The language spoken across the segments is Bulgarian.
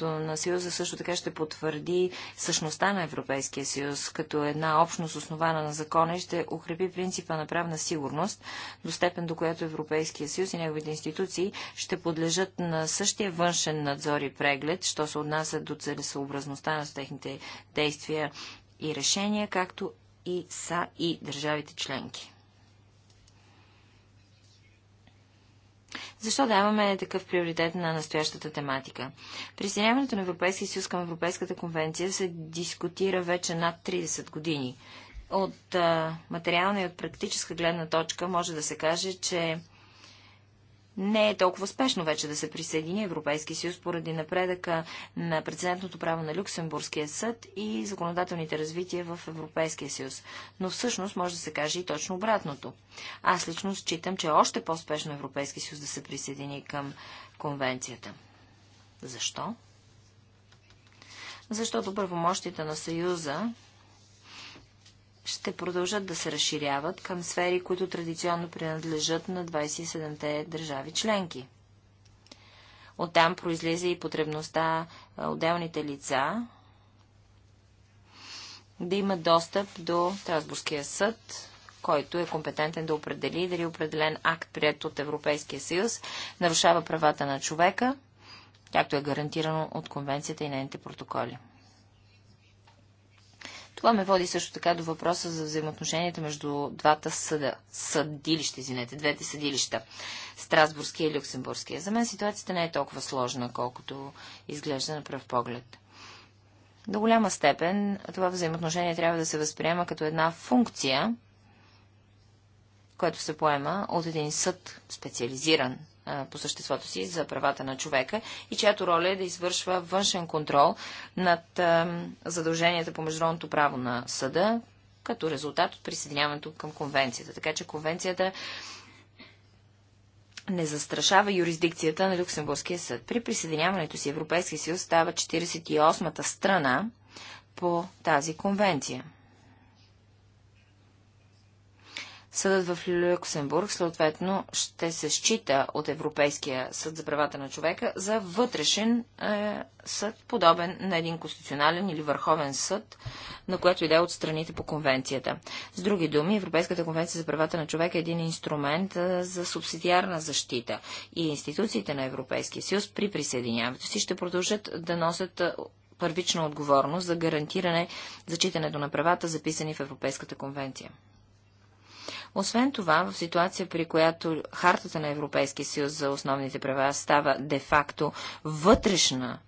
на Съюза също така ще потвърди същността на Европейския съюз като една общност основана на закона и ще укрепи принципа на правна сигурност, до степен до която Европейския съюз и неговите институции ще подлежат на същия външен надзор и преглед, що се отнася до целесообразността на техните действия и решения, както и са и държавите членки. Защо даваме такъв приоритет на настоящата тематика? Присъединяването на Европейския съюз към Европейската конвенция се дискутира вече над 30 години. От а, материална и от практическа гледна точка може да се каже, че не е толкова спешно вече да се присъедини Европейски съюз поради напредъка на прецедентното право на Люксембургския съд и законодателните развития в Европейския съюз. Но всъщност може да се каже и точно обратното. Аз лично считам, че е още по-спешно Европейски съюз да се присъедини към конвенцията. Защо? Защото правомощите на Съюза ще продължат да се разширяват към сфери, които традиционно принадлежат на 27-те държави членки. Оттам произлиза и потребността отделните лица да имат достъп до Страсбургския съд, който е компетентен да определи дали определен акт, прият от Европейския съюз, нарушава правата на човека, както е гарантирано от конвенцията и нейните протоколи. Това ме води също така до въпроса за взаимоотношенията между двата съда, съдилища, извинете, двете съдилища, Страсбургския и Люксембургския. За мен ситуацията не е толкова сложна, колкото изглежда на пръв поглед. До голяма степен това взаимоотношение трябва да се възприема като една функция, която се поема от един съд, специализиран по съществото си за правата на човека и чиято роля е да извършва външен контрол над задълженията по международното право на съда, като резултат от присъединяването към конвенцията. Така че конвенцията не застрашава юрисдикцията на Люксембургския съд. При присъединяването си Европейския съюз става 48-та страна по тази конвенция. Съдът в Люксембург съответно ще се счита от Европейския съд за правата на човека за вътрешен е, съд, подобен на един конституционален или върховен съд, на което иде от страните по конвенцията. С други думи, Европейската конвенция за правата на човека е един инструмент е, за субсидиарна защита и институциите на Европейския съюз при присъединяването си ще продължат да носят е, първична отговорност за гарантиране зачитането на правата, записани в Европейската конвенция. Освен това, в ситуация, при която хартата на Европейския съюз за основните права става де-факто вътрешна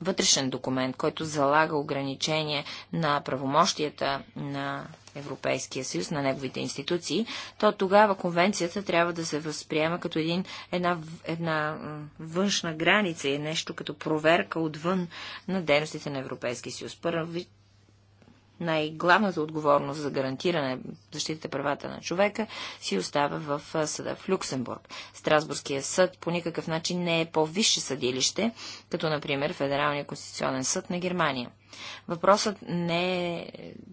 вътрешен документ, който залага ограничение на правомощията на Европейския съюз, на неговите институции, то тогава конвенцията трябва да се възприема като един, една, една външна граница и нещо като проверка отвън на дейностите на Европейския съюз. Първи, най-главната отговорност за гарантиране защитата правата на човека си остава в съда в Люксембург. Страсбургския съд по никакъв начин не е по-висше съдилище, като например Федералния конституционен съд на Германия. Въпросът не е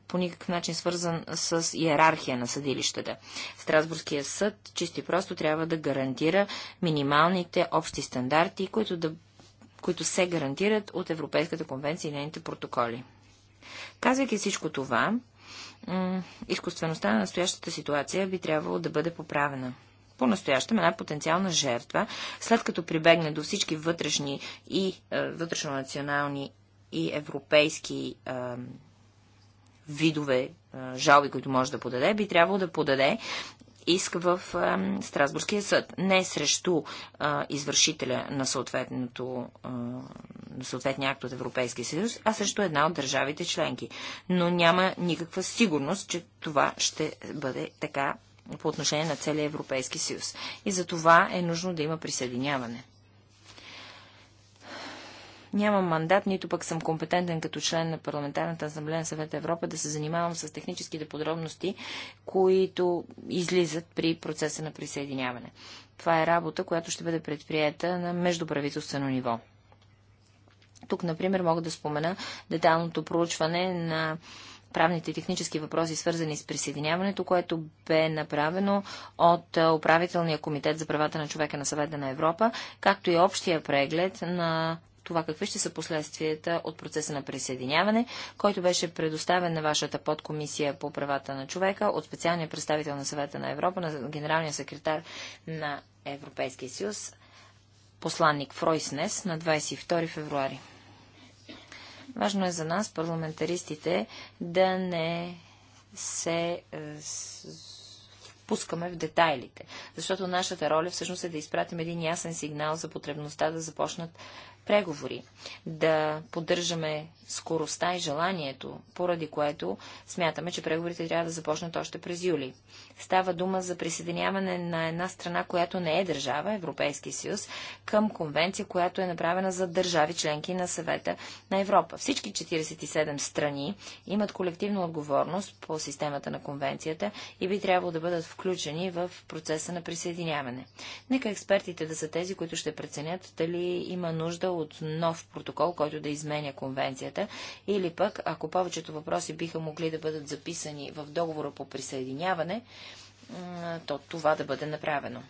по никакъв начин свързан с иерархия на съдилищата. Страсбургския съд чисти просто трябва да гарантира минималните общи стандарти, които, да, които се гарантират от Европейската конвенция и нейните протоколи. Казвайки всичко това, изкуствеността на настоящата ситуация би трябвало да бъде поправена. По-настоящем една потенциална жертва, след като прибегне до всички вътрешни и е, вътрешно-национални и европейски е, видове е, жалби, които може да подаде, би трябвало да подаде иск в Страсбургския съд. Не срещу извършителя на, съответното, на съответния акт от Европейския съюз, а срещу една от държавите членки. Но няма никаква сигурност, че това ще бъде така по отношение на целия Европейски съюз. И за това е нужно да има присъединяване. Нямам мандат, нито пък съм компетентен като член на Парламентарната асамблея на Съвета Европа да се занимавам с техническите подробности, които излизат при процеса на присъединяване. Това е работа, която ще бъде предприета на междуправителствено ниво. Тук, например, мога да спомена деталното проучване на правните и технически въпроси, свързани с присъединяването, което бе направено от управителния комитет за правата на човека на съвета на Европа, както и общия преглед на това какви ще са последствията от процеса на присъединяване, който беше предоставен на вашата подкомисия по правата на човека от специалния представител на съвета на Европа, на генералния секретар на Европейския съюз, посланник Фройснес на 22 февруари. Важно е за нас, парламентаристите, да не се е, пускаме в детайлите, защото нашата роля всъщност е да изпратим един ясен сигнал за потребността да започнат преговори, да поддържаме скоростта и желанието, поради което смятаме, че преговорите трябва да започнат още през юли. Става дума за присъединяване на една страна, която не е държава, Европейски съюз, към конвенция, която е направена за държави членки на съвета на Европа. Всички 47 страни имат колективна отговорност по системата на конвенцията и би трябвало да бъдат включени в процеса на присъединяване. Нека експертите да са тези, които ще преценят дали има нужда от нов протокол, който да изменя конвенцията бюджета, или пък, ако повечето въпроси биха могли да бъдат записани в договора по присъединяване, то това да бъде направено.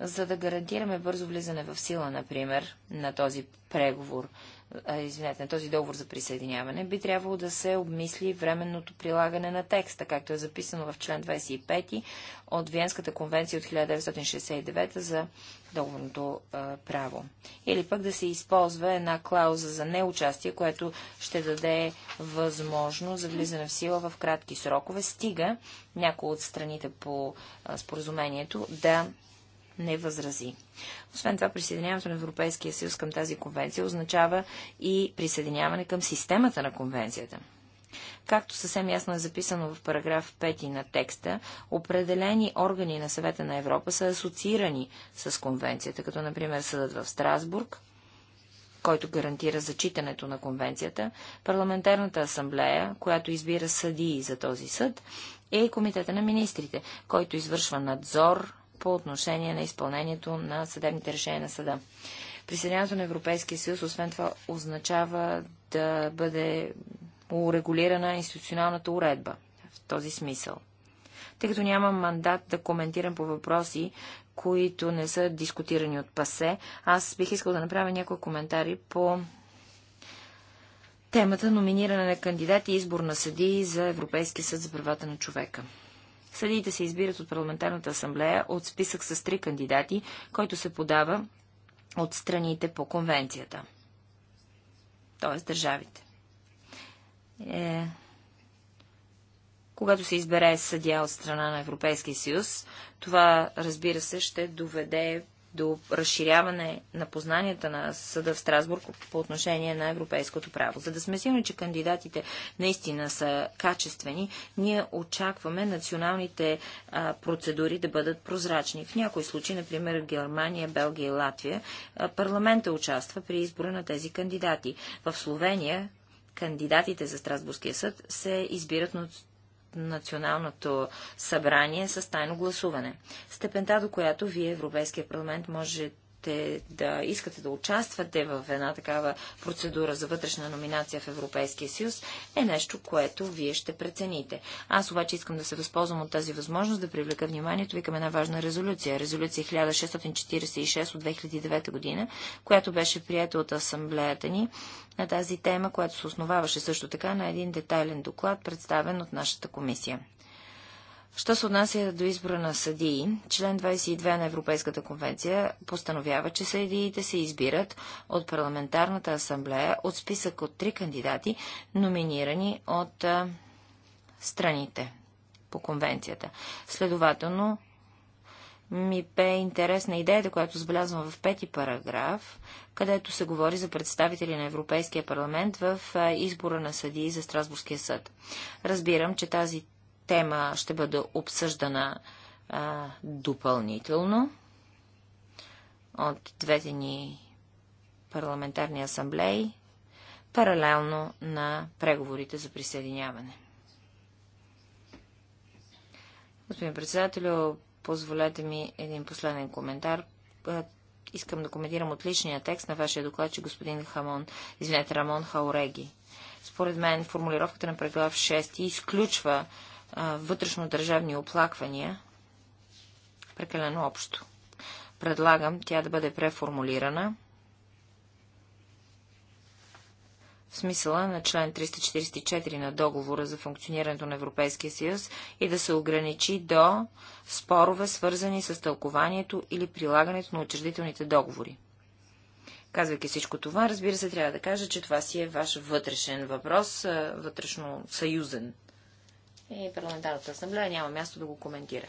За да гарантираме бързо влизане в сила, например, на този преговор извинете, на този договор за присъединяване, би трябвало да се обмисли временното прилагане на текста, както е записано в член 25 от Виенската конвенция от 1969 за договорното право. Или пък да се използва една клауза за неучастие, което ще даде възможно за влизане в сила в кратки срокове, стига някои от страните по споразумението да не възрази. Освен това, присъединяването на Европейския съюз към тази конвенция означава и присъединяване към системата на конвенцията. Както съвсем ясно е записано в параграф 5 на текста, определени органи на съвета на Европа са асоциирани с конвенцията, като например съдът в Страсбург, който гарантира зачитането на конвенцията, парламентарната асамблея, която избира съдии за този съд, и комитета на министрите, който извършва надзор по отношение на изпълнението на съдебните решения на съда. Присъединяването на Европейския съюз, освен това, означава да бъде урегулирана институционалната уредба в този смисъл. Тъй като нямам мандат да коментирам по въпроси, които не са дискутирани от ПАСЕ, аз бих искал да направя някои коментари по темата номиниране на кандидати и избор на съдии за Европейския съд за правата на човека. Съдиите се избират от парламентарната асамблея от списък с три кандидати, който се подава от страните по конвенцията. Тоест държавите. Е... Когато се избере съдия от страна на Европейския съюз, това, разбира се, ще доведе до разширяване на познанията на съда в Страсбург по отношение на европейското право. За да сме сигурни, че кандидатите наистина са качествени, ние очакваме националните а, процедури да бъдат прозрачни. В някои случаи, например в Германия, Белгия и Латвия, парламента участва при избора на тези кандидати. В Словения кандидатите за Страсбургския съд се избират от националното събрание с тайно гласуване. Степента, до която вие, Европейския парламент, може можете да искате да участвате в една такава процедура за вътрешна номинация в Европейския съюз, е нещо, което вие ще прецените. Аз обаче искам да се възползвам от тази възможност да привлека вниманието ви към една важна резолюция. Резолюция 1646 от 2009 година, която беше прията от асамблеята ни на тази тема, която се основаваше също така на един детайлен доклад, представен от нашата комисия. Що се отнася до избора на съдии, член 22 на Европейската конвенция постановява, че съдиите се избират от парламентарната асамблея от списък от три кандидати, номинирани от а, страните по конвенцията. Следователно, ми бе интересна идеята, която сбелязвам в пети параграф, където се говори за представители на Европейския парламент в избора на съдии за Страсбургския съд. Разбирам, че тази тема ще бъде обсъждана а, допълнително от двете ни парламентарни асамблеи, паралелно на преговорите за присъединяване. Господин председател, позволете ми един последен коментар. Искам да коментирам отличния текст на вашия доклад, че господин Хамон, извинете, Рамон Хауреги. Според мен формулировката на преглав 6 изключва вътрешно-държавни оплаквания прекалено общо. Предлагам тя да бъде преформулирана в смисъла на член 344 на договора за функционирането на Европейския съюз и да се ограничи до спорове, свързани с тълкованието или прилагането на учредителните договори. Казвайки всичко това, разбира се, трябва да кажа, че това си е ваш вътрешен въпрос, вътрешно съюзен и парламентарната асамблея няма място да го коментира.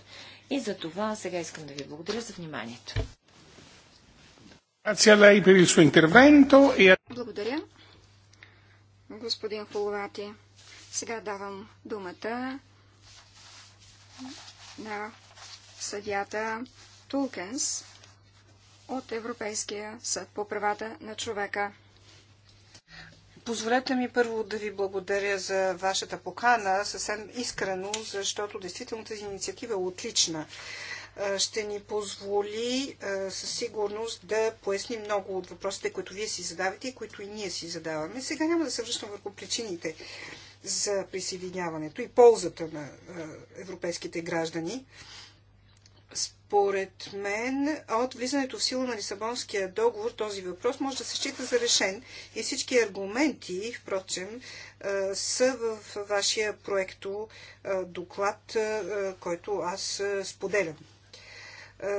И за това сега искам да ви благодаря за вниманието. E благодаря. Господин Холовати, сега давам думата на съдята Тулкенс от Европейския съд по правата на човека. Позволете ми първо да ви благодаря за вашата покана, съвсем искрено, защото действително тази инициатива е отлична. Ще ни позволи със сигурност да поясни много от въпросите, които вие си задавате и които и ние си задаваме. Сега няма да се връщам върху причините за присъединяването и ползата на европейските граждани. Според мен, от влизането в сила на Лисабонския договор този въпрос може да се счита за решен и всички аргументи, впрочем, са в вашия проекто доклад, който аз споделям.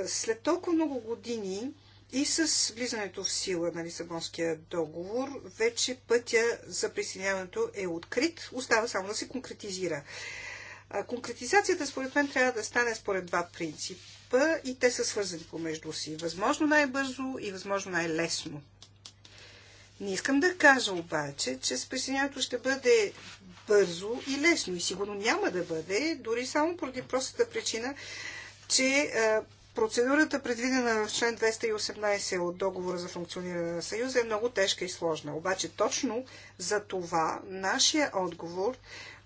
След толкова много години и с влизането в сила на Лисабонския договор, вече пътя за присъединяването е открит, остава само да се конкретизира. Конкретизацията, според мен, трябва да стане според два принципа и те са свързани помежду си. Възможно най-бързо и възможно най-лесно. Не искам да кажа обаче, че спасението ще бъде бързо и лесно. И сигурно няма да бъде, дори само поради простата причина, че е, процедурата, предвидена в член 218 от договора за функциониране на Съюза, е много тежка и сложна. Обаче точно за това нашия отговор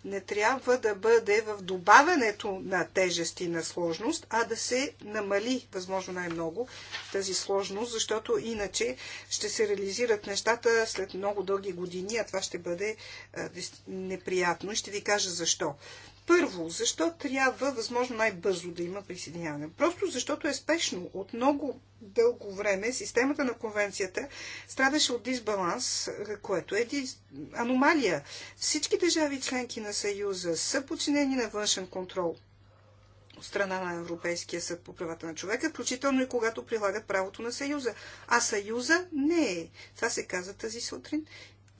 не трябва да бъде в добавянето на тежест и на сложност, а да се намали възможно най-много тази сложност, защото иначе ще се реализират нещата след много дълги години, а това ще бъде неприятно и ще ви кажа защо. Първо, защо трябва възможно най-бързо да има присъединяване? Просто защото е спешно. От много дълго време системата на конвенцията страдаше от дисбаланс, което е аномалия. Всички държави членки на Съюза са подчинени на външен контрол от страна на Европейския съд по правата на човека, включително и когато прилагат правото на Съюза. А Съюза не е. Това се каза тази сутрин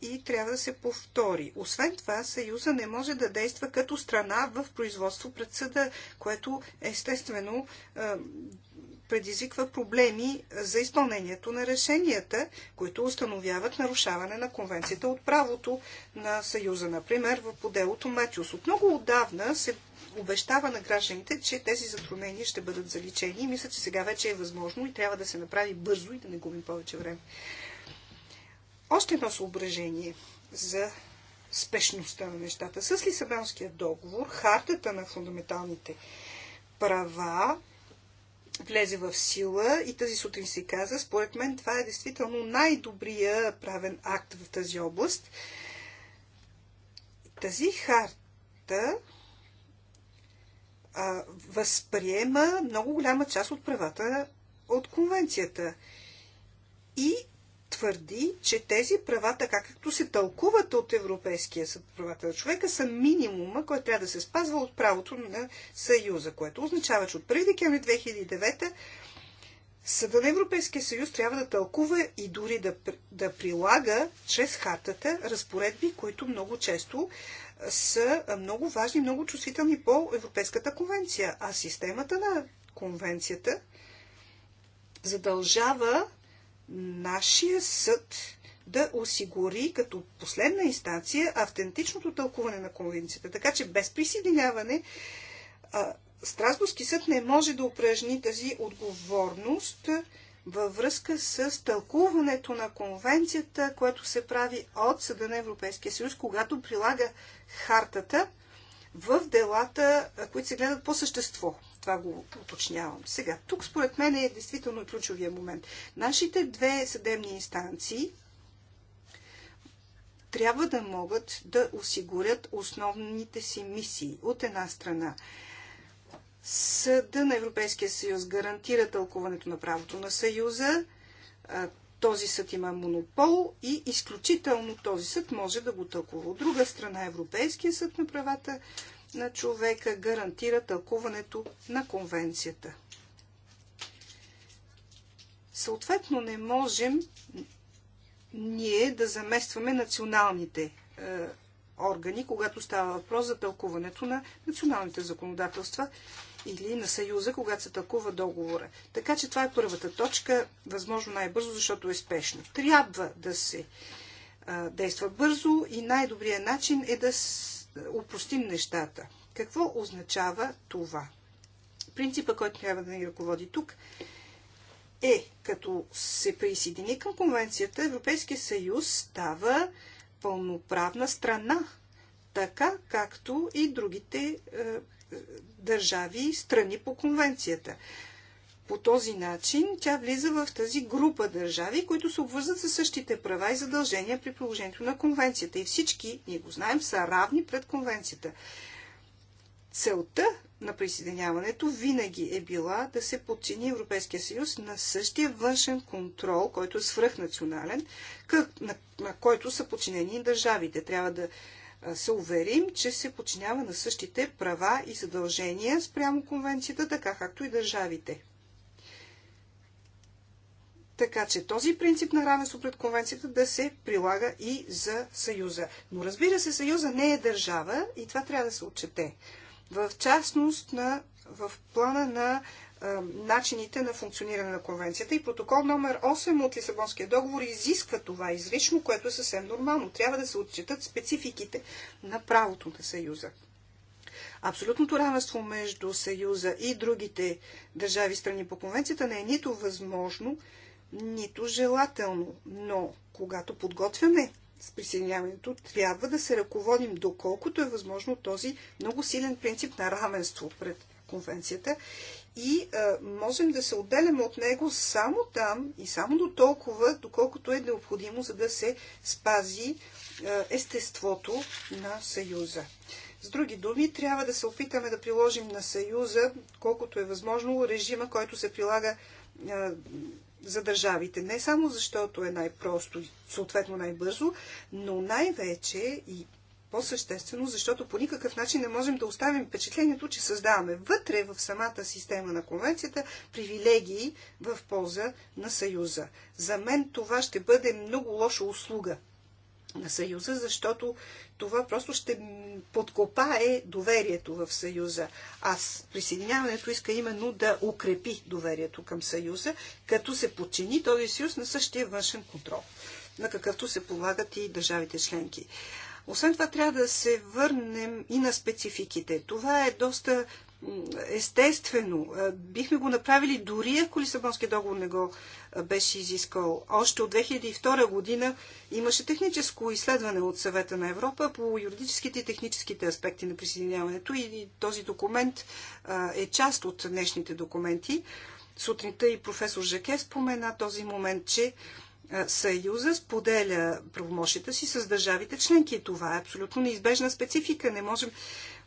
и трябва да се повтори. Освен това, Съюза не може да действа като страна в производство пред съда, което естествено предизвиква проблеми за изпълнението на решенията, които установяват нарушаване на конвенцията от правото на Съюза. Например, по делото Матиус. От много отдавна се обещава на гражданите, че тези затруднения ще бъдат заличени. Мисля, че сега вече е възможно и трябва да се направи бързо и да не губим повече време. Още едно съображение за спешността на нещата. С Лисабонския договор, хартата на фундаменталните права влезе в сила и тази сутрин си каза, според мен това е действително най-добрия правен акт в тази област. Тази харта а, възприема много голяма част от правата от конвенцията. И твърди, че тези права, така както се тълкуват от Европейския съд правата на човека, са минимума, който трябва да се спазва от правото на Съюза, което означава, че от 1 декември 2009 Съда на Европейския съюз трябва да тълкува и дори да, да прилага чрез хартата разпоредби, които много често са много важни, много чувствителни по Европейската конвенция. А системата на конвенцията задължава нашия съд да осигури като последна инстанция автентичното тълкуване на конвенцията. Така че без присъединяване Страсбургски съд не може да упражни тази отговорност във връзка с тълкуването на конвенцията, което се прави от Съда на Европейския съюз, когато прилага хартата в делата, които се гледат по същество. Това го уточнявам. Сега, тук според мен е действително ключовия момент. Нашите две съдебни инстанции трябва да могат да осигурят основните си мисии. От една страна, Съда на Европейския съюз гарантира тълкуването на правото на съюза. Този съд има монопол и изключително този съд може да го тълкува. От друга страна, Европейския съд на правата на човека гарантира тълкуването на конвенцията. Съответно не можем ние да заместваме националните е, органи, когато става въпрос за тълкуването на националните законодателства или на Съюза, когато се тълкува договора. Така че това е първата точка, възможно най-бързо, защото е спешно. Трябва да се е, действа бързо и най-добрият начин е да Опростим е, нещата. Какво означава това? Принципа, който трябва да ни ръководи тук, е, като се присъедини към конвенцията, Европейския съюз става пълноправна страна, така както и другите е, е държави страни по конвенцията. По този начин тя влиза в тази група държави, които се обвързат със същите права и задължения при положението на конвенцията. И всички, ние го знаем, са равни пред конвенцията. Целта на присъединяването винаги е била да се подчини Европейския съюз на същия външен контрол, който е свръхнационален, на който са подчинени държавите. Трябва да се уверим, че се подчинява на същите права и задължения спрямо конвенцията, така както и държавите така че този принцип на равенство пред конвенцията да се прилага и за Съюза. Но разбира се, Съюза не е държава и това трябва да се отчете. В частност на, в плана на е, начините на функциониране на конвенцията и протокол номер 8 от Лисабонския договор изисква това изрично, което е съвсем нормално. Трябва да се отчитат спецификите на правото на Съюза. Абсолютното равенство между Съюза и другите държави страни по конвенцията не е нито възможно, нито желателно. Но когато подготвяме с присъединяването, трябва да се ръководим доколкото е възможно този много силен принцип на равенство пред конвенцията и а, можем да се отделяме от него само там и само до толкова, доколкото е необходимо, за да се спази а, естеството на Съюза. С други думи, трябва да се опитаме да приложим на Съюза, колкото е възможно, режима, който се прилага а, за държавите. Не само защото е най-просто и съответно най-бързо, но най-вече и по-съществено, защото по никакъв начин не можем да оставим впечатлението, че създаваме вътре в самата система на конвенцията привилегии в полза на Съюза. За мен това ще бъде много лоша услуга на Съюза, защото това просто ще подкопае доверието в Съюза. А присъединяването иска именно да укрепи доверието към Съюза, като се подчини този Съюз на същия външен контрол, на какъвто се полагат и държавите членки. Освен това трябва да се върнем и на спецификите. Това е доста Естествено, бихме го направили дори ако Лисабонския договор не го беше изискал. Още от 2002 година имаше техническо изследване от съвета на Европа по юридическите и техническите аспекти на присъединяването и този документ е част от днешните документи. Сутринта и професор Жаке спомена този момент, че Съюза споделя правомощите си с държавите членки. Това е абсолютно неизбежна специфика. Не можем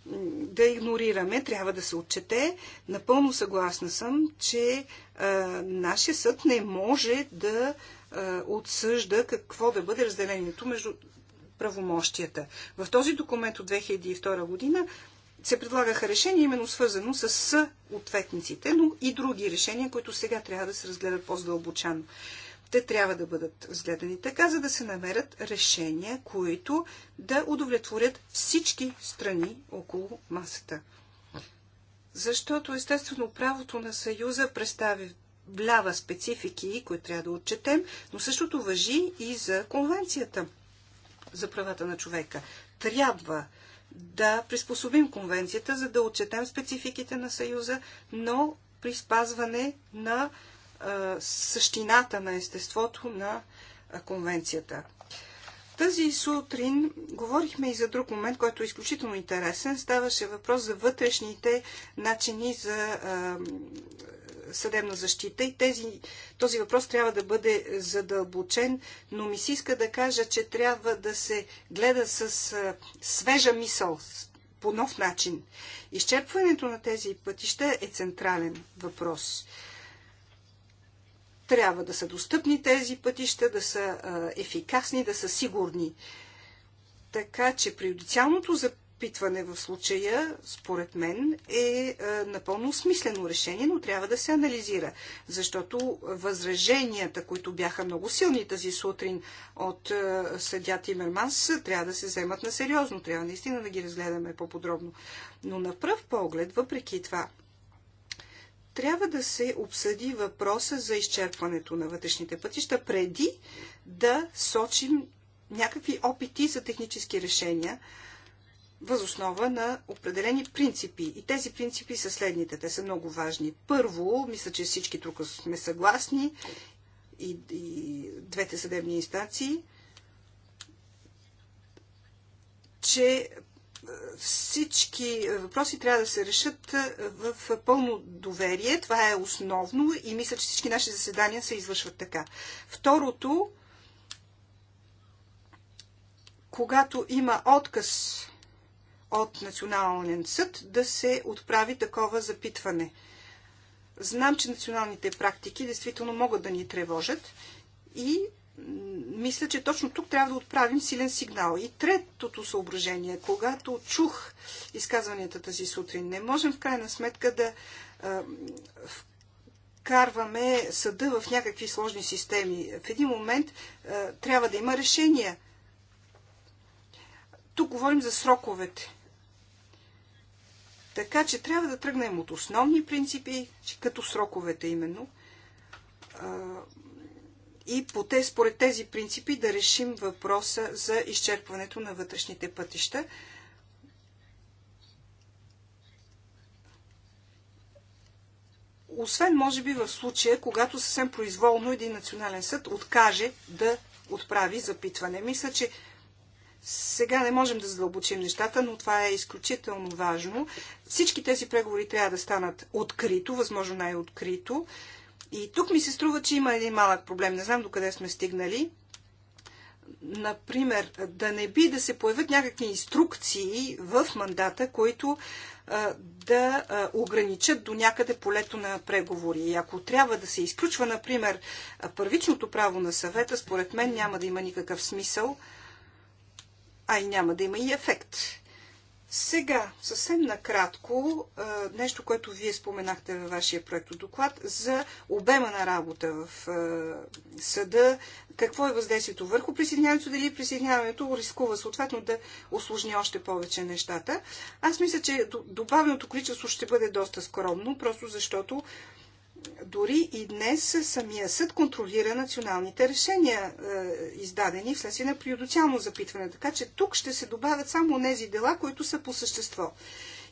да игнорираме, трябва да се отчете. Напълно съгласна съм, че а, нашия съд не може да а, отсъжда какво да бъде разделението между правомощията. В този документ от 2002 година се предлагаха решения, именно свързано с ответниците, но и други решения, които сега трябва да се разгледат по здълбочано те трябва да бъдат разгледани така, за да се намерят решения, които да удовлетворят всички страни около масата. Защото, естествено, правото на Съюза представи влява специфики, които трябва да отчетем, но същото въжи и за конвенцията за правата на човека. Трябва да приспособим конвенцията, за да отчетем спецификите на Съюза, но при спазване на същината на естеството на конвенцията. Тази сутрин говорихме и за друг момент, който е изключително интересен. Ставаше въпрос за вътрешните начини за съдебна защита и тези, този въпрос трябва да бъде задълбочен, но ми се иска да кажа, че трябва да се гледа с а, свежа мисъл, по нов начин. Изчерпването на тези пътища е централен въпрос. Трябва да са достъпни тези пътища, да са ефикасни, да са сигурни. Така че приодициалното запитване в случая, според мен, е напълно смислено решение, но трябва да се анализира. Защото възраженията, които бяха много силни тази сутрин от съдя Тимерманс, трябва да се вземат на сериозно. Трябва наистина да ги разгледаме по-подробно. Но на пръв поглед, въпреки това, трябва да се обсъди въпроса за изчерпването на вътрешните пътища, преди да сочим някакви опити за технически решения възоснова на определени принципи. И тези принципи са следните. Те са много важни. Първо, мисля, че всички тук сме съгласни и, и двете съдебни инстанции, че всички въпроси трябва да се решат в пълно доверие. Това е основно и мисля, че всички наши заседания се извършват така. Второто, когато има отказ от Национален съд, да се отправи такова запитване. Знам, че националните практики действително могат да ни тревожат и мисля, че точно тук трябва да отправим силен сигнал. И третото съображение, когато чух изказванията тази сутрин, не можем в крайна сметка да а, вкарваме съда в някакви сложни системи. В един момент а, трябва да има решения. Тук говорим за сроковете. Така че трябва да тръгнем от основни принципи, че като сроковете именно и по те, според тези принципи да решим въпроса за изчерпването на вътрешните пътища. Освен, може би, в случая, когато съвсем произволно един национален съд откаже да отправи запитване. Мисля, че сега не можем да задълбочим нещата, но това е изключително важно. Всички тези преговори трябва да станат открито, възможно най-открито. И тук ми се струва, че има един малък проблем. Не знам докъде сме стигнали. Например, да не би да се появят някакви инструкции в мандата, които да ограничат до някъде полето на преговори. И ако трябва да се изключва, например, първичното право на съвета, според мен няма да има никакъв смисъл, а и няма да има и ефект. Сега, съвсем накратко, нещо, което вие споменахте във вашия проект доклад за обема на работа в съда, какво е въздействието върху присъединяването, дали присъединяването рискува съответно да осложни още повече нещата. Аз мисля, че добавеното количество ще бъде доста скромно, просто защото дори и днес самия съд контролира националните решения, е, издадени вследствие на приюдициално запитване. Така че тук ще се добавят само тези дела, които са по същество.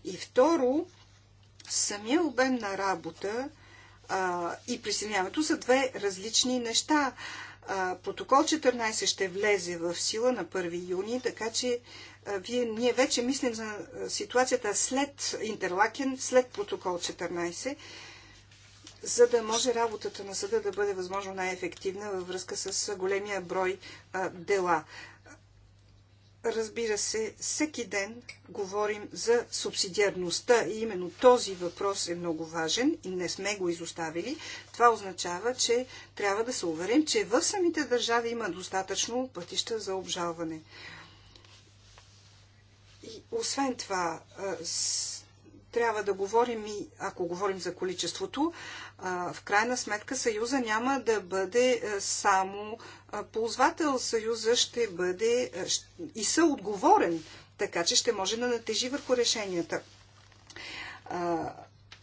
И второ, самия обем на работа а, е, и присъединяването са две различни неща. А, е, протокол 14 ще влезе в сила на 1 юни, така че а, вие, ние вече мислим за ситуацията след Интерлакен, след протокол 14 за да може работата на съда да бъде възможно най-ефективна във връзка с големия брой а, дела. Разбира се, всеки ден говорим за субсидиарността и именно този въпрос е много важен и не сме го изоставили. Това означава, че трябва да се уверим, че в самите държави има достатъчно пътища за обжалване. И освен това, трябва да говорим и, ако говорим за количеството, в крайна сметка Съюза няма да бъде е, само е, ползвател, Съюза ще бъде е, и съотговорен, така че ще може да натежи върху решенията.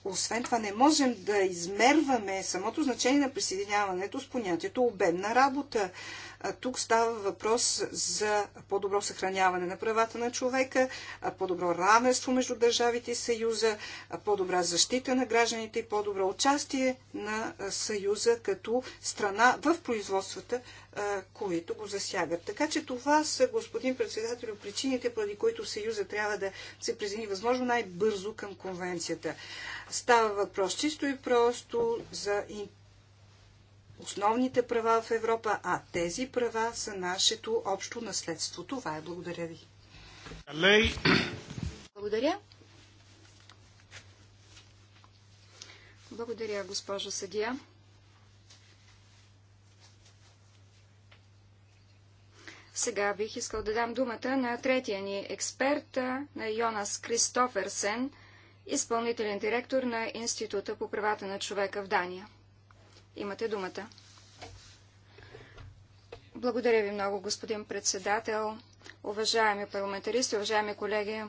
Освен това, не можем да измерваме самото значение на присъединяването с понятието обемна работа. Тук става въпрос за по-добро съхраняване на правата на човека, по-добро равенство между държавите и Съюза, по-добра защита на гражданите и по-добро участие на Съюза като страна в производствата, които го засягат. Така че това са, господин председател, причините, поради които Съюза трябва да се призини възможно най-бързо към конвенцията. Става въпрос чисто и просто за интернет основните права в Европа, а тези права са нашето общо наследство. Това е. Благодаря ви. Благодаря. Благодаря, госпожо съдия. Сега бих искал да дам думата на третия ни експерт, на Йонас Кристоферсен, изпълнителен директор на Института по правата на човека в Дания. Имате думата. Благодаря ви много, господин председател, уважаеми парламентаристи, уважаеми колеги.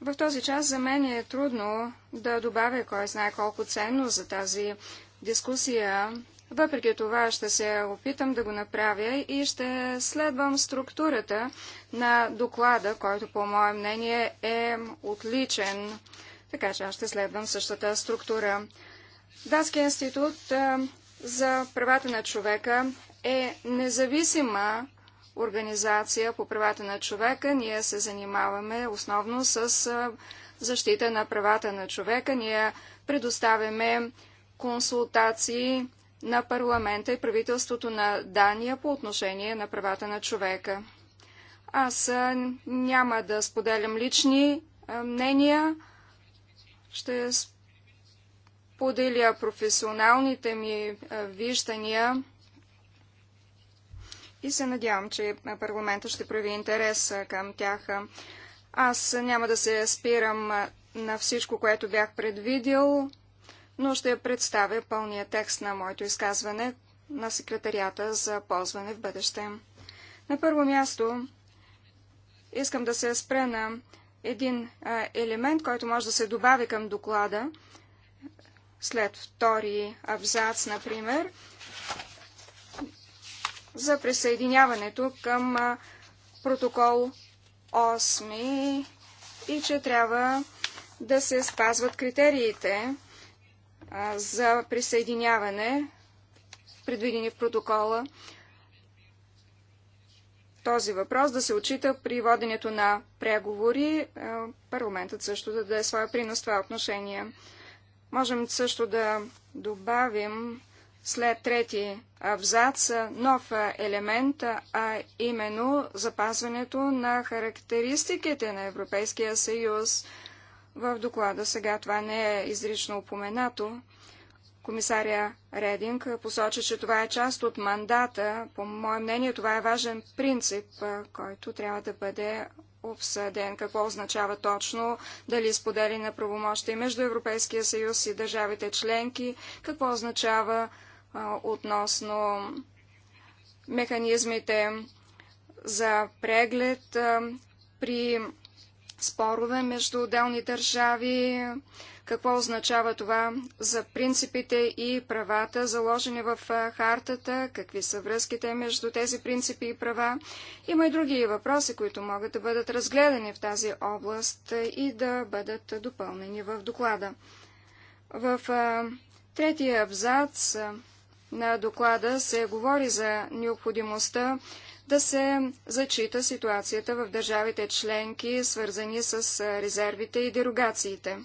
В този час за мен е трудно да добавя кой знае колко ценно за тази дискусия. Въпреки това ще се опитам да го направя и ще следвам структурата на доклада, който по мое мнение е отличен. Така че аз ще следвам същата структура. Датския институт за правата на човека е независима организация по правата на човека. Ние се занимаваме основно с защита на правата на човека. Ние предоставяме консултации на парламента и правителството на Дания по отношение на правата на човека. Аз няма да споделям лични мнения. Ще споделям поделя професионалните ми е, виждания и се надявам, че парламента ще прояви интерес е, към тях. Аз няма да се спирам е, на всичко, което бях предвидил, но ще представя пълния текст на моето изказване на секретарията за ползване в бъдеще. На първо място искам да се спра на един елемент, който може да се добави към доклада – след втори абзац, например, за присъединяването към протокол 8 и че трябва да се спазват критериите за присъединяване, предвидени в протокола. Този въпрос да се отчита при воденето на преговори. Парламентът също да даде своя принос в това отношение. Можем също да добавим след трети абзац нов елемент, а именно запазването на характеристиките на Европейския съюз. В доклада сега това не е изрично упоменато. Комисаря Рединг посочи, че това е част от мандата. По мое мнение, това е важен принцип, който трябва да бъде обсъден какво означава точно, дали сподели на правомощи между Европейския съюз и държавите членки, какво означава а, относно механизмите за преглед а, при спорове между отделни държави, какво означава това за принципите и правата, заложени в хартата, какви са връзките между тези принципи и права. Има и други въпроси, които могат да бъдат разгледани в тази област и да бъдат допълнени в доклада. В третия абзац на доклада се говори за необходимостта да се зачита ситуацията в държавите членки, свързани с резервите и дерогациите.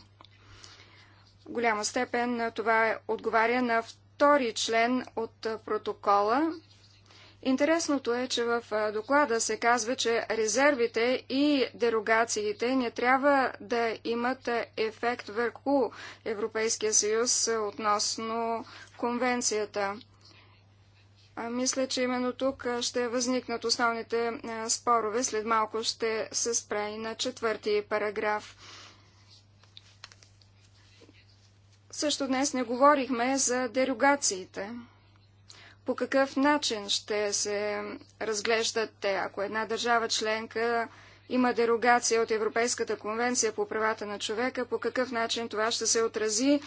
В голяма степен това е, отговаря на втори член от протокола. Интересното е, че в доклада се казва, че резервите и дерогациите не трябва да имат ефект върху Европейския съюз относно конвенцията. Мисля, че именно тук ще възникнат основните спорове. След малко ще се спре и на четвърти параграф. Също днес не говорихме за дерогациите. По какъв начин ще се разглеждат те, ако една държава членка има дерогация от Европейската конвенция по правата на човека, по какъв начин това ще се отрази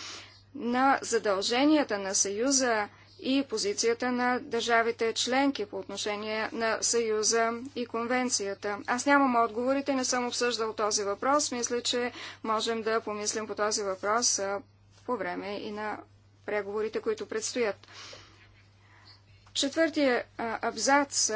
на задълженията на Съюза и позицията на държавите членки по отношение на Съюза и конвенцията. Аз нямам отговорите, не съм обсъждал този въпрос. Мисля, че можем да помислим по този въпрос по време и на преговорите, които предстоят. Четвъртия абзац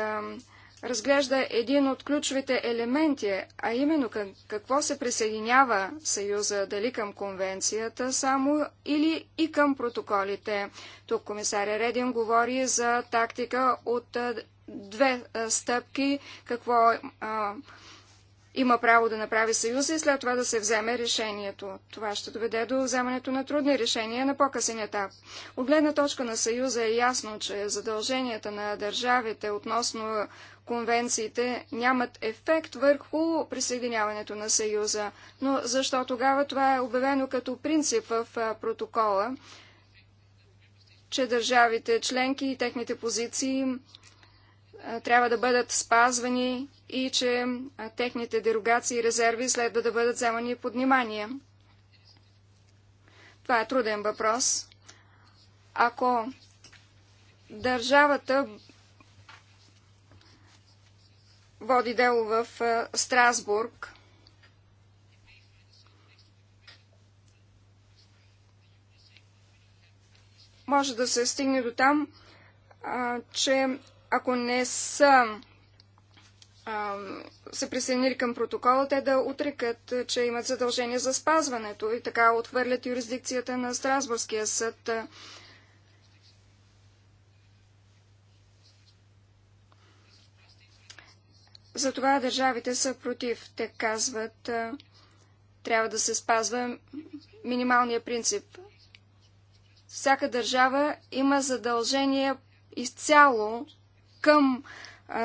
разглежда един от ключовите елементи, а именно към какво се присъединява Съюза, дали към конвенцията само или и към протоколите. Тук комисаря Редин говори за тактика от две стъпки, какво а, има право да направи Съюза и след това да се вземе решението. Това ще доведе до вземането на трудни решения на по-късен етап. От гледна точка на Съюза е ясно, че задълженията на държавите относно конвенциите нямат ефект върху присъединяването на Съюза. Но защо тогава това е обявено като принцип в протокола, че държавите членки и техните позиции трябва да бъдат спазвани и че техните дерогации и резерви следва да бъдат вземани под внимание. Това е труден въпрос. Ако държавата води дело в Страсбург. Може да се стигне до там, че ако не са се присъединили към протокола, те да отрекат, че имат задължение за спазването и така отхвърлят юрисдикцията на Страсбургския съд. Затова държавите са против. Те казват, трябва да се спазва минималния принцип. Всяка държава има задължение изцяло към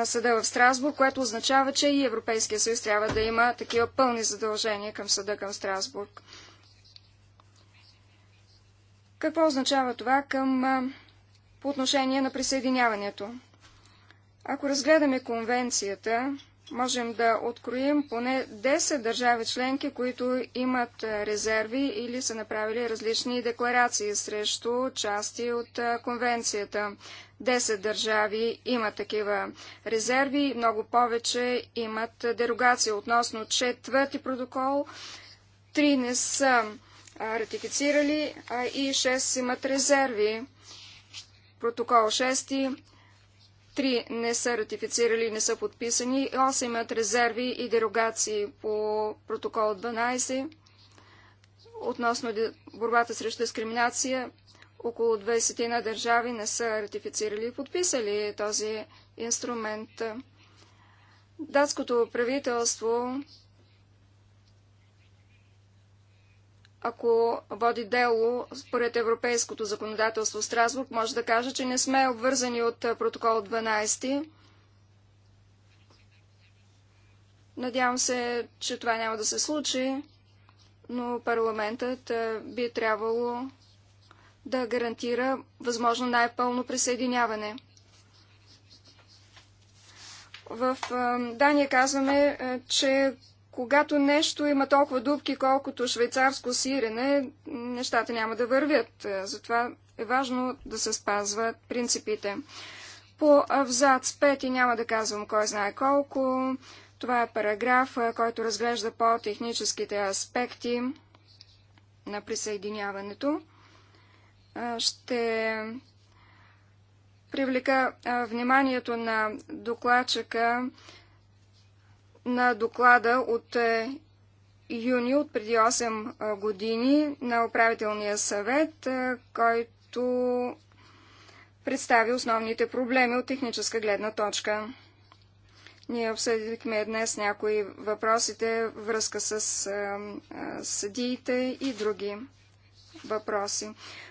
съда в Страсбург, което означава, че и Европейския съюз трябва да има такива пълни задължения към съда към Страсбург. Какво означава това към, по отношение на присъединяването? Ако разгледаме конвенцията, можем да откроим поне 10 държави членки, които имат е, резерви или са направили различни декларации срещу части от е, конвенцията. 10 държави имат такива резерви много повече имат е, дерогация относно четвърти протокол. Три не са ратифицирали и 6 имат резерви. Протокол 6 три не са ратифицирали, и не са подписани, 8 имат резерви и дерогации по протокол 12 относно борбата срещу дискриминация. Около 20 на държави не са ратифицирали и подписали този инструмент. Датското правителство ако води дело според европейското законодателство Страсбург, може да каже, че не сме обвързани от протокол 12. Надявам се, че това няма да се случи, но парламентът би трябвало да гарантира възможно най-пълно присъединяване. В Дания казваме, че когато нещо има толкова дубки, колкото швейцарско сирене, нещата няма да вървят. Е, затова е важно да се спазват принципите. По абзац 5 и няма да казвам кой знае колко. Това е параграф, е, който разглежда по-техническите аспекти на присъединяването. Е, ще привлека вниманието на докладчика на доклада от е, юни, от преди 8 години, на управителния съвет, е, който представи основните проблеми от техническа гледна точка. Ние обсъдихме днес някои въпросите, връзка с е, съдиите и други въпроси.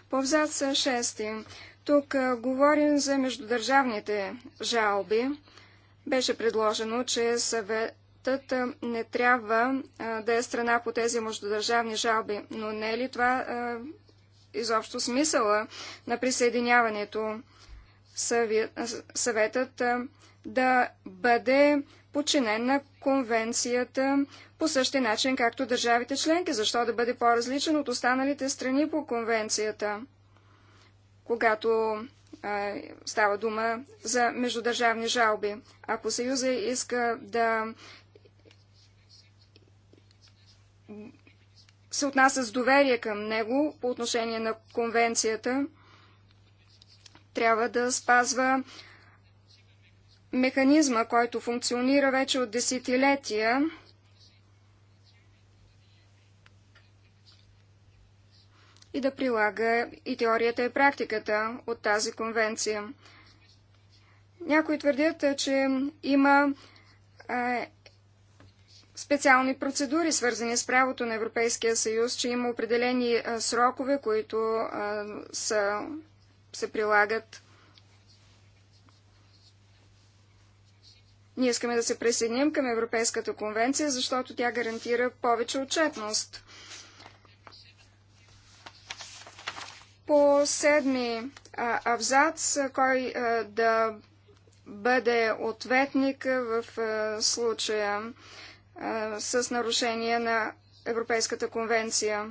По абзац 6. Тук говорим за междудържавните жалби. Беше предложено, че съвет, Съдът не трябва да е страна по тези междудържавни жалби, но не е ли това изобщо смисъла на присъединяването? Съветът да бъде подчинен на конвенцията по същия начин, както държавите членки. Защо да бъде по-различен от останалите страни по конвенцията, когато е, става дума за междудържавни жалби? Ако Съюза иска да се отнася с доверие към него по отношение на конвенцията, трябва да спазва механизма, който функционира вече от десетилетия. и да прилага и теорията и практиката от тази конвенция. Някои твърдят, че има специални процедури, свързани с правото на Европейския съюз, че има определени срокове, които са, се прилагат. Ние искаме да се присъединим към Европейската конвенция, защото тя гарантира повече отчетност. По седми абзац, кой да бъде ответник в случая а, с нарушение на Европейската конвенция.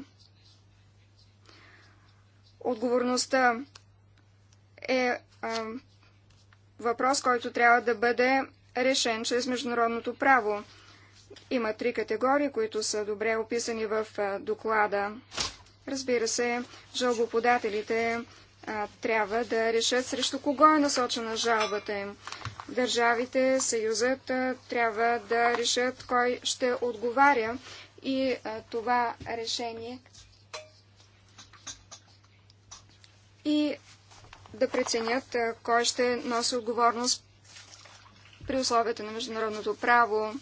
Отговорността е а, въпрос, който трябва да бъде решен чрез международното право. Има три категории, които са добре описани в а, доклада. Разбира се, жалбоподателите а, трябва да решат срещу кого е насочена жалбата им държавите, съюзът трябва да решат кой ще отговаря и това решение и да преценят кой ще носи отговорност при условията на международното право.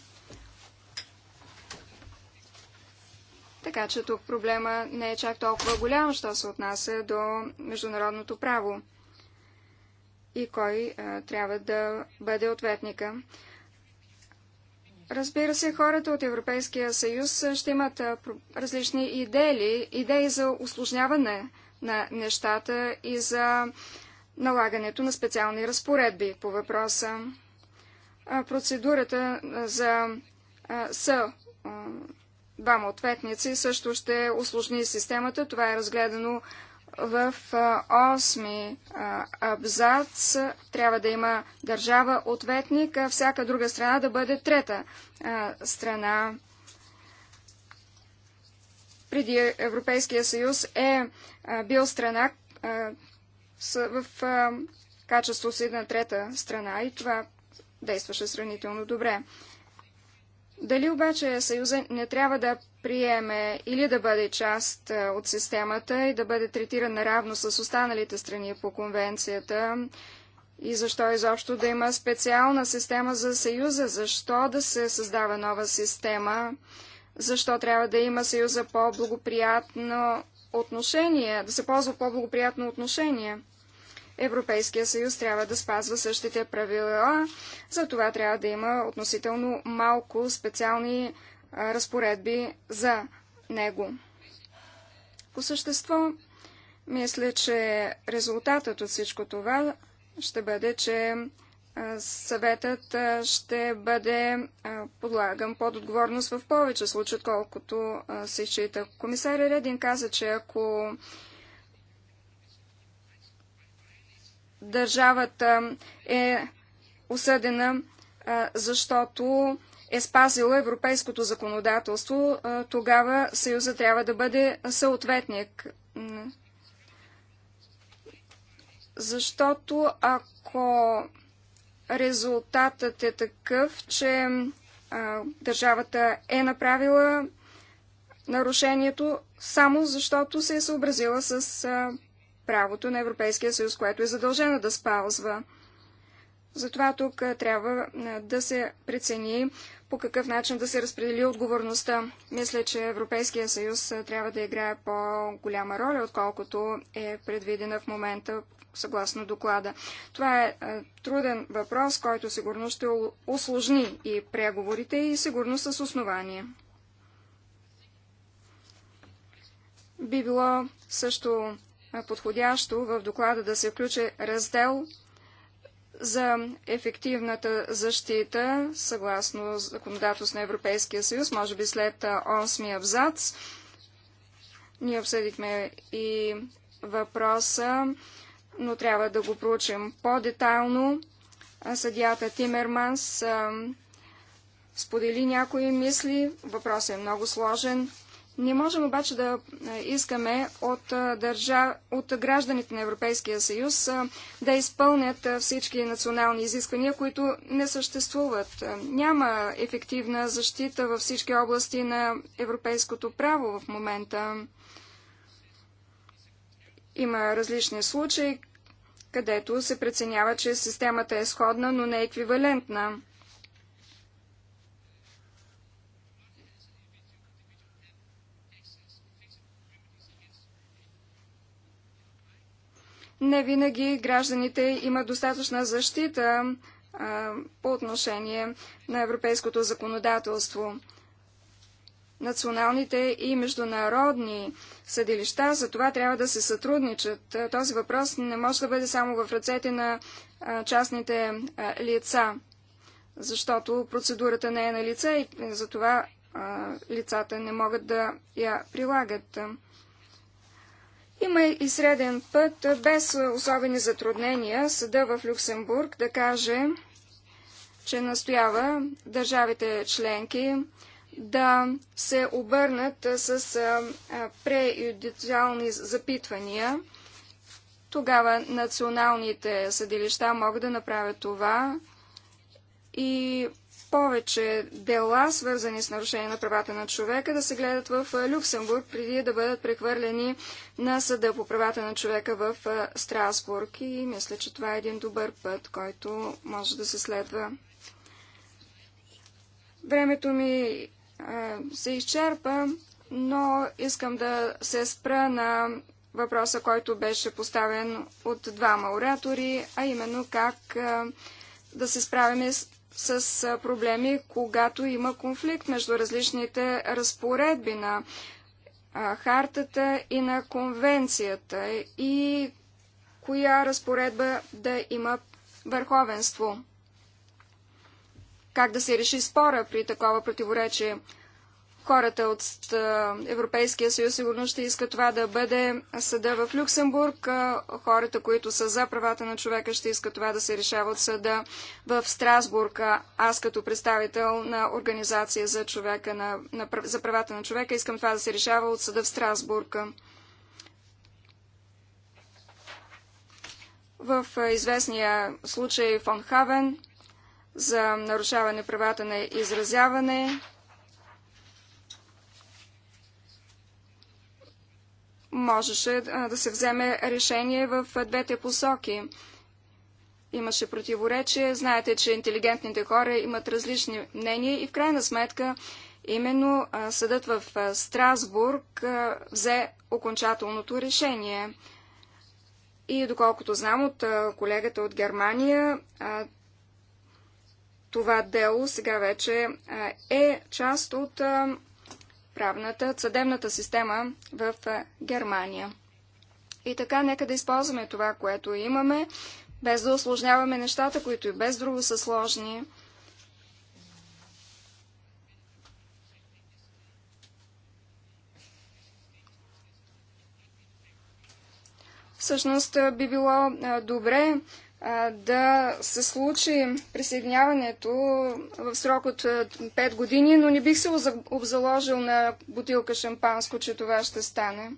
Така че тук проблема не е чак толкова голям, що се отнася до международното право и кой а, трябва да бъде ответника. Разбира се, хората от Европейския съюз ще имат а, различни идеи, идеи за усложняване на нещата и за налагането на специални разпоредби по въпроса. А, процедурата за са двама ответници също ще усложни системата. Това е разгледано в осми абзац трябва да има държава ответник, а всяка друга страна да бъде трета а, страна. Преди Европейския съюз е а, бил страна а, с, в качество си на трета страна и това действаше сравнително добре. Дали обаче Съюза не трябва да приеме или да бъде част е, от системата и да бъде третиран наравно с останалите страни по конвенцията и защо изобщо да има специална система за Съюза, защо да се създава нова система, защо трябва да има Съюза по-благоприятно отношение, да се ползва по-благоприятно отношение. Европейския съюз трябва да спазва същите правила, за това трябва да има относително малко специални разпоредби за него. По същество, мисля, че резултатът от всичко това ще бъде, че съветът ще бъде подлаган под отговорност в повече случаи, отколкото се счита. Комисаря Редин каза, че ако държавата е осъдена, защото е спазила европейското законодателство, тогава Съюза трябва да бъде съответник. Защото ако резултатът е такъв, че а, държавата е направила нарушението само защото се е съобразила с а, правото на Европейския съюз, което е задължена да спазва. Затова тук трябва да се прецени по какъв начин да се разпредели отговорността. Мисля, че Европейския съюз трябва да играе по-голяма роля, отколкото е предвидена в момента съгласно доклада. Това е труден въпрос, който сигурно ще осложни и преговорите и сигурно с основание. Би било също подходящо в доклада да се включи раздел за ефективната защита, съгласно законодателство на Европейския съюз, може би след 8-ми абзац. Ние обсъдихме и въпроса, но трябва да го проучим по-детайлно. Съдията Тимерманс сподели някои мисли. Въпросът е много сложен. Не можем обаче да искаме от, държа... от гражданите на Европейския съюз да изпълнят всички национални изисквания, които не съществуват. Няма ефективна защита във всички области на европейското право в момента. Има различни случаи, където се преценява, че системата е сходна, но не еквивалентна. не винаги гражданите имат достатъчна защита а, по отношение на европейското законодателство. Националните и международни съдилища за това трябва да се сътрудничат. Този въпрос не може да бъде само в ръцете на частните лица, защото процедурата не е на лице и за това лицата не могат да я прилагат. Има и среден път, без особени затруднения, съда в Люксембург да каже, че настоява държавите членки да се обърнат с преюдициални запитвания. Тогава националните съдилища могат да направят това и повече дела, свързани с нарушение на правата на човека, да се гледат в Люксембург, преди да бъдат прехвърлени на съда по правата на човека в Страсбург. И мисля, че това е един добър път, който може да се следва. Времето ми а, се изчерпа, но искам да се спра на въпроса, който беше поставен от двама оратори, а именно как а, да се справим с с проблеми, когато има конфликт между различните разпоредби на хартата и на конвенцията и коя разпоредба да има върховенство. Как да се реши спора при такова противоречие? Хората от Европейския съюз сигурно ще иска това да бъде съда в Люксембург. Хората, които са за правата на човека, ще искат това да се решава от съда в Страсбург. Аз като представител на Организация за, човека, на, на, за правата на човека искам това да се решава от съда в Страсбург. в известния случай фон Хавен за нарушаване правата на изразяване можеше да се вземе решение в двете посоки. Имаше противоречие. Знаете, че интелигентните хора имат различни мнения и в крайна сметка именно съдът в Страсбург взе окончателното решение. И доколкото знам от колегата от Германия, това дело сега вече е част от правната, съдебната система в Германия. И така, нека да използваме това, което имаме, без да осложняваме нещата, които и без друго са сложни. Всъщност би било добре да се случи присъединяването в срок от 5 години, но не бих се обзаложил на бутилка шампанско, че това ще стане.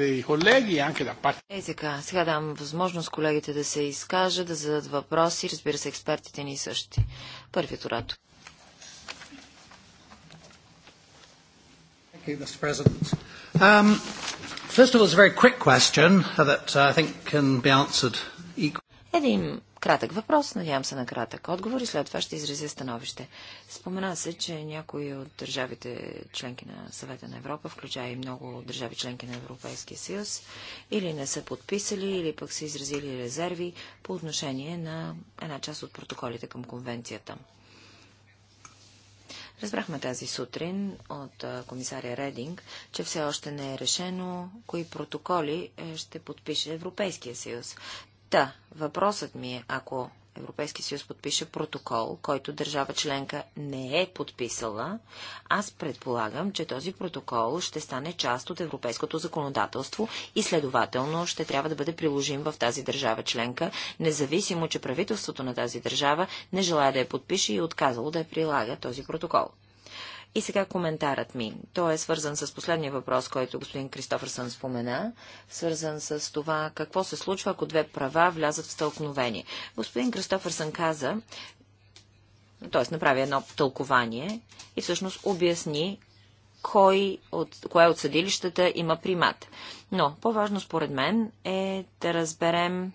Ей е, така, сега дам възможност колегите да се изкажат, да зададат въпроси, разбира се, експертите ни същи. Първият оратор. Okay, Um, first of all, it's a very quick question that uh, I think can be answered equally. Един кратък въпрос, надявам се на кратък отговор и след това ще изразя становище. Спомена се, че някои от държавите членки на съвета на Европа, включая и много държави членки на Европейския съюз, или не са подписали, или пък са изразили резерви по отношение на една част от протоколите към конвенцията. Разбрахме тази сутрин от комисаря Рединг, че все още не е решено кои протоколи е, ще подпише Европейския съюз. Та, въпросът ми е, ако Европейския съюз подпише протокол, който държава членка не е подписала, аз предполагам, че този протокол ще стане част от европейското законодателство и следователно ще трябва да бъде приложим в тази държава членка, независимо, че правителството на тази държава не желая да я подпише и отказало да я прилага този протокол. И сега коментарът ми. Той е свързан с последния въпрос, който господин Кристофърсън спомена, свързан с това какво се случва, ако две права влязат в стълкновение. Господин Кристофърсън каза, т.е. направи едно тълкование и всъщност обясни кой от, кое от съдилищата има примат. Но по-важно според мен е да разберем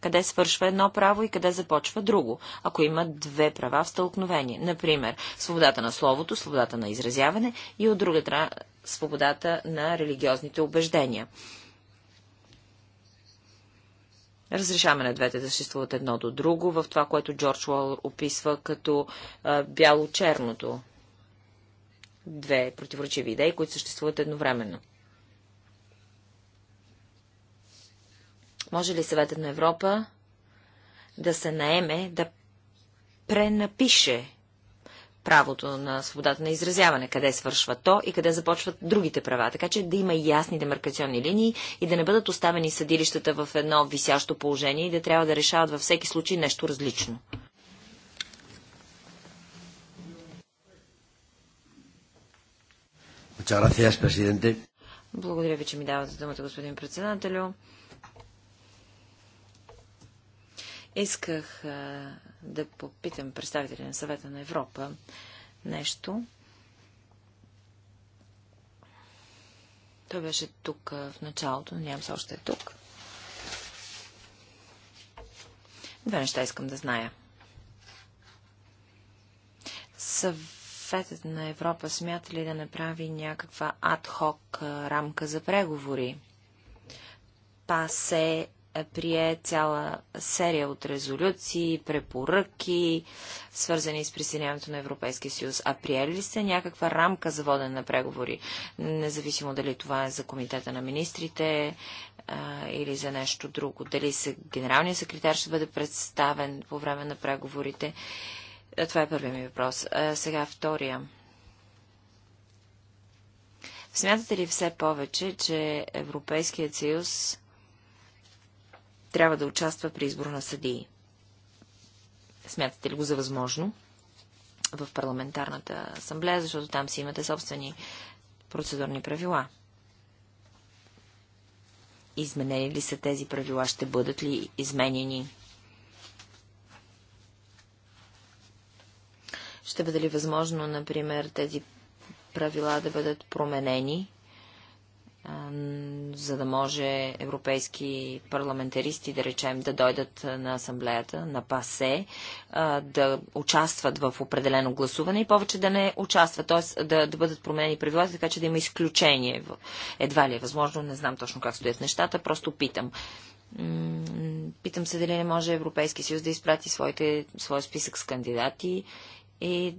къде свършва едно право и къде започва друго, ако има две права в стълкновение. Например, свободата на словото, свободата на изразяване и от друга страна свободата на религиозните убеждения. Разрешаваме на двете да съществуват едно до друго в това, което Джордж Уол описва като бяло-черното. Две противоречиви идеи, които съществуват едновременно. Може ли съветът на Европа да се наеме да пренапише правото на свободата на изразяване, къде свършва то и къде започват другите права. Така че да има ясни демаркационни линии и да не бъдат оставени съдилищата в едно висящо положение и да трябва да решават във всеки случай нещо различно. Благодаря ви, че ми давате думата, господин председателю. Исках а, да попитам представители на съвета на Европа нещо. Той беше тук а, в началото, но нямам се още е тук. Две неща искам да зная. Съветът на Европа смята ли да направи някаква адхок рамка за преговори? Пасе прие цяла серия от резолюции, препоръки, свързани с присъединяването на Европейския съюз. А приели ли сте някаква рамка за водене на преговори, независимо дали това е за комитета на министрите а, или за нещо друго? Дали се, генералният секретар ще бъде представен по време на преговорите? А, това е първият ми въпрос. А, сега втория. Смятате ли все повече, че Европейският съюз трябва да участва при избор на съдии. Смятате ли го за възможно в парламентарната асамблея, защото там си имате собствени процедурни правила? Изменени ли са тези правила? Ще бъдат ли изменени? Ще бъде ли възможно, например, тези правила да бъдат променени за да може европейски парламентаристи, да речем, да дойдат на асамблеята, на ПАСЕ, да участват в определено гласуване и повече да не участват, т.е. Да, да бъдат променени правилата, така че да има изключение. Едва ли е възможно, не знам точно как стоят нещата, просто питам. Питам се дали не може Европейски съюз да изпрати своите, своя списък с кандидати и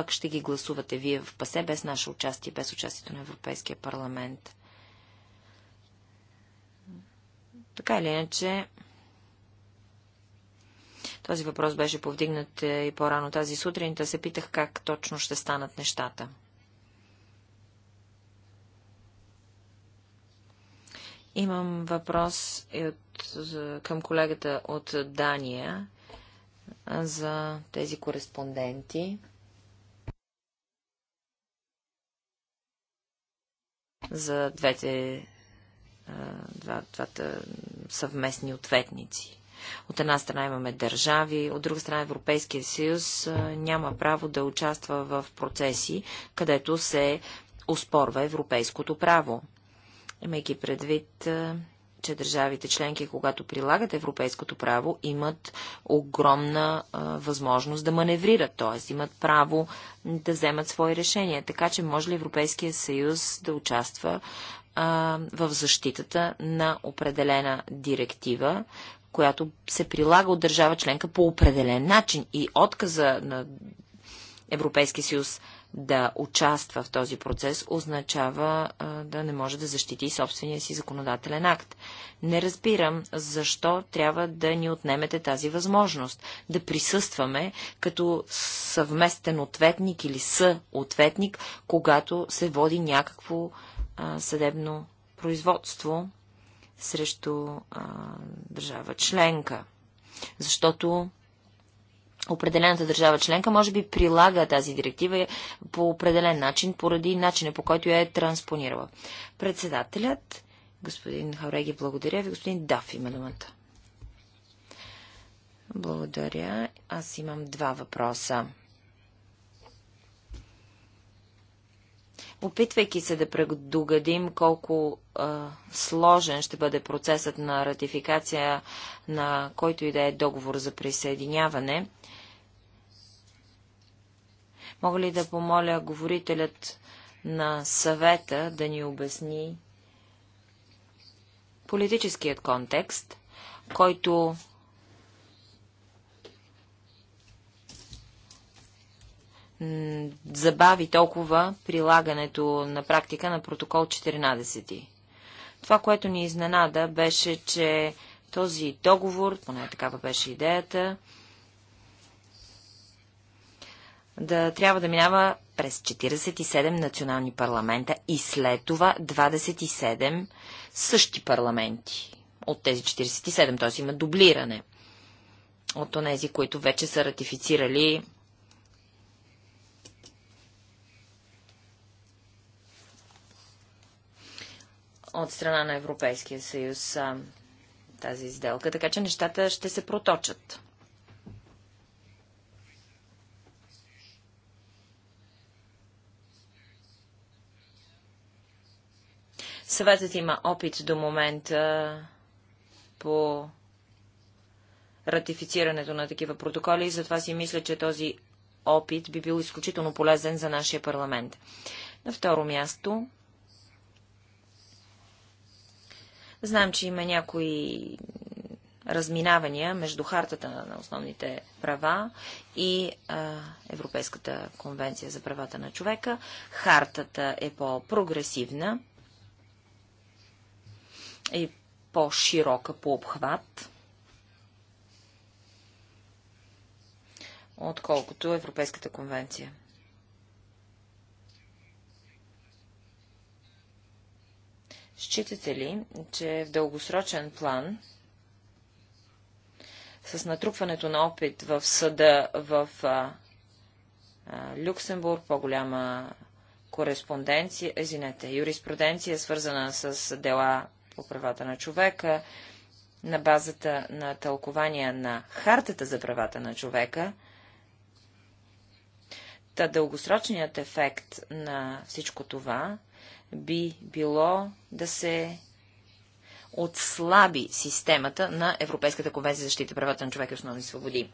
пък ще ги гласувате вие в ПАСЕ без наше участие, без участието на Европейския парламент. Така или иначе, този въпрос беше повдигнат е, и по-рано тази сутрин, да се питах как точно ще станат нещата. Имам въпрос и от, към колегата от Дания за тези кореспонденти. за двете, два, двата съвместни ответници. От една страна имаме държави, от друга страна Европейския съюз няма право да участва в процеси, където се оспорва европейското право. Имайки предвид че държавите членки, когато прилагат европейското право, имат огромна а, възможност да маневрират, т.е. имат право да вземат свои решения. Така че може ли Европейския съюз да участва а, в защитата на определена директива, която се прилага от държава членка по определен начин и отказа на Европейския съюз да участва в този процес, означава да не може да защити собствения си законодателен акт. Не разбирам защо трябва да ни отнемете тази възможност да присъстваме като съвместен ответник или съответник, когато се води някакво съдебно производство срещу а, държава членка. Защото определената държава членка може би прилага тази директива по определен начин, поради начина по който я е транспонирала. Председателят, господин Хавреги, благодаря ви. Господин Даф има думата. Благодаря. Аз имам два въпроса. Опитвайки се да предугадим колко а, сложен ще бъде процесът на ратификация на който и да е договор за присъединяване, Мога ли да помоля говорителят на съвета да ни обясни политическият контекст, който забави толкова прилагането на практика на протокол 14. Това, което ни изненада, беше, че този договор, поне такава беше идеята, да трябва да минава през 47 национални парламента и след това 27 същи парламенти от тези 47, т.е. има дублиране от онези, които вече са ратифицирали от страна на Европейския съюз тази изделка, така че нещата ще се проточат. Съветът има опит до момента по ратифицирането на такива протоколи и затова си мисля, че този опит би бил изключително полезен за нашия парламент. На второ място Знам, че има някои разминавания между хартата на основните права и а, Европейската конвенция за правата на човека. Хартата е по-прогресивна е по-широка по обхват, отколкото Европейската конвенция. Считате ли, че в дългосрочен план с натрупването на опит в съда в а, а, Люксембург, по-голяма кореспонденция, извинете, юриспруденция, свързана с дела по правата на човека, на базата на тълкования на Хартата за правата на човека, та дългосрочният ефект на всичко това би било да се отслаби системата на Европейската конвенция за защита правата на човека и основни свободи.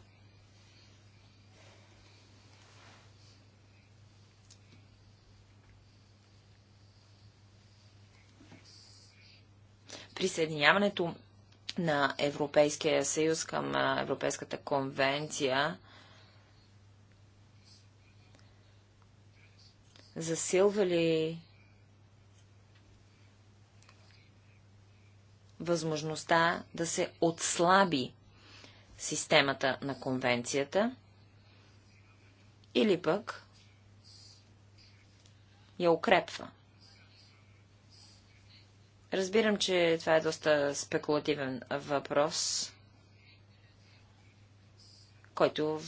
присъединяването на Европейския съюз към Европейската конвенция засилва ли възможността да се отслаби системата на конвенцията или пък я укрепва. Разбирам, че това е доста спекулативен въпрос, който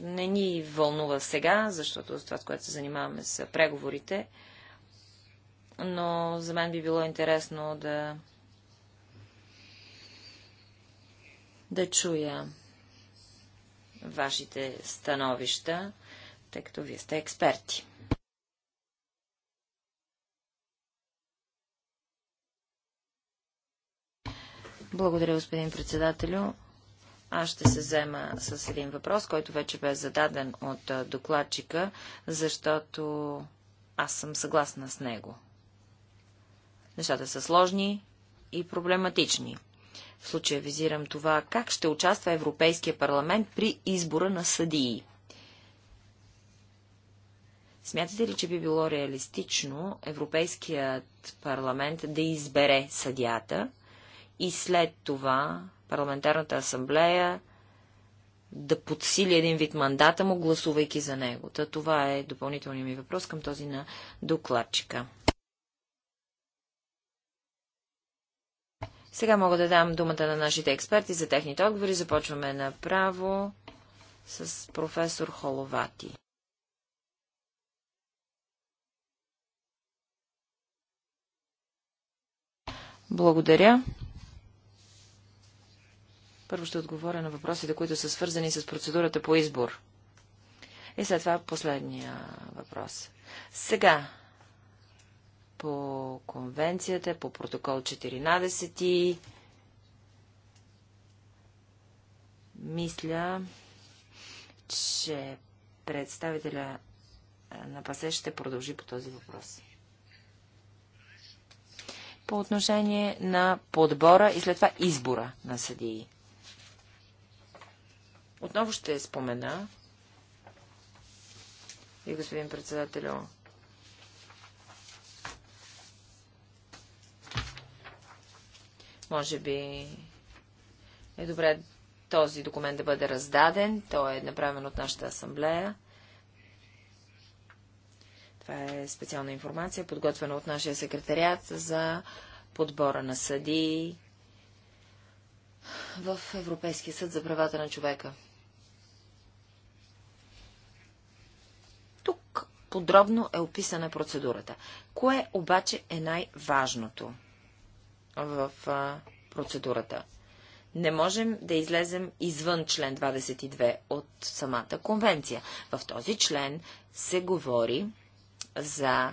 не ни вълнува сега, защото това, с което се занимаваме, с преговорите. Но за мен би било интересно да да чуя вашите становища, тъй като вие сте експерти. Благодаря, господин председателю. Аз ще се взема с един въпрос, който вече бе зададен от докладчика, защото аз съм съгласна с него. Нещата са сложни и проблематични. В случая визирам това, как ще участва Европейския парламент при избора на съдии. Смятате ли, че би било реалистично Европейският парламент да избере съдията? и след това парламентарната асамблея да подсили един вид мандата му, гласувайки за него. Та това е допълнителният ми въпрос към този на докладчика. Сега мога да дам думата на нашите експерти за техните отговори. Започваме направо с професор Холовати. Благодаря. Първо ще отговоря на въпросите, които са свързани с процедурата по избор. И след това последния въпрос. Сега, по конвенцията, по протокол 14, мисля, че представителя на ПАСЕ ще продължи по този въпрос. По отношение на подбора и след това избора на съдии. Отново ще спомена и господин председателю. Може би е добре този документ да бъде раздаден. Той е направен от нашата асамблея. Това е специална информация, подготвена от нашия секретариат за подбора на съдии в Европейския съд за правата на човека. подробно е описана процедурата. Кое обаче е най-важното в а, процедурата? Не можем да излезем извън член 22 от самата конвенция. В този член се говори за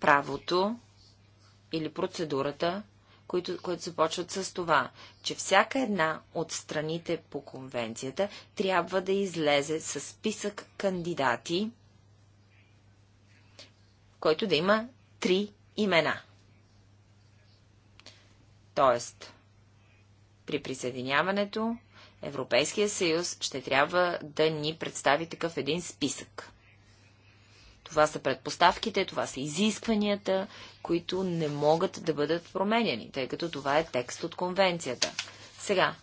правото или процедурата, които, които започват с това, че всяка една от страните по конвенцията трябва да излезе с списък кандидати, който да има три имена. Тоест, при присъединяването Европейския съюз ще трябва да ни представи такъв един списък. Това са предпоставките, това са изискванията, които не могат да бъдат променени, тъй като това е текст от конвенцията. Сега,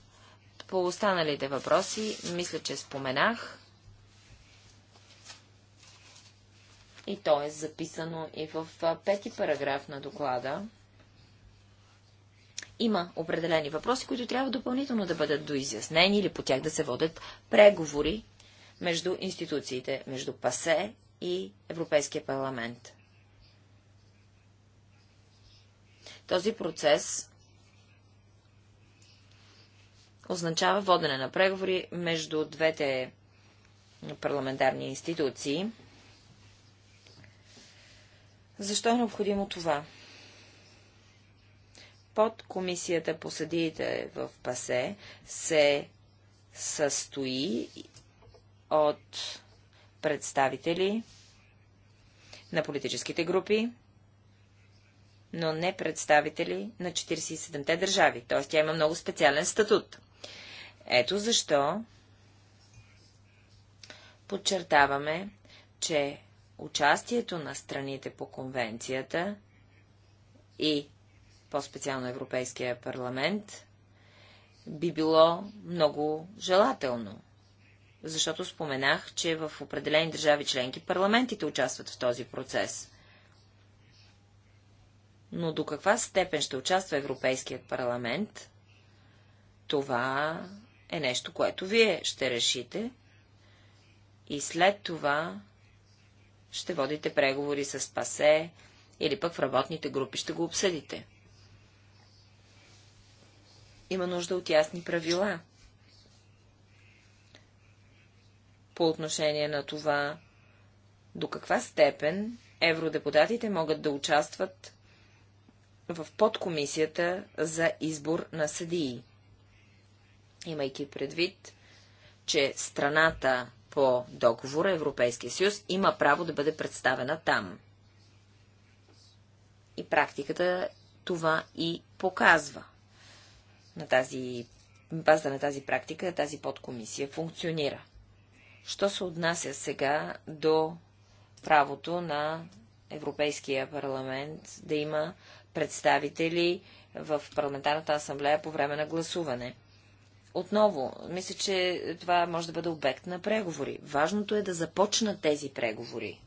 по останалите въпроси, мисля, че споменах и то е записано и в пети параграф на доклада. Има определени въпроси, които трябва допълнително да бъдат доизяснени или по тях да се водят преговори между институциите, между ПАСЕ и Европейския парламент. Този процес означава водене на преговори между двете парламентарни институции – защо е необходимо това? Под комисията по съдиите в ПАСЕ се състои от представители на политическите групи, но не представители на 47-те държави, т.е. тя има много специален статут. Ето защо подчертаваме, че участието на страните по конвенцията и по-специално Европейския парламент би било много желателно. Защото споменах, че в определени държави членки парламентите участват в този процес. Но до каква степен ще участва Европейският парламент, това е нещо, което вие ще решите. И след това ще водите преговори с ПАСЕ или пък в работните групи ще го обсъдите. Има нужда от ясни правила по отношение на това, до каква степен евродепутатите могат да участват в подкомисията за избор на съдии. Имайки предвид, че страната по договора Европейския съюз има право да бъде представена там. И практиката това и показва. На тази база на тази практика тази подкомисия функционира. Що се отнася сега до правото на Европейския парламент да има представители в парламентарната асамблея по време на гласуване – отново, мисля, че това може да бъде обект на преговори. Важното е да започнат тези преговори.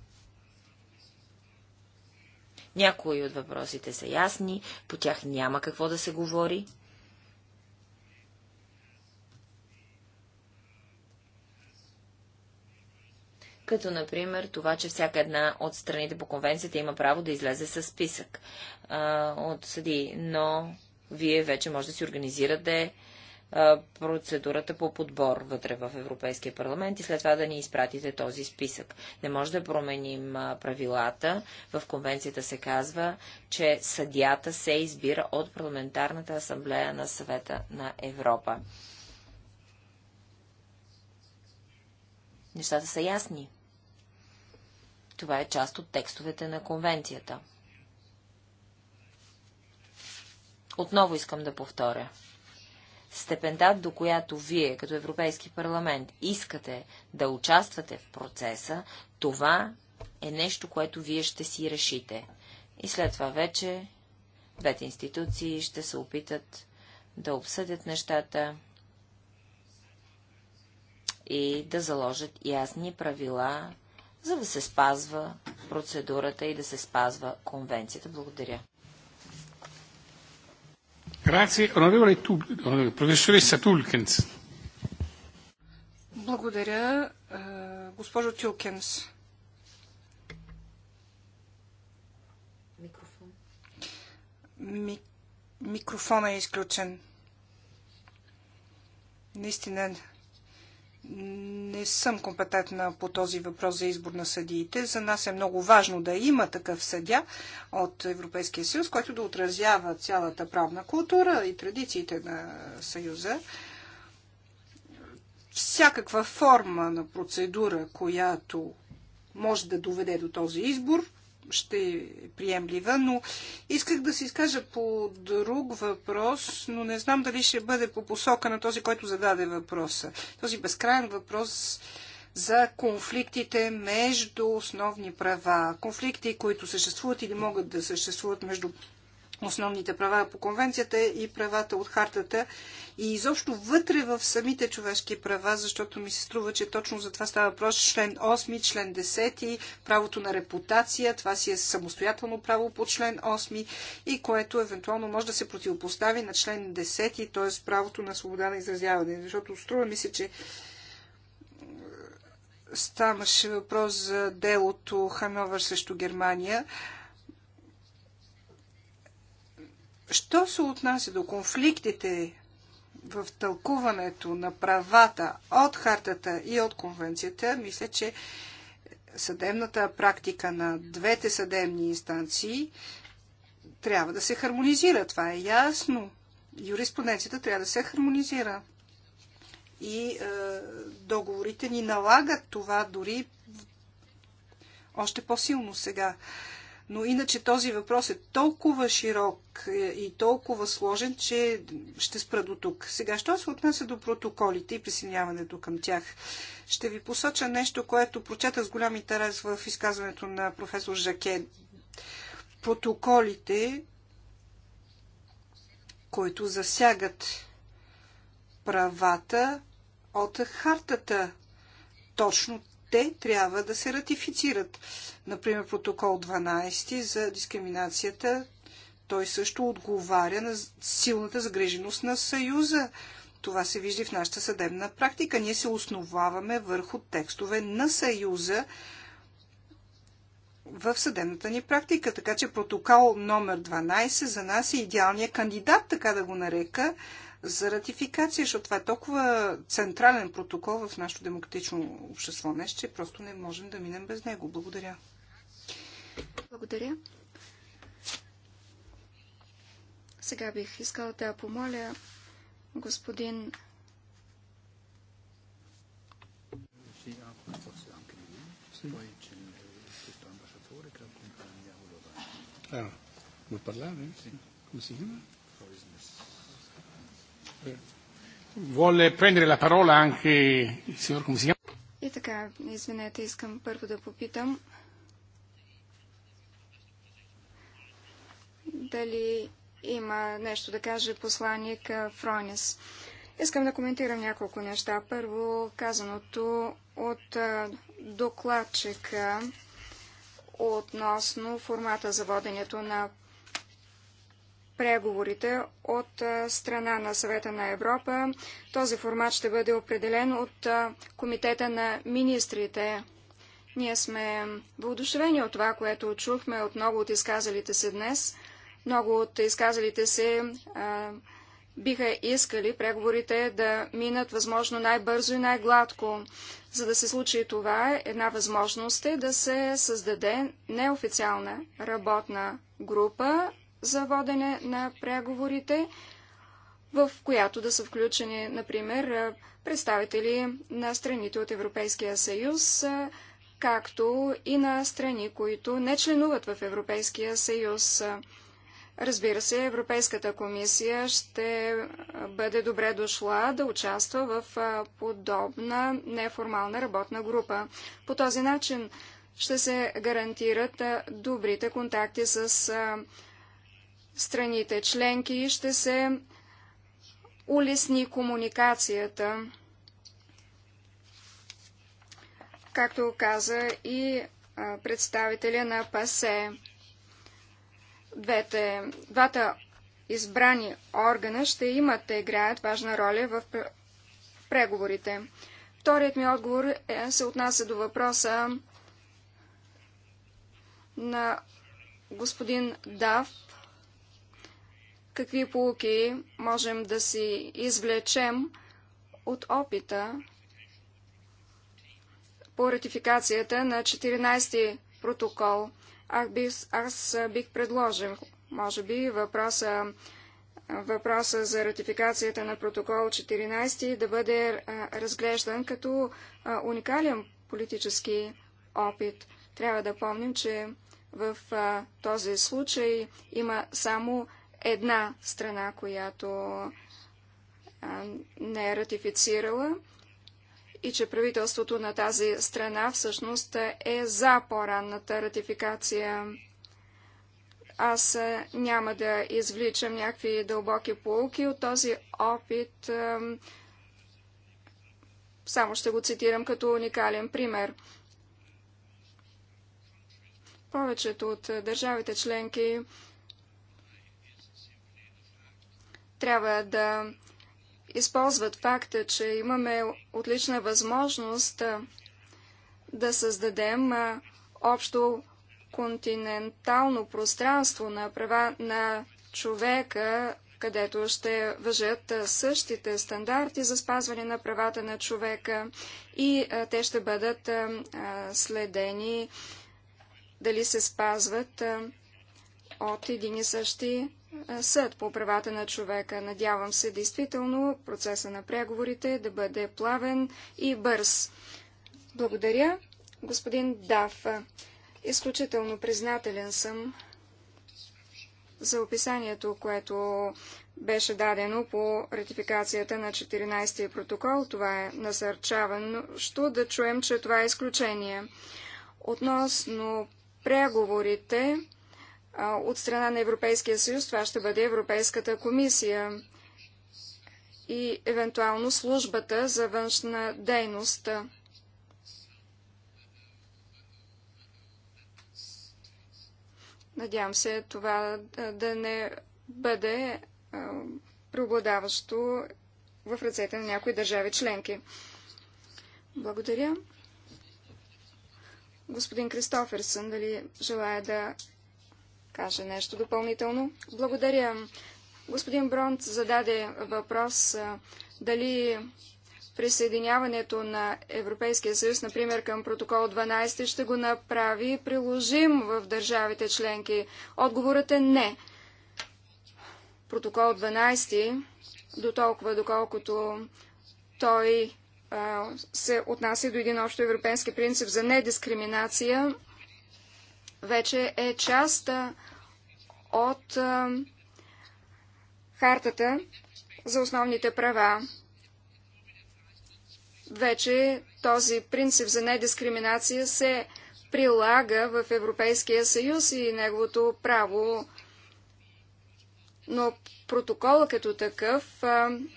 Някои от въпросите са ясни, по тях няма какво да се говори. като например това, че всяка една от страните по конвенцията има право да излезе с списък а, от съди, но вие вече може да си организирате процедурата по подбор вътре в Европейския парламент и след това да ни изпратите този списък. Не може да променим правилата. В конвенцията се казва, че съдята се избира от Парламентарната асамблея на съвета на Европа. Нещата са ясни. Това е част от текстовете на конвенцията. Отново искам да повторя степента, до която вие, като Европейски парламент, искате да участвате в процеса, това е нещо, което вие ще си решите. И след това вече двете институции ще се опитат да обсъдят нещата и да заложат ясни правила, за да се спазва процедурата и да се спазва конвенцията. Благодаря. Grazie, onorevole Тулкенс. Благодаря, госпожо Тюлкенс. Микрофон. е изключен. Наистина не съм компетентна по този въпрос за избор на съдиите. За нас е много важно да има такъв съдя от Европейския съюз, който да отразява цялата правна култура и традициите на съюза. Всякаква форма на процедура, която може да доведе до този избор, ще е приемлива, но исках да се изкажа по друг въпрос, но не знам дали ще бъде по посока на този, който зададе въпроса. Този безкрайен въпрос за конфликтите между основни права. Конфликти, които съществуват или могат да съществуват между основните права по конвенцията и правата от хартата и изобщо вътре в самите човешки права, защото ми се струва, че точно за това става въпрос член 8, член 10, правото на репутация, това си е самостоятелно право по член 8 и което евентуално може да се противопостави на член 10, т.е. правото на свобода на изразяване, защото струва ми се, че ставаше въпрос за делото Хановър срещу Германия. Що се отнася до конфликтите в тълкуването на правата от хартата и от конвенцията, мисля, че съдебната практика на двете съдебни инстанции трябва да се хармонизира. Това е ясно. Юриспруденцията трябва да се хармонизира. И е, договорите ни налагат това дори още по-силно сега. Е, но иначе този въпрос е толкова широк е, и толкова сложен, че ще спра до тук. Сега, що се отнася до протоколите и присъединяването към тях? Ще ви посоча нещо, което прочета с голям интерес в изказването на професор Жаке. Протоколите, които засягат правата от хартата. Точно те трябва да се ратифицират. Например, протокол 12 за дискриминацията, той също отговаря на силната загриженост на Съюза. Това се вижда в нашата съдебна практика. Ние се основаваме върху текстове на Съюза в съдебната ни практика. Така че протокол номер 12 за нас е идеалният кандидат, така да го нарека, за ратификация, защото това е толкова централен протокол в нашето демократично общество. Нещо, че просто не можем да минем без него. Благодаря. Благодаря. Сега бих искала да помоля господин Ah, vuoi parlare? Sì. Come si chiama? Воле Комисия. И така, извинете, искам първо да попитам дали има нещо да каже посланник Фронис. Искам да коментирам няколко неща. Първо, казаното от докладчика относно формата за воденето на преговорите от страна на съвета на Европа. Този формат ще бъде определен от комитета на министрите. Ние сме въодушевени от това, което чухме от много от изказалите се днес. Много от изказалите се биха искали преговорите да минат възможно най-бързо и най-гладко. За да се случи това, една възможност е да се създаде неофициална работна група за водене на преговорите, в която да са включени, например, представители на страните от Европейския съюз, както и на страни, които не членуват в Европейския съюз. Разбира се, Европейската комисия ще бъде добре дошла да участва в подобна неформална работна група. По този начин ще се гарантират добрите контакти с страните членки, и ще се улесни комуникацията. Както каза и представителя на ПАСЕ, двете, двата избрани органа ще имат да играят важна роля в преговорите. Вторият ми отговор е, се отнася до въпроса на господин Дав какви полуки можем да си извлечем от опита по ратификацията на 14-ти протокол. Аз бих, аз бих предложил, може би, въпроса, въпроса за ратификацията на протокол 14 да бъде разглеждан като уникален политически опит. Трябва да помним, че в а, този случай има само една страна, която не е ратифицирала и че правителството на тази страна всъщност е за по-ранната ратификация. Аз няма да извличам някакви дълбоки полуки от този опит. Само ще го цитирам като уникален пример. Повечето от държавите членки трябва да използват факта, че имаме отлична възможност да създадем общо континентално пространство на права на човека, където ще въжат същите стандарти за спазване на правата на човека и те ще бъдат следени дали се спазват от един и същи съд по правата на човека. Надявам се действително процеса на преговорите да бъде плавен и бърз. Благодаря, господин Даф. Изключително признателен съм за описанието, което беше дадено по ратификацията на 14-я протокол. Това е насърчаващо да чуем, че това е изключение. Относно преговорите, от страна на Европейския съюз, това ще бъде Европейската комисия и евентуално службата за външна дейност. Надявам се това да не бъде преобладаващо в ръцете на някои държави членки. Благодаря. Господин Кристоферсън, дали желая да каже нещо допълнително. Благодаря. Господин Бронт зададе въпрос дали присъединяването на Европейския съюз, например към протокол 12, ще го направи приложим в държавите членки. Отговорът е не. Протокол 12, до толкова доколкото той а, се отнася до един общо европейски принцип за недискриминация, вече е част от Хартата за основните права. Вече този принцип за недискриминация се прилага в Европейския съюз и неговото право, но протокола като такъв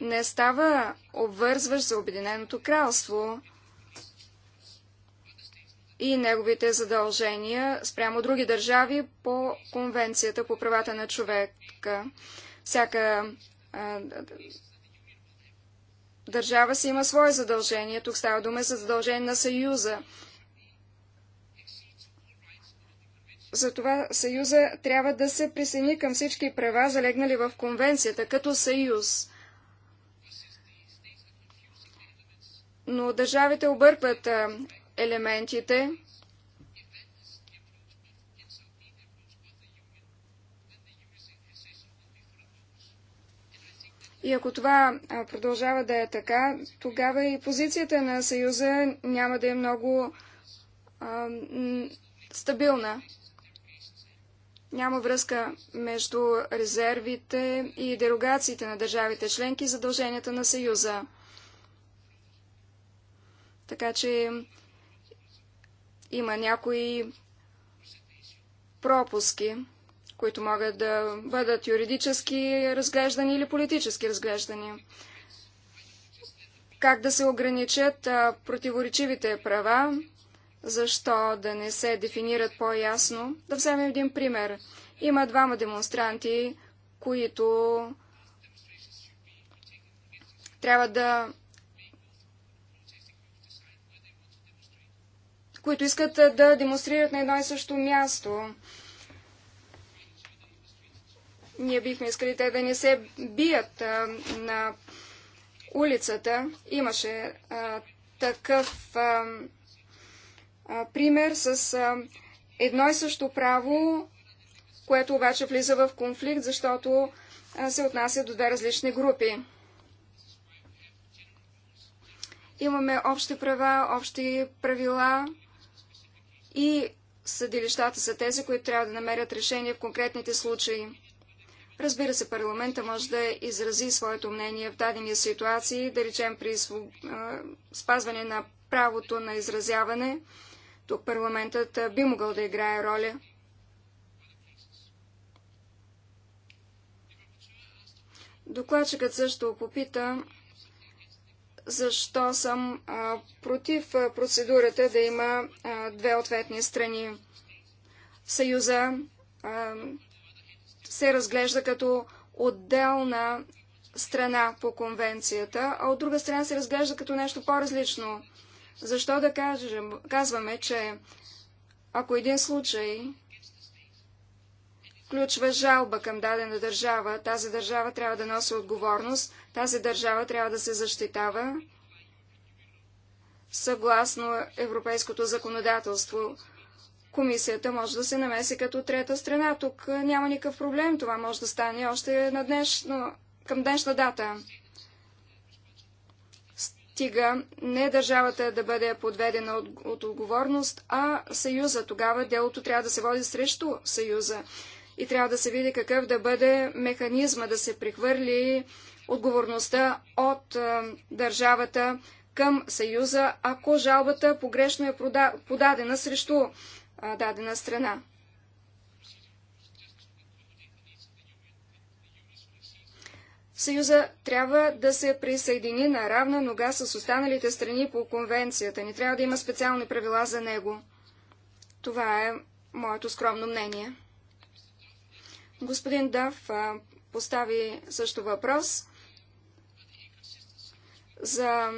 не става обвързващ за Обединеното кралство и неговите задължения спрямо други държави по Конвенцията по правата на човека. Всяка а, държава си има свое задължение. Тук става дума за задължение на Съюза. Затова Съюза трябва да се присъедини към всички права, залегнали в Конвенцията, като Съюз. Но държавите объркват елементите. И ако това продължава да е така, тогава и позицията на Съюза няма да е много а, стабилна. Няма връзка между резервите и дерогациите на държавите членки и задълженията на Съюза. Така че има някои пропуски, които могат да бъдат юридически разглеждани или политически разглеждани. Как да се ограничат противоречивите права, защо да не се дефинират по-ясно. Да вземем един пример. Има двама демонстранти, които трябва да които искат е, да демонстрират на едно и също място. Ние бихме искали те да не се бият а, е, на улицата. Имаше а, е, такъв а, а, пример с а, едно и също право, което обаче влиза в конфликт, защото а, се отнася до две различни групи. Имаме общи права, общи правила, и съдилищата са тези, които трябва да намерят решение в конкретните случаи. Разбира се, парламента може да изрази своето мнение в дадени ситуации, да речем при спазване на правото на изразяване. Тук парламентът би могъл да играе роля. Докладчикът също попита защо съм против процедурата да има две ответни страни. Съюза се разглежда като отделна страна по конвенцията, а от друга страна се разглежда като нещо по-различно. Защо да кажем, казваме, че ако един случай включва жалба към дадена държава, тази държава трябва да носи отговорност, тази държава трябва да се защитава съгласно европейското законодателство. Комисията може да се намеси като трета страна. Тук няма никакъв проблем. Това може да стане още на днешно, към днешна дата. Стига не държавата да бъде подведена от, от отговорност, а Съюза. Тогава делото трябва да се води срещу Съюза. И трябва да се види какъв да бъде механизма да се прехвърли отговорността от е, държавата към Съюза, ако жалбата погрешно е подадена срещу е, дадена страна. Съюза трябва да се присъедини на равна нога с останалите страни по конвенцията. Не трябва да има специални правила за него. Това е моето скромно мнение. Господин Дав е, постави също въпрос – за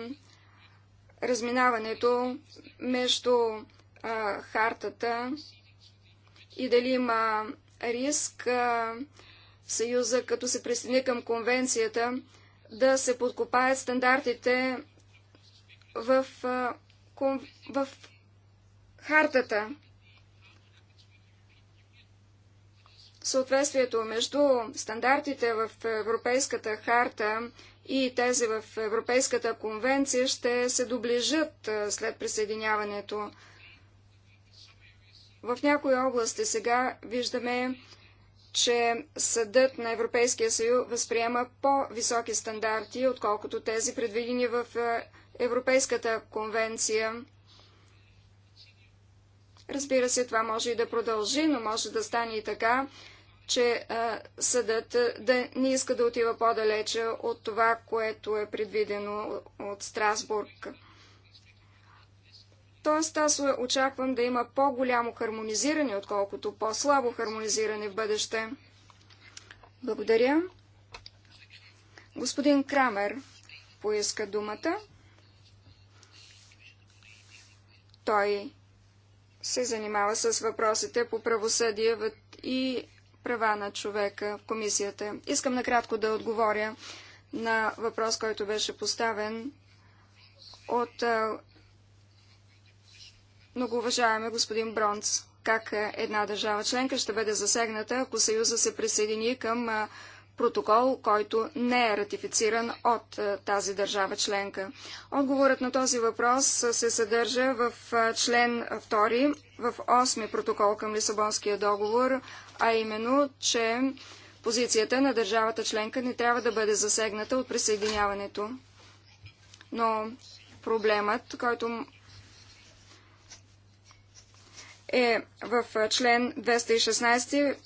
разминаването между а, хартата и дали има риск а, Съюза, като се присъедини към конвенцията, да се подкопаят стандартите в, а, кон, в хартата. Съответствието между стандартите в Европейската харта и тези в Европейската конвенция ще се доближат след присъединяването. В някои области сега виждаме, че съдът на Европейския съюз възприема по-високи стандарти, отколкото тези предвидени в Европейската конвенция. Разбира се, това може и да продължи, но може да стане и така, че а, съдът да не иска да отива по-далече от това, което е предвидено от Страсбург. Тоест аз очаквам да има по-голямо хармонизиране, отколкото по-слабо хармонизиране в бъдеще. Благодаря. Господин Крамер поиска думата. Той се занимава с въпросите по правосъдие и права на човека в комисията. Искам накратко да отговоря на въпрос, който беше поставен от многоуважаемия господин Бронц. Как една държава членка ще бъде засегната, ако Съюза се присъедини към протокол, който не е ратифициран от тази държава членка. Отговорът на този въпрос се съдържа в член 2 в 8 протокол към Лисабонския договор, а именно, че позицията на държавата членка не трябва да бъде засегната от присъединяването. Но проблемът, който е в член 216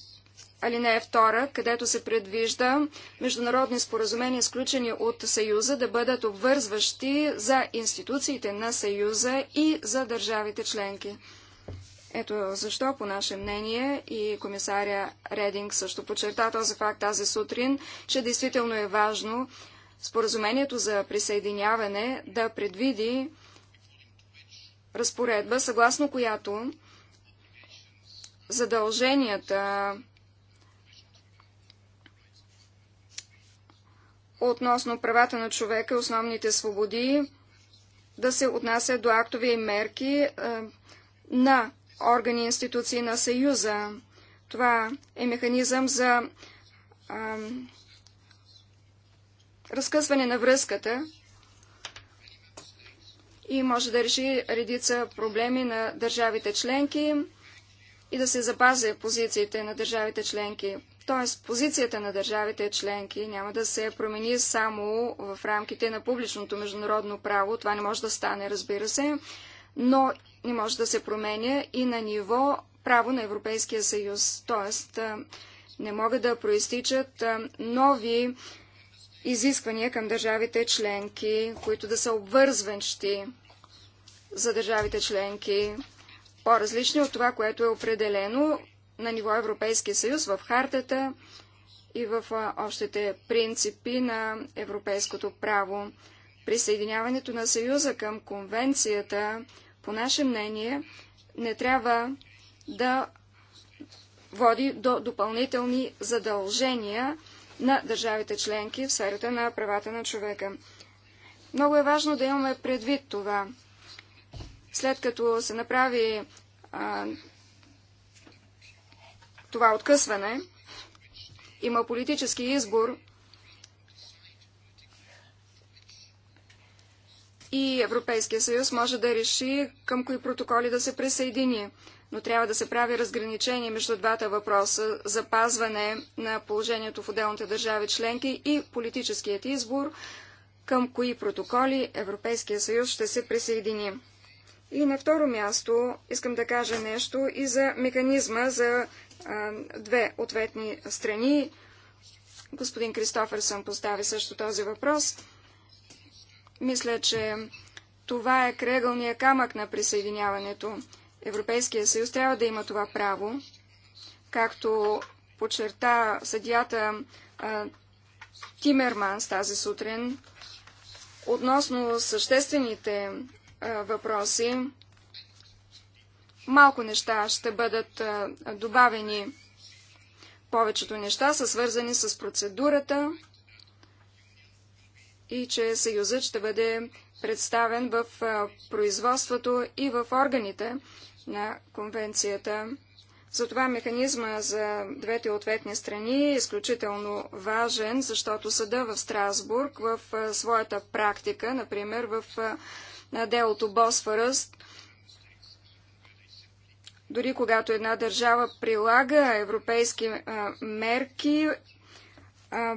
алинея 2, където се предвижда международни споразумения, изключени от Съюза, да бъдат обвързващи за институциите на Съюза и за държавите членки. Ето защо, по наше мнение, и комисаря Рединг също подчерта този факт тази сутрин, че действително е важно споразумението за присъединяване да предвиди разпоредба, съгласно която задълженията относно правата на човека и основните свободи да се отнасят до актови и мерки на органи и институции на Съюза. Това е механизъм за а, разкъсване на връзката и може да реши редица проблеми на държавите членки и да се запази позициите на държавите членки. Тоест, позицията на държавите членки няма да се промени само в рамките на публичното международно право. Това не може да стане, разбира се, но не може да се променя и на ниво право на Европейския съюз. Тоест, не могат да проистичат нови изисквания към държавите членки, които да са обвързващи за държавите членки, по-различни от това, което е определено на ниво Европейския съюз в хартата и в общите принципи на европейското право. Присъединяването на Съюза към конвенцията по наше мнение, не трябва да води до допълнителни задължения на държавите членки в сферата на правата на човека. Много е важно да имаме предвид това. След като се направи а, това откъсване, има политически избор, и Европейския съюз може да реши към кои протоколи да се присъедини. Но трябва да се прави разграничение между двата въпроса – запазване на положението в отделните държави членки и политическият избор към кои протоколи Европейския съюз ще се присъедини. И на второ място искам да кажа нещо и за механизма за а, две ответни страни. Господин Кристоферсън постави също този въпрос – мисля, че това е крегълния камък на присъединяването. Европейския съюз трябва да има това право, както подчерта съдията Тимерман Тимерманс тази сутрин, относно съществените а, въпроси, малко неща ще бъдат а, добавени. Повечето неща са свързани с процедурата, и че Съюзът ще бъде представен в производството и в органите на конвенцията. Затова механизма за двете ответни страни е изключително важен, защото съда в Страсбург в своята практика, например в делото Босфоръст, дори когато една държава прилага европейски а, мерки, а,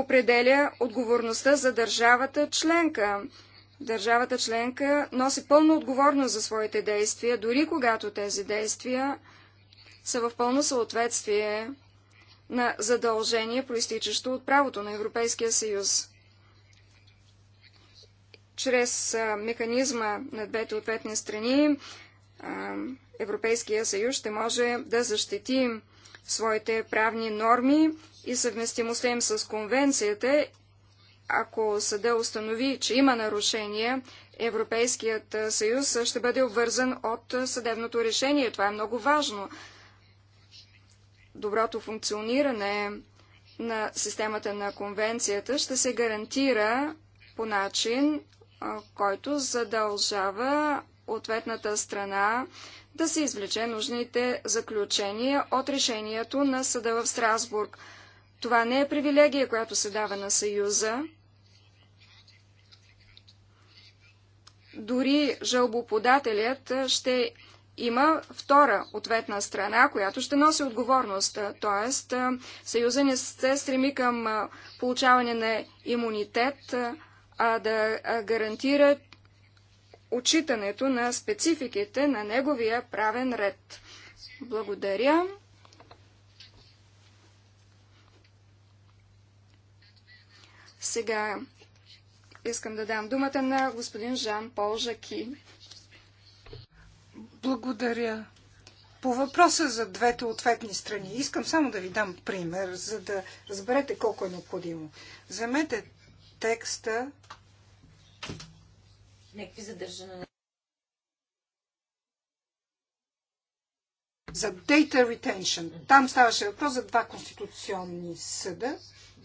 определя отговорността за държавата членка. Държавата членка носи пълна отговорност за своите действия, дори когато тези действия са в пълно съответствие на задължение, проистичащо от правото на Европейския съюз. Чрез механизма на двете ответни страни Европейския съюз ще може да защити своите правни норми и съвместимостта им с конвенцията, ако съда установи, че има нарушения, Европейският съюз ще бъде обвързан от съдебното решение. Това е много важно. Доброто функциониране на системата на конвенцията ще се гарантира по начин, който задължава ответната страна да се извлече нужните заключения от решението на съда в Страсбург. Това не е привилегия, която се дава на Съюза. Дори жалбоподателят ще има втора ответна страна, която ще носи отговорност. т.е. Съюза не се стреми към получаване на имунитет, а да гарантира отчитането на спецификите на неговия правен ред. Благодаря. Сега искам да дам думата на господин Жан Пол Жаки. Благодаря. По въпроса за двете ответни страни, искам само да ви дам пример, за да разберете колко е необходимо. Вземете текста. Някакви задържане. За data retention. Там ставаше въпрос за два конституционни съда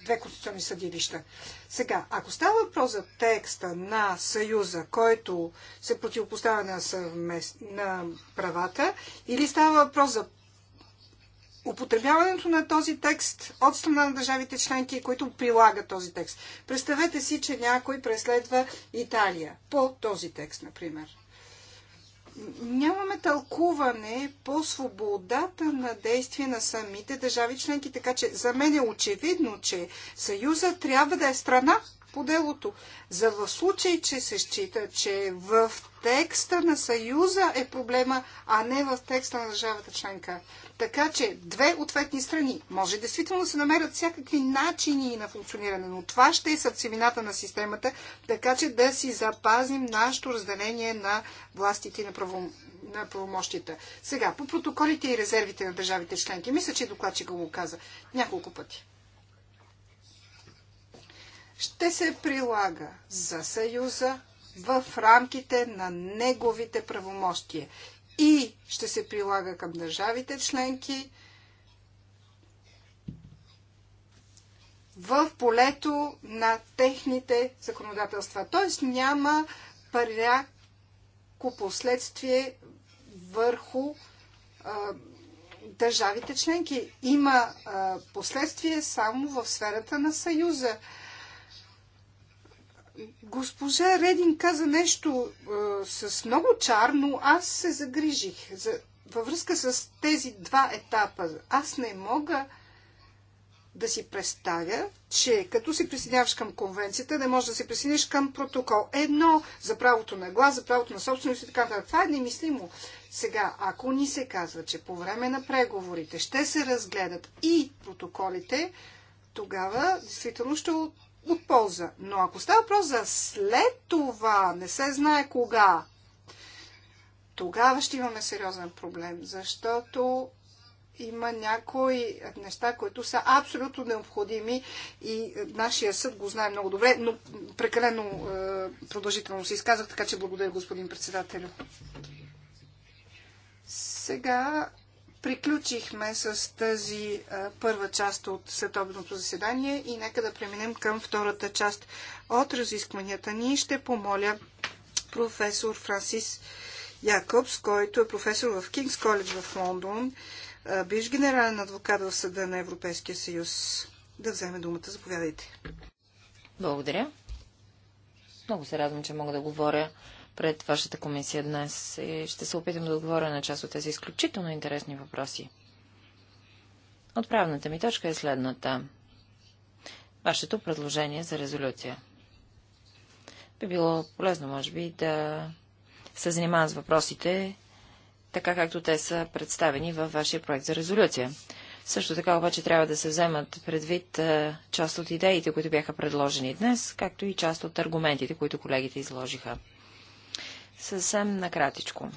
две конституционни съдилища. Сега, ако става въпрос за текста на Съюза, който се противопоставя на, съвмест... на правата, или става въпрос за употребяването на този текст от страна на държавите членки, които прилагат този текст. Представете си, че някой преследва Италия по този текст, например нямаме тълкуване по свободата на действие на самите държави членки, така че за мен е очевидно, че Съюза трябва да е страна по делото. За в случай, че се счита, че в текста на Съюза е проблема, а не в текста на държавата членка. Така че две ответни страни може действително да се намерят всякакви начини на функциониране, но това ще е сърцевината на системата, така че да си запазим нашето разделение на властите и на, право, на правомощията. Сега, по протоколите и резервите на държавите членки, мисля, че докладчика го каза няколко пъти. Ще се прилага за Съюза в рамките на неговите правомощия и ще се прилага към държавите членки в полето на техните законодателства. Т.е. няма пряко последствие върху държавите членки. Има а, последствие само в сферата на Съюза. Госпожа Редин каза нещо е, с много чар, но аз се загрижих за, във връзка с тези два етапа. Аз не мога да си представя, че като се присъединяваш към конвенцията, не можеш да се присъединиш към протокол. Едно за правото на глас, за правото на собственост и така нататък. Това е немислимо. Сега, ако ни се казва, че по време на преговорите ще се разгледат и протоколите, тогава действително ще от полза. Но ако става въпрос за след това, не се знае кога, тогава ще имаме сериозен проблем, защото има някои неща, които са абсолютно необходими и нашия съд го знае много добре, но прекалено е, продължително се изказах, така че благодаря господин председателю. Сега Приключихме с тази първа част от Световното заседание и нека да преминем към втората част от разискванията ни. Ще помоля професор Франсис Якобс, който е професор в Кингс Коледж в Лондон, бивш генерален адвокат в Съда на Европейския съюз, да вземе думата. Заповядайте. Благодаря. Много се радвам, че мога да говоря пред вашата комисия днес и ще се опитам да отговоря на част от тези изключително интересни въпроси. Отправната ми точка е следната. Вашето предложение за резолюция. Би било полезно, може би, да се занимавам с въпросите, така както те са представени във вашия проект за резолюция. Също така обаче трябва да се вземат предвид част от идеите, които бяха предложени днес, както и част от аргументите, които колегите изложиха. Съвсем накратичко.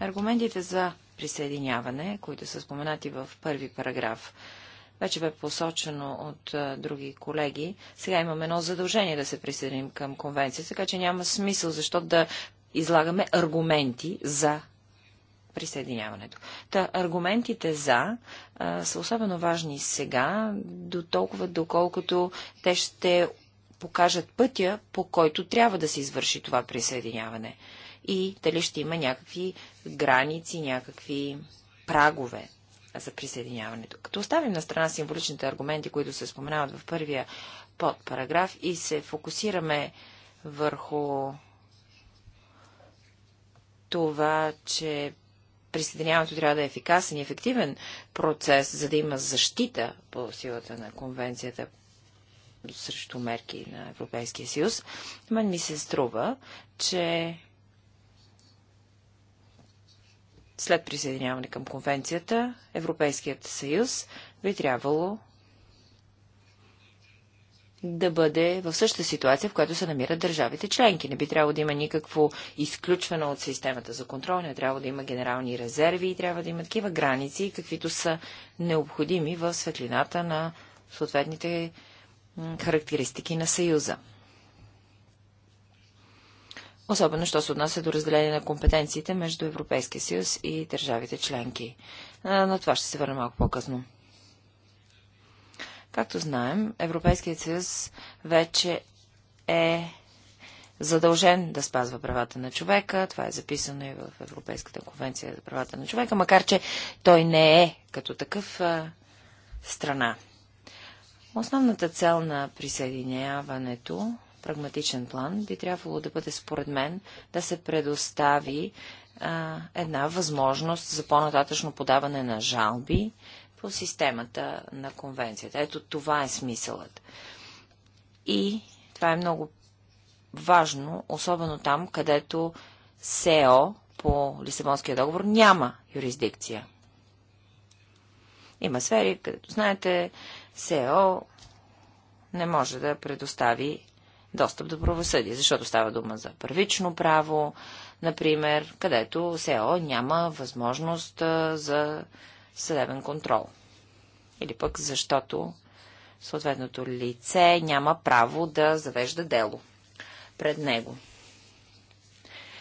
Аргументите за присъединяване, които са споменати в първи параграф, вече бе посочено от а, други колеги. Сега имаме едно задължение да се присъединим към конвенцията, така че няма смисъл защо да излагаме аргументи за присъединяването. Та аргументите за а, са особено важни сега, до толкова доколкото те ще покажат пътя, по който трябва да се извърши това присъединяване и дали ще има някакви граници, някакви прагове за присъединяването. Като оставим на страна символичните аргументи, които се споменават в първия подпараграф и се фокусираме върху това, че присъединяването трябва да е ефикасен и ефективен процес, за да има защита по силата на конвенцията срещу мерки на Европейския съюз, мен ми се струва, че след присъединяване към конвенцията, Европейският съюз би трябвало да бъде в същата ситуация, в която се намират държавите членки. Не би трябвало да има никакво изключване от системата за контрол, не трябва да има генерални резерви и трябва да има такива граници, каквито са необходими в светлината на съответните характеристики на Съюза особено що се отнася до разделение на компетенциите между Европейския съюз и държавите членки. На това ще се върна малко по-късно. Както знаем, Европейският съюз вече е задължен да спазва правата на човека. Това е записано и в Европейската конвенция за правата на човека, макар че той не е като такъв а, страна. Основната цел на присъединяването прагматичен план би трябвало да бъде, според мен, да се предостави а, една възможност за по-нататъчно подаване на жалби по системата на конвенцията. Ето това е смисълът. И това е много важно, особено там, където СЕО по Лисабонския договор няма юрисдикция. Има сфери, където, знаете, СЕО не може да предостави достъп до правосъдие, защото става дума за първично право, например, където СЕО няма възможност за съдебен контрол. Или пък защото съответното лице няма право да завежда дело пред него.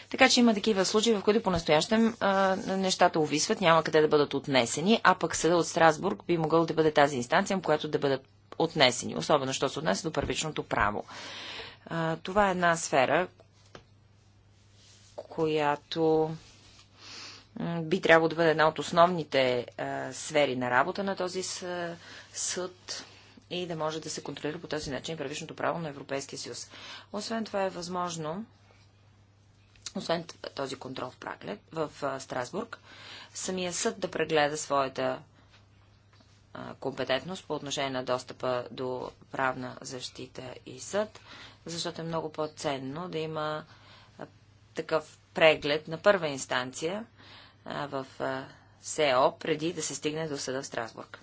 Така че има такива случаи, в които по-настоящем нещата увисват, няма къде да бъдат отнесени, а пък съда от Страсбург би могъл да бъде тази инстанция, в която да бъдат отнесени, особено що се отнесе до първичното право. Това е една сфера, която би трябвало да бъде една от основните сфери на работа на този съд и да може да се контролира по този начин правишното право на Европейския съюз. Освен това е възможно, освен този контрол в, Праглед, в Страсбург, самия съд да прегледа своята компетентност по отношение на достъпа до правна защита и съд, защото е много по-ценно да има такъв преглед на първа инстанция в СЕО, преди да се стигне до съда в Страсбург.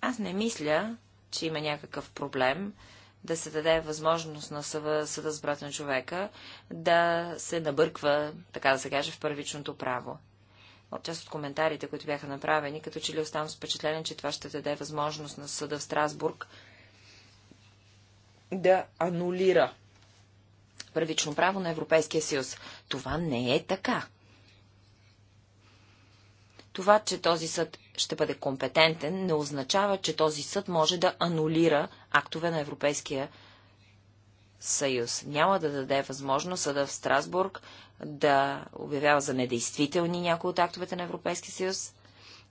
Аз не мисля, че има някакъв проблем да се даде възможност на съда, съда с брат на човека да се набърква, така да се каже, в първичното право. От част от коментарите, които бяха направени, като че ли оставам с впечатление, че това ще даде възможност на съда в Страсбург да анулира първично право на Европейския съюз. Това не е така. Това, че този съд ще бъде компетентен, не означава, че този съд може да анулира актове на Европейския съюз. Няма да даде възможност съда в Страсбург да обявява за недействителни някои от актовете на Европейския съюз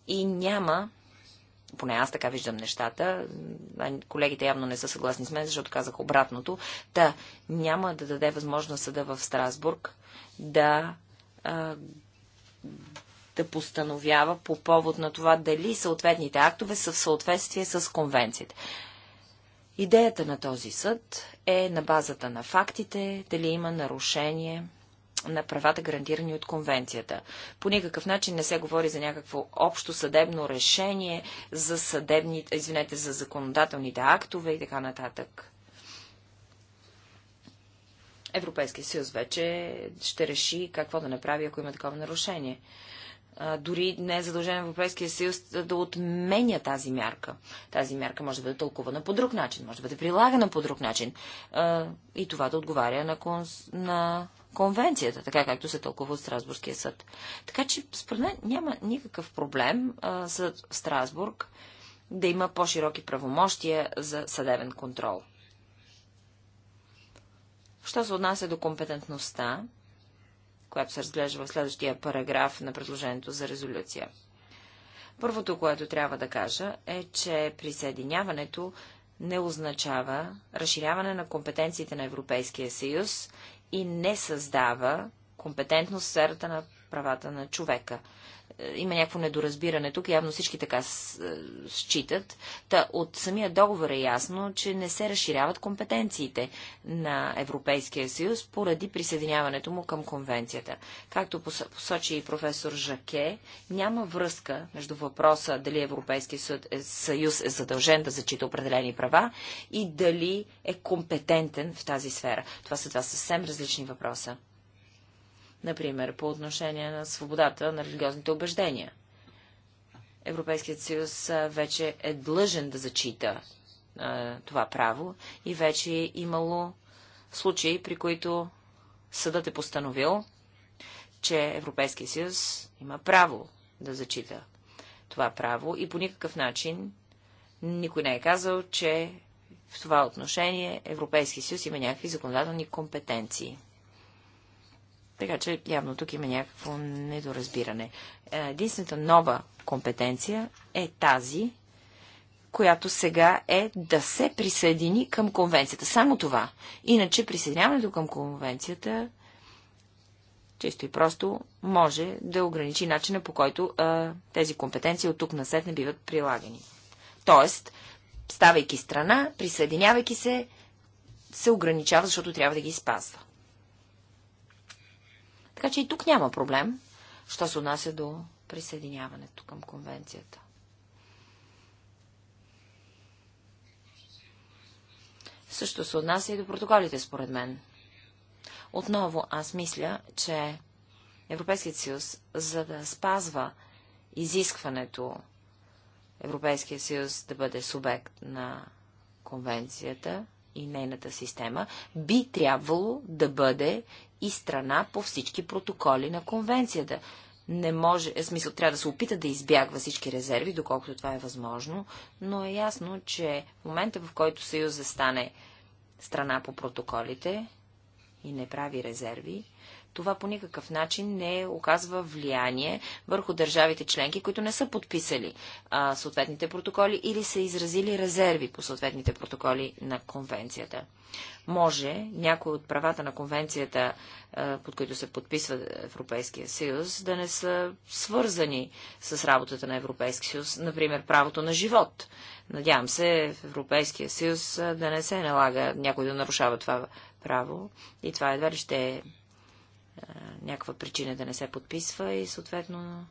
и няма поне аз така виждам нещата, колегите явно не са съгласни с мен, защото казах обратното, та да, няма да даде възможност съда в Страсбург да, а, да постановява по повод на това дали съответните актове са в съответствие с конвенцията. Идеята на този съд е на базата на фактите дали има нарушение на правата, гарантирани от конвенцията. По никакъв начин не се говори за някакво общо съдебно решение за съдебните, извинете, за законодателните актове и така нататък. Европейския съюз вече ще реши какво да направи, ако има такова нарушение. А, дори не е задължен Европейския съюз да отменя тази мярка. Тази мярка може да бъде тълкувана по друг начин, може да бъде прилагана по друг начин. А, и това да отговаря на, конс... на конвенцията, така както се тълкува от Страсбургския съд. Така че, според мен, няма никакъв проблем а, за Страсбург да има по-широки правомощия за съдебен контрол. Що се отнася до компетентността, която се разглежда в следващия параграф на предложението за резолюция. Първото, което трябва да кажа е, че присъединяването не означава разширяване на компетенциите на Европейския съюз и не създава компетентност в сферата на правата на човека има някакво недоразбиране тук, явно всички така е, считат. Та от самия договор е ясно, че не се разширяват компетенциите на Европейския съюз поради присъединяването му към конвенцията. Както посочи и професор Жаке, няма връзка между въпроса дали Европейския е, съюз е задължен да зачита определени права и дали е компетентен в тази сфера. Това са два съвсем различни въпроса. Например, по отношение на свободата на религиозните убеждения. Европейският съюз вече е длъжен да зачита а, това право и вече е имало случаи, при които съдът е постановил, че Европейския съюз има право да зачита това право и по никакъв начин никой не е казал, че в това отношение Европейския съюз има някакви законодателни компетенции. Така че явно тук има някакво недоразбиране. Е, единствената нова компетенция е тази, която сега е да се присъедини към конвенцията. Само това. Иначе присъединяването към конвенцията чисто и просто може да ограничи начина по който а, е, тези компетенции от тук на след не биват прилагани. Тоест, ставайки страна, присъединявайки се, се ограничава, защото трябва да ги спазва. Така че и тук няма проблем, що се отнася до присъединяването към конвенцията. Също се отнася и до протоколите, според мен. Отново, аз мисля, че Европейският съюз, за да спазва изискването Европейския съюз да бъде субект на конвенцията и нейната система, би трябвало да бъде и страна по всички протоколи на конвенцията. Не може, в смисъл, трябва да се опита да избягва всички резерви, доколкото това е възможно, но е ясно, че в момента, в който Съюз застане страна по протоколите и не прави резерви, това по никакъв начин не оказва влияние върху държавите членки, които не са подписали а, съответните протоколи или са изразили резерви по съответните протоколи на конвенцията. Може някои от правата на конвенцията, а, под които се подписва Европейския съюз, да не са свързани с работата на Европейския съюз, например правото на живот. Надявам се в Европейския съюз да не се налага някой да нарушава това право и това едва ли ще е някаква причина да не се подписва и съответно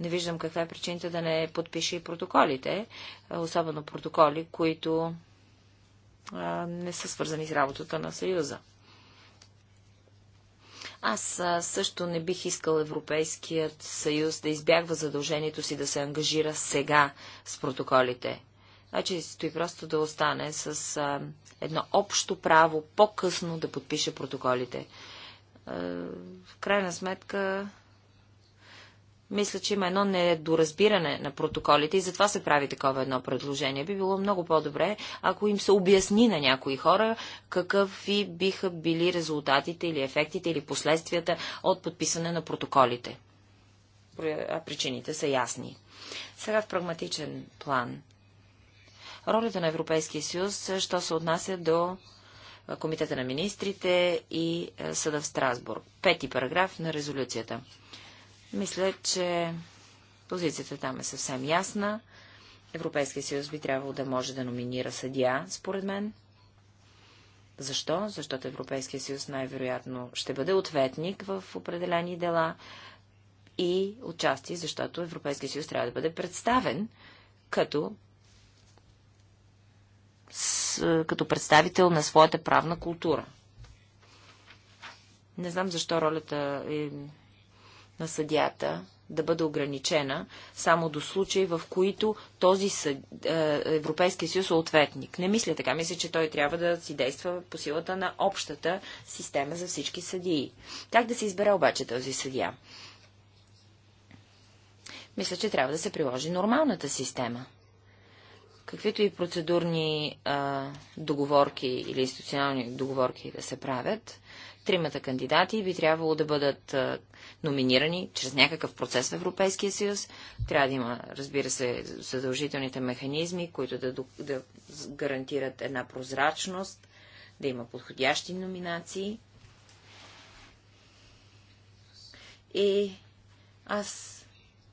не виждам каква е причината да не подпише и протоколите, особено протоколи, които не са свързани с работата на Съюза. Аз също не бих искал Европейският съюз да избягва задължението си да се ангажира сега с протоколите. Значи стои просто да остане с едно общо право по-късно да подпише протоколите. Е, в крайна сметка мисля, че има едно недоразбиране на протоколите и затова се прави такова едно предложение. Би било много по-добре, ако им се обясни на някои хора какъви биха били резултатите или ефектите или последствията от подписане на протоколите. А причините са ясни. Сега в прагматичен план. Ролята на Европейския съюз, що се отнася до Комитета на министрите и Съда в Страсбург. Пети параграф на резолюцията. Мисля, че позицията там е съвсем ясна. Европейския съюз би трябвало да може да номинира съдия, според мен. Защо? Защото Европейския съюз най-вероятно ще бъде ответник в определени дела и отчасти, защото Европейския съюз трябва да бъде представен като е, като представител на своята правна култура. Не знам защо ролята е на съдията да бъде ограничена само до случаи, в които този съд, е, Европейския съюз е ответник. Не мисля така. Мисля, че той трябва да си действа по силата на общата система за всички съдии. Как да се избере обаче този съдия? Мисля, че трябва да се приложи нормалната система – Каквито и процедурни а, договорки или институционални договорки да се правят, тримата кандидати би трябвало да бъдат а, номинирани чрез някакъв процес в Европейския съюз. Трябва да има, разбира се, задължителните механизми, които да, да гарантират една прозрачност, да има подходящи номинации. И аз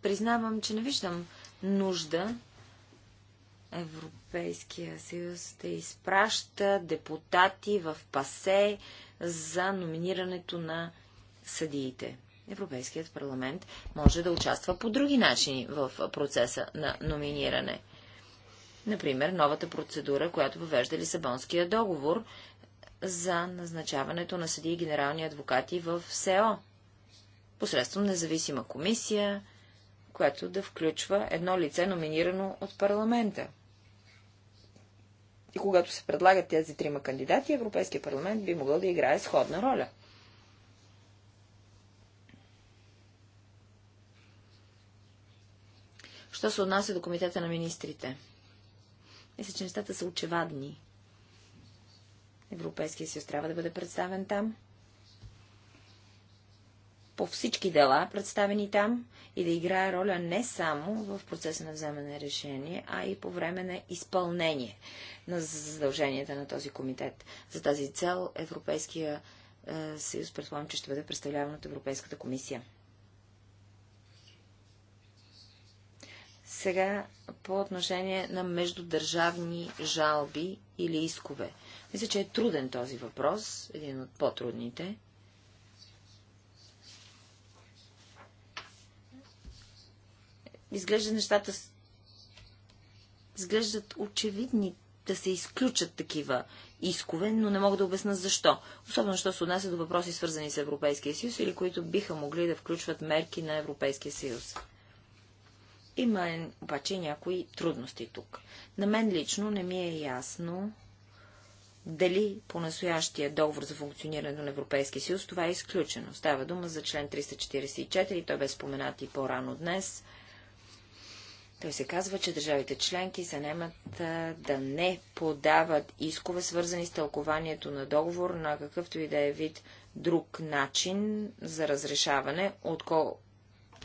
признавам, че не виждам нужда Европейския съюз да изпраща депутати в ПАСЕ за номинирането на съдиите. Европейският парламент може да участва по други начини в процеса на номиниране. Например, новата процедура, която въвежда Лисабонския договор за назначаването на съдии и генерални адвокати в СЕО, посредством независима комисия, която да включва едно лице, номинирано от парламента – и когато се предлагат тези трима кандидати, Европейския парламент би могъл да играе сходна роля. Що се отнася до комитета на министрите? Мисля, че нещата са очевадни. Европейския съюз трябва да бъде представен там по всички дела, представени там, и да играе роля не само в процеса на вземане на решение, а и по време на изпълнение на задълженията на този комитет. За тази цел Европейския е, съюз предполагам, че ще бъде представляван от Европейската комисия. Сега по отношение на междудържавни жалби или искове. Мисля, че е труден този въпрос, един от по-трудните. изглежда нещата изглеждат очевидни да се изключат такива искове, но не мога да обясна защо. Особено, що се отнася до въпроси, свързани с Европейския съюз или които биха могли да включват мерки на Европейския съюз. Има обаче някои трудности тук. На мен лично не ми е ясно дали по настоящия договор за функционирането на Европейския съюз това е изключено. Става дума за член 344 и той бе споменат и по-рано днес – той се казва, че държавите членки се немат да не подават искове, свързани с тълкованието на договор на какъвто и да е вид друг начин за разрешаване, отко...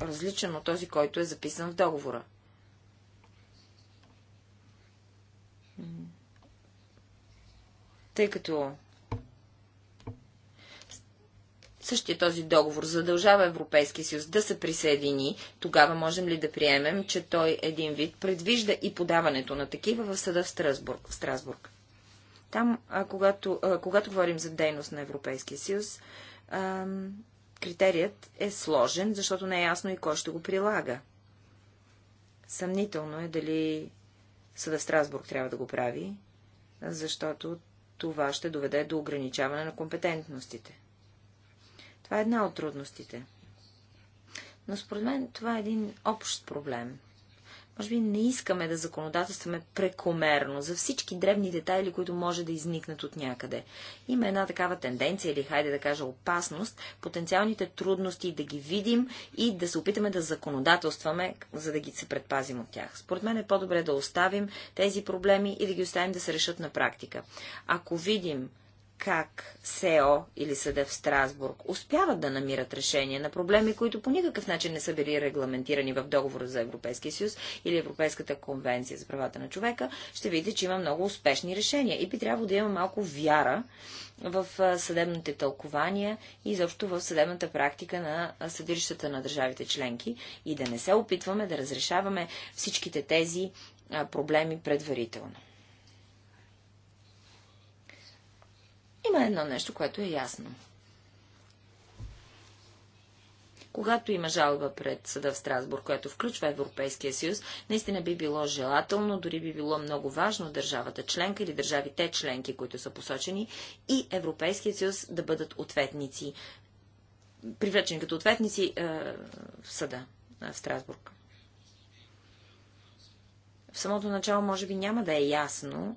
различен от този, който е записан в договора. Тъй като Същия този договор задължава Европейския съюз да се присъедини. Тогава можем ли да приемем, че той един вид предвижда и подаването на такива в съда в Страсбург? В Страсбург. Там, а, когато, а, когато говорим за дейност на Европейския съюз, а, критерият е сложен, защото не е ясно и кой ще го прилага. Съмнително е дали съда в Страсбург трябва да го прави, защото това ще доведе до ограничаване на компетентностите. Това е една от трудностите. Но според мен това е един общ проблем. Може би не искаме да законодателстваме прекомерно за всички дребни детайли, които може да изникнат от някъде. Има една такава тенденция или, хайде да кажа, опасност, потенциалните трудности да ги видим и да се опитаме да законодателстваме, за да ги се предпазим от тях. Според мен е по-добре да оставим тези проблеми и да ги оставим да се решат на практика. Ако видим как СЕО или Съда в Страсбург успяват да намират решение на проблеми, които по никакъв начин не са били регламентирани в договора за Европейския съюз или Европейската конвенция за правата на човека, ще видите, че има много успешни решения и би трябвало да има малко вяра в съдебните тълкования и изобщо в съдебната практика на съдилищата на държавите членки и да не се опитваме да разрешаваме всичките тези проблеми предварително. Има едно нещо, което е ясно. Когато има жалба пред съда в Страсбург, която включва Европейския съюз, наистина би било желателно, дори би било много важно държавата членка или държавите членки, които са посочени, и Европейския съюз да бъдат ответници, привлечени като ответници е, в съда е, в Страсбург. В самото начало може би няма да е ясно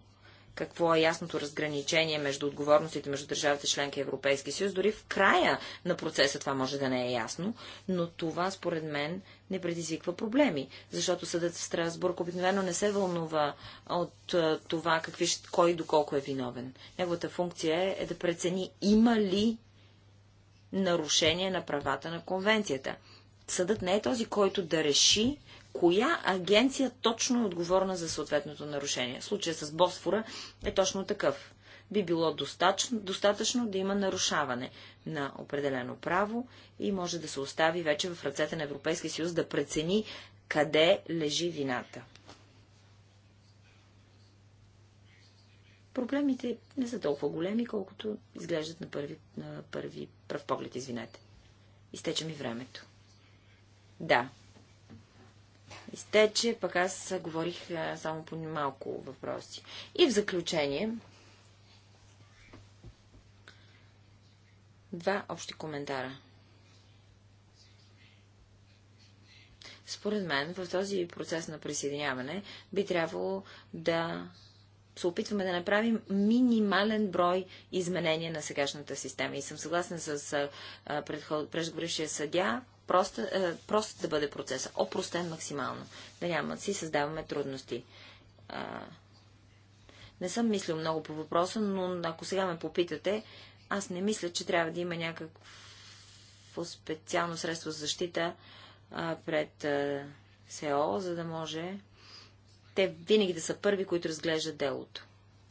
какво е ясното разграничение между отговорностите между държавите членки и Европейски съюз. Дори в края на процеса това може да не е ясно, но това според мен не предизвиква проблеми, защото съдът в Страсбург обикновено не се вълнува от това какви, кой доколко е виновен. Неговата функция е, е да прецени има ли нарушение на правата на конвенцията. Съдът не е този, който да реши коя агенция точно е отговорна за съответното нарушение. Случая с Босфора е точно такъв. Би било достатъчно, достатъчно да има нарушаване на определено право и може да се остави вече в ръцете на Европейския съюз да прецени къде лежи вината. Проблемите не са толкова големи, колкото изглеждат на първи, на първи пръв поглед, извинете. Изтече ми времето. Да, изтече, пък аз говорих само по малко въпроси. И в заключение, два общи коментара. Според мен, в този процес на присъединяване би трябвало да се опитваме да направим минимален брой изменения на сегашната система. И съм съгласна с преждеговорившия съдя, прост, е, просто да бъде процеса, опростен максимално, да няма си създаваме трудности. А, не съм мислил много по въпроса, но ако сега ме попитате, аз не мисля, че трябва да има някакво специално средство за защита а, пред а, СЕО, за да може те винаги да са първи, които разглеждат делото.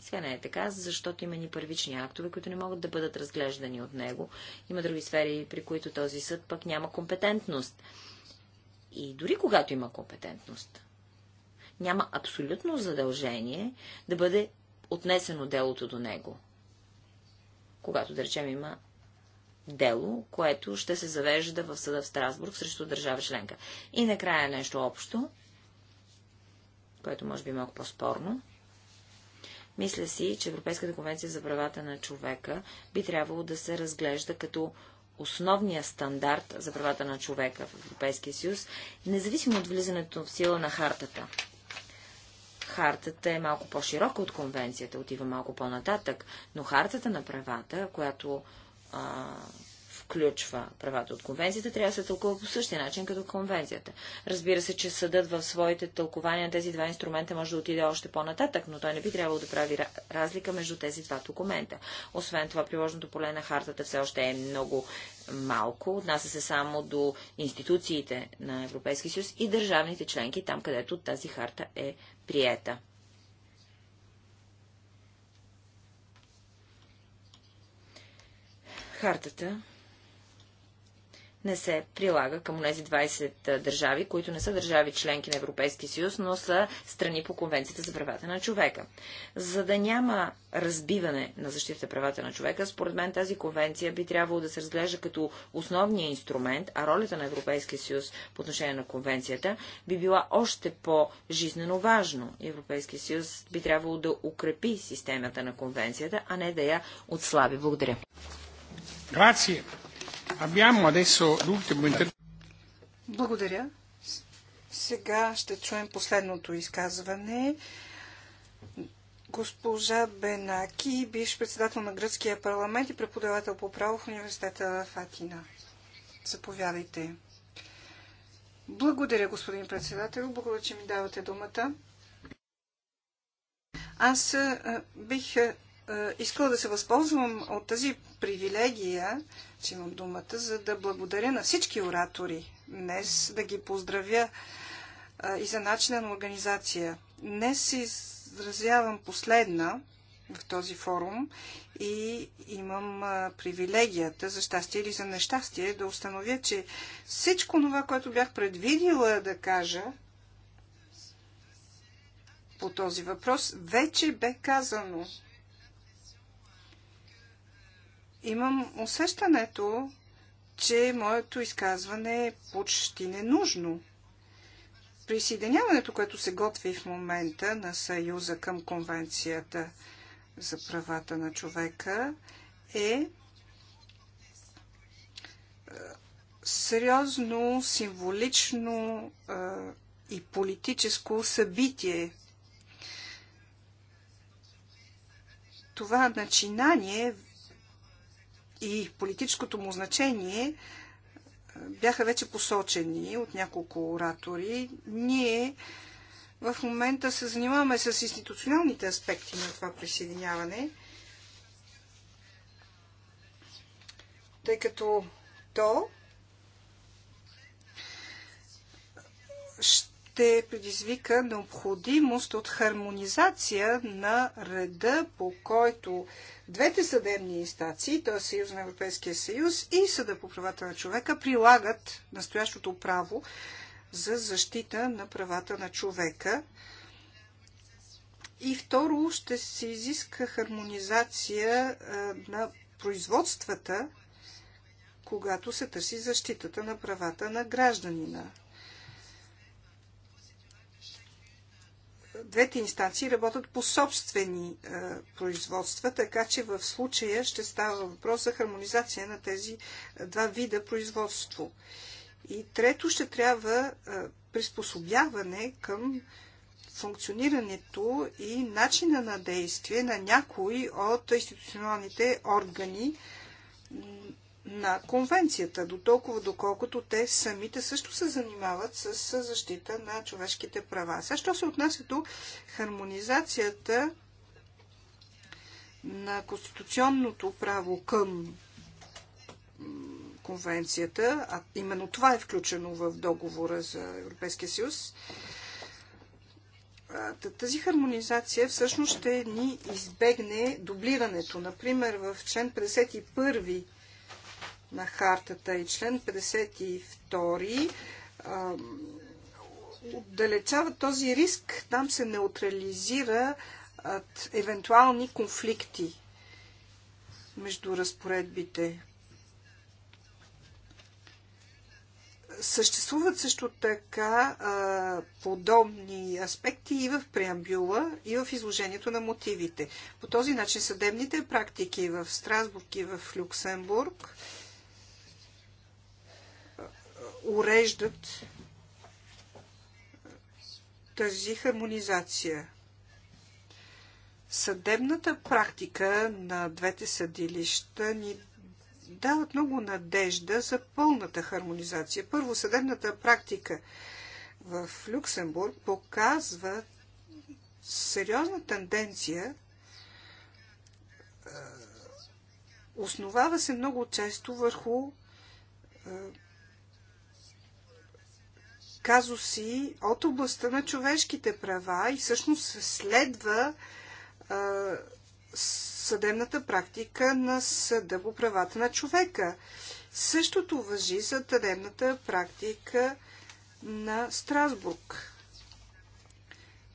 Сега не е така, защото има ни първични актове, които не могат да бъдат разглеждани от него. Има други сфери, при които този съд пък няма компетентност. И дори когато има компетентност, няма абсолютно задължение да бъде отнесено делото до него. Когато, да речем, има дело, което ще се завежда в съда в Страсбург срещу държава членка. И накрая нещо общо, което може би е малко по-спорно. Мисля си, че Европейската конвенция за правата на човека би трябвало да се разглежда като основния стандарт за правата на човека в Европейския съюз, независимо от влизането в сила на хартата. Хартата е малко по-широка от конвенцията, отива малко по-нататък, но хартата на правата, която а, включва правата от конвенцията, трябва да се тълкува по същия начин като конвенцията. Разбира се, че съдът в своите тълкования на тези два инструмента може да отиде още по-нататък, но той не би трябвало да прави разлика между тези два документа. Освен това, приложното поле на хартата все още е много малко, отнася се само до институциите на Европейския съюз и държавните членки, там където тази харта е приета. Хартата не се прилага към тези 20 държави, които не са държави членки на Европейския съюз, но са страни по Конвенцията за правата на човека. За да няма разбиване на защита правата на човека, според мен тази конвенция би трябвало да се разглежда като основния инструмент, а ролята на Европейския съюз по отношение на конвенцията би била още по-жизнено важно. Европейския съюз би трябвало да укрепи системата на конвенцията, а не да я отслаби. Благодаря. Grazie. Благодаря. Сега ще чуем последното изказване. Госпожа Бенаки, биш председател на гръцкия парламент и преподавател по право в университета в Атина. Заповядайте. Благодаря, господин председател. Благодаря, че ми давате думата. Аз бих искала да се възползвам от тази привилегия че имам думата, за да благодаря на всички оратори днес, да ги поздравя а, и за начина на организация. Днес се изразявам последна в този форум и имам а, привилегията, за щастие или за нещастие, да установя, че всичко това, което бях предвидила да кажа по този въпрос, вече бе казано имам усещането, че моето изказване е почти ненужно. Присъединяването, което се готви в момента на Съюза към Конвенцията за правата на човека, е, е сериозно, символично е, и политическо събитие. Това начинание и политическото му значение е, бяха вече посочени от няколко оратори. Ние в момента се занимаваме с институционалните аспекти на това присъединяване, тъй като то ще ще предизвика необходимост от хармонизация на реда, по който двете съдебни инстанции, т.е. Съюз на Европейския съюз и Съда по правата на човека, прилагат настоящото право за защита на правата на човека. И второ, ще се изиска хармонизация на производствата, когато се търси защитата на правата на гражданина. двете инстанции работят по собствени е, производства, така че в случая ще става въпрос за хармонизация на тези е, два вида производство. И трето ще трябва е, приспособяване към функционирането и начина на действие на някои от институционалните органи на конвенцията, до толкова доколкото те самите също се занимават с защита на човешките права. Сега, що се отнася до хармонизацията на конституционното право към конвенцията, а именно това е включено в договора за Европейския съюз, тази хармонизация всъщност ще ни избегне дублирането. Например, в член 51 на хартата и член 52 отдалечава този риск. Там се неутрализира от евентуални конфликти между разпоредбите. Съществуват също така а, подобни аспекти и в преамбюла, и в изложението на мотивите. По този начин съдебните практики в Страсбург и в Люксембург уреждат тази хармонизация. Съдебната практика на двете съдилища ни дават много надежда за пълната хармонизация. Първо, съдебната практика в Люксембург показва сериозна тенденция, е, основава се много често върху е, казуси от областта на човешките права и всъщност следва а, съдебната практика на съда по правата на човека. Същото въжи за съдебната практика на Страсбург.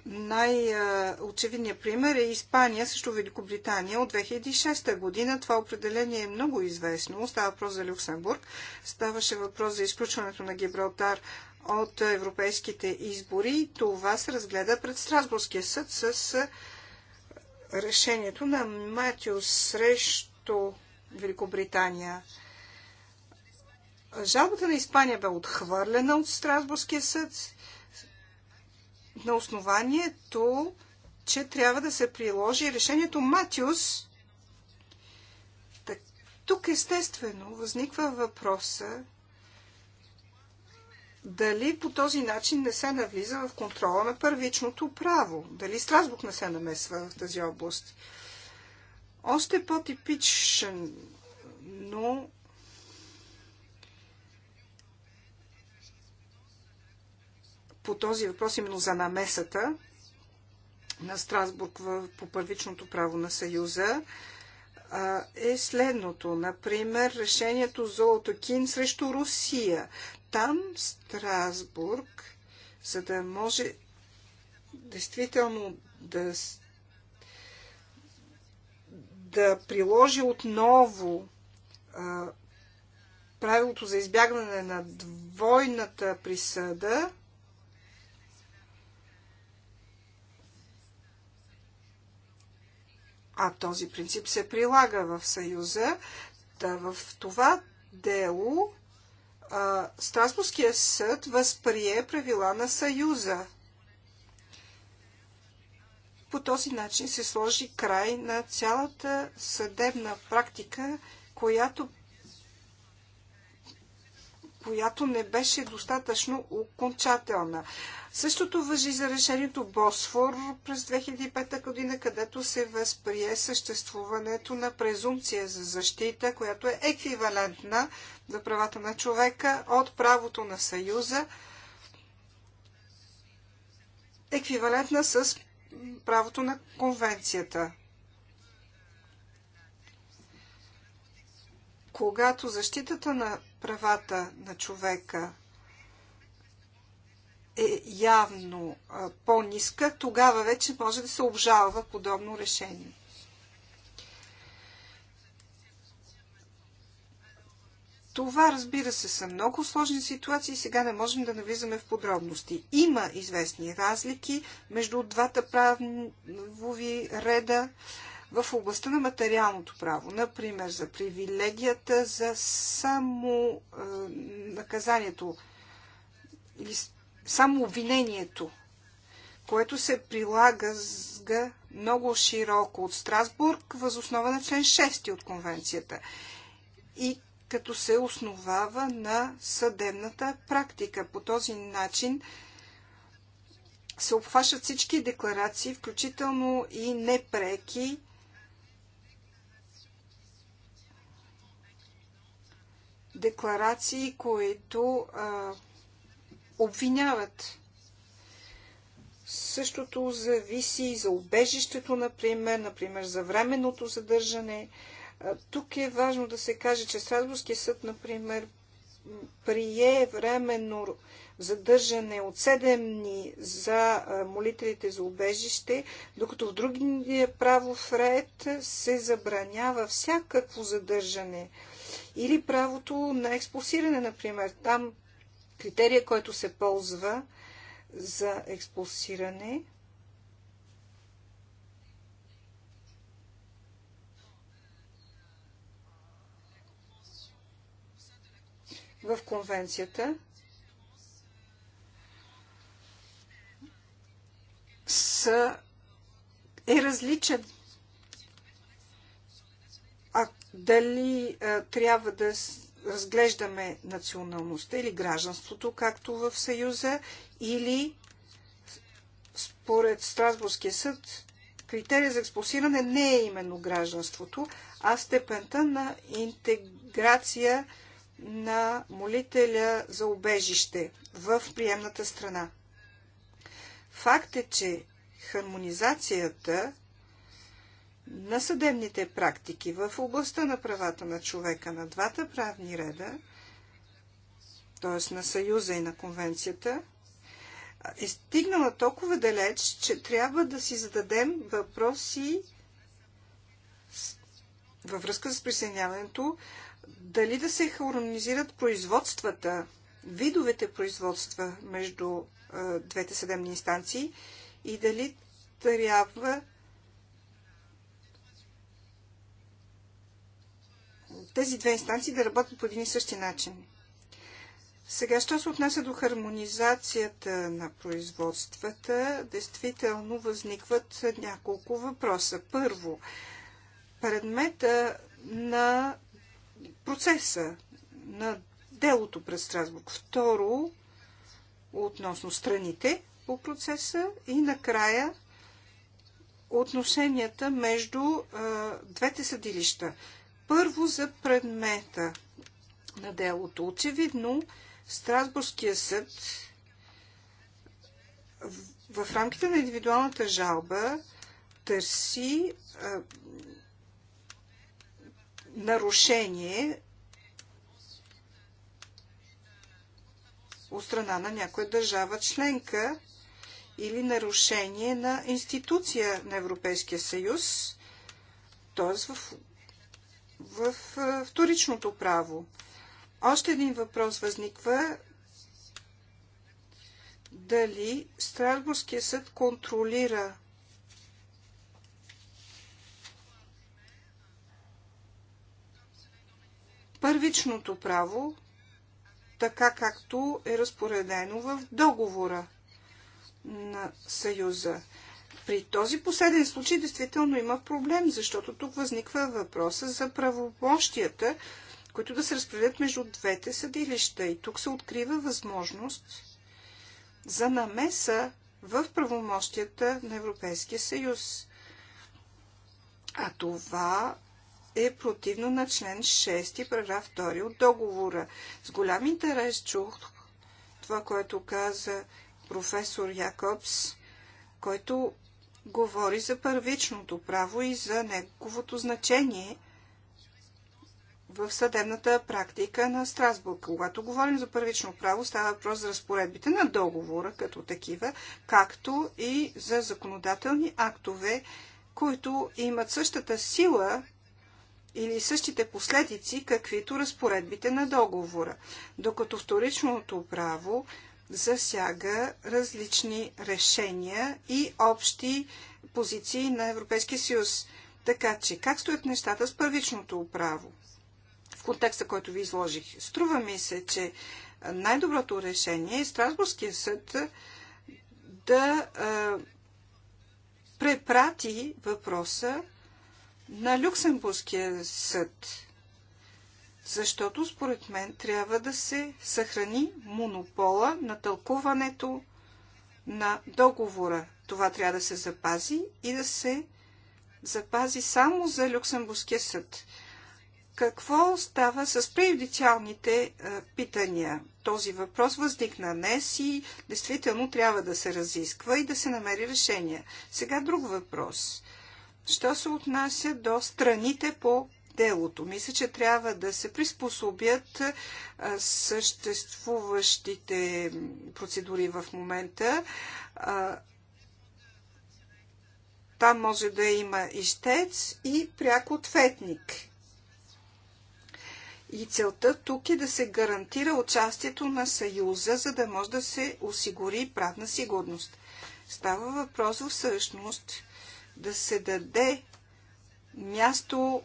Най-очевидният пример е Испания също Великобритания от 2006 година. Това определение е много известно. Става въпрос за Люксембург. Ставаше въпрос за изключването на Гибралтар от европейските избори. Това се разгледа пред Страсбургския съд с решението на Матио срещу Великобритания. Жалбата на Испания бе отхвърлена от Страсбургския съд на основанието, че трябва да се приложи решението Матиус. Так, тук естествено възниква въпроса дали по този начин не се навлиза в контрола на първичното право, дали Страсбург не се намесва в тази област. Още по-типичен, но по този въпрос, именно за намесата на Страсбург по първичното право на Съюза, е следното. Например, решението Золотокин срещу Русия. Там Страсбург, за да може действително да, да приложи отново а, правилото за избягване на двойната присъда, а този принцип се прилага в Съюза, да в това дело Страсбургския съд възприе правила на Съюза. По този начин се сложи край на цялата съдебна практика, която, която не беше достатъчно окончателна. Същото въжи за решението Босфор през 2005 година, където се възприе съществуването на презумпция за защита, която е еквивалентна за правата на човека от правото на Съюза, еквивалентна с правото на конвенцията. Когато защитата на правата на човека е явно по-ниска, тогава вече може да се обжалва подобно решение. Това, разбира се, са много сложни ситуации и сега не можем да навлизаме в подробности. Има известни разлики между двата правови реда в областта на материалното право. Например, за привилегията, за само наказанието или само обвинението, което се прилага много широко от Страсбург, възоснова на член 6 от конвенцията и като се основава на съдебната практика. По този начин се обхващат всички декларации, включително и непреки, декларации, които а, обвиняват. Същото зависи и за убежището, например, например за временното задържане. Тук е важно да се каже, че Страсбургския съд, например, прие временно задържане от 7 дни за молителите за убежище, докато в другия правов ред се забранява всякакво задържане. Или правото на експулсиране, например. Там критерия, който се ползва за експулсиране. В конвенцията са, е различен. А дали а, трябва да разглеждаме националността или гражданството, както в Съюза, или според Страсбургския съд критерия за експулсиране не е именно гражданството, а степента на интеграция на молителя за обежище в приемната страна. Факт е, че хармонизацията на съдебните практики в областта на правата на човека на двата правни реда, т.е. на Съюза и на Конвенцията, е стигнала толкова далеч, че трябва да си зададем въпроси във връзка с присъединяването, дали да се хармонизират производствата, видовете производства между двете съдебни инстанции и дали трябва тези две инстанции да работят по един и същи начин. Сега, що се отнася до хармонизацията на производствата, действително възникват няколко въпроса. Първо, предмета на процеса на делото пред Страсбург. Второ, относно страните по процеса и накрая отношенията между а, двете съдилища. Първо за предмета на делото. Очевидно, Страсбургския съд в, в рамките на индивидуалната жалба търси а, нарушение от страна на някоя държава членка или нарушение на институция на Европейския съюз, т.е. в в вторичното право. Още един въпрос възниква. Дали Страсбургския съд контролира първичното право, така както е разпоредено в договора на Съюза. При този последен случай действително има проблем, защото тук възниква въпроса за правомощията, които да се разпределят между двете съдилища. И тук се открива възможност за намеса в правомощията на Европейския съюз. А това е противно на член 6, параграф 2 от договора. С голям интерес чух това, което каза професор Якобс, който говори за първичното право и за неговото значение в съдебната практика на Страсбург. Когато говорим за първично право, става въпрос за разпоредбите на договора като такива, както и за законодателни актове, които имат същата сила или същите последици, каквито разпоредбите на договора. Докато вторичното право засяга различни решения и общи позиции на Европейския съюз. Така че, как стоят нещата с първичното право? В контекста, който ви изложих, струва ми се, че най-доброто решение е Страсбургския съд да е, препрати въпроса на Люксембургския съд защото според мен трябва да се съхрани монопола на тълкуването на договора. Това трябва да се запази и да се запази само за Люксембургския съд. Какво става с преюдициалните е, питания? Този въпрос възникна днес и действително трябва да се разисква и да се намери решение. Сега друг въпрос. Що се отнася до страните по делото. Мисля, че трябва да се приспособят съществуващите процедури в момента. Там може да има ищец и пряк ответник. И целта тук е да се гарантира участието на Съюза, за да може да се осигури правна сигурност. Става въпрос всъщност да се даде място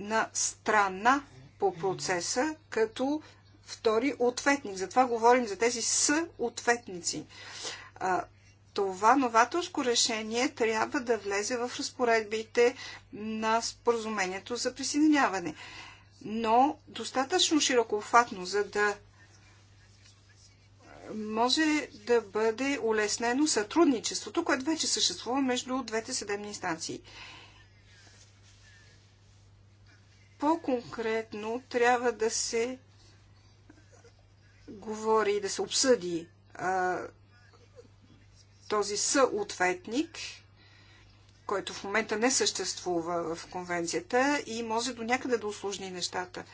на страна по процеса като втори ответник. Затова говорим за тези съответници. Това новаторско решение трябва да влезе в разпоредбите на споразумението за присъединяване. Но достатъчно широкофатно, за да може да бъде улеснено сътрудничеството, което вече съществува между двете съдебни инстанции. По-конкретно трябва да се говори и да се обсъди а, този съответник, който в момента не съществува в конвенцията и може до някъде да усложни нещата.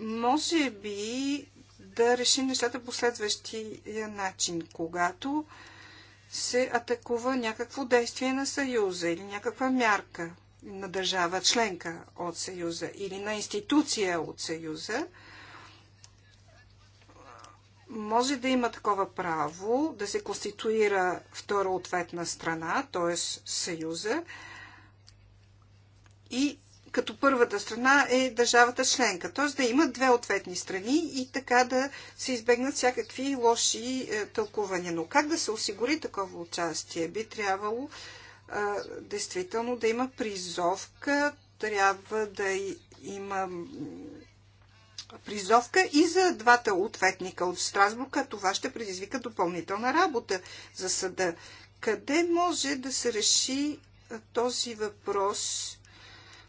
Може би да решим нещата по следващия начин, когато се атакува някакво действие на Съюза или някаква мярка на държава членка от Съюза или на институция от Съюза, може да има такова право да се конституира втора ответна страна, т.е. Съюза, и като първата страна е държавата членка. Т.е. да има две ответни страни и така да се избегнат всякакви лоши е, тълкувания. Но как да се осигури такова участие? Би трябвало действително да има призовка, трябва да има призовка и за двата ответника от Страсбург, а това ще предизвика допълнителна работа за съда. Къде може да се реши този въпрос?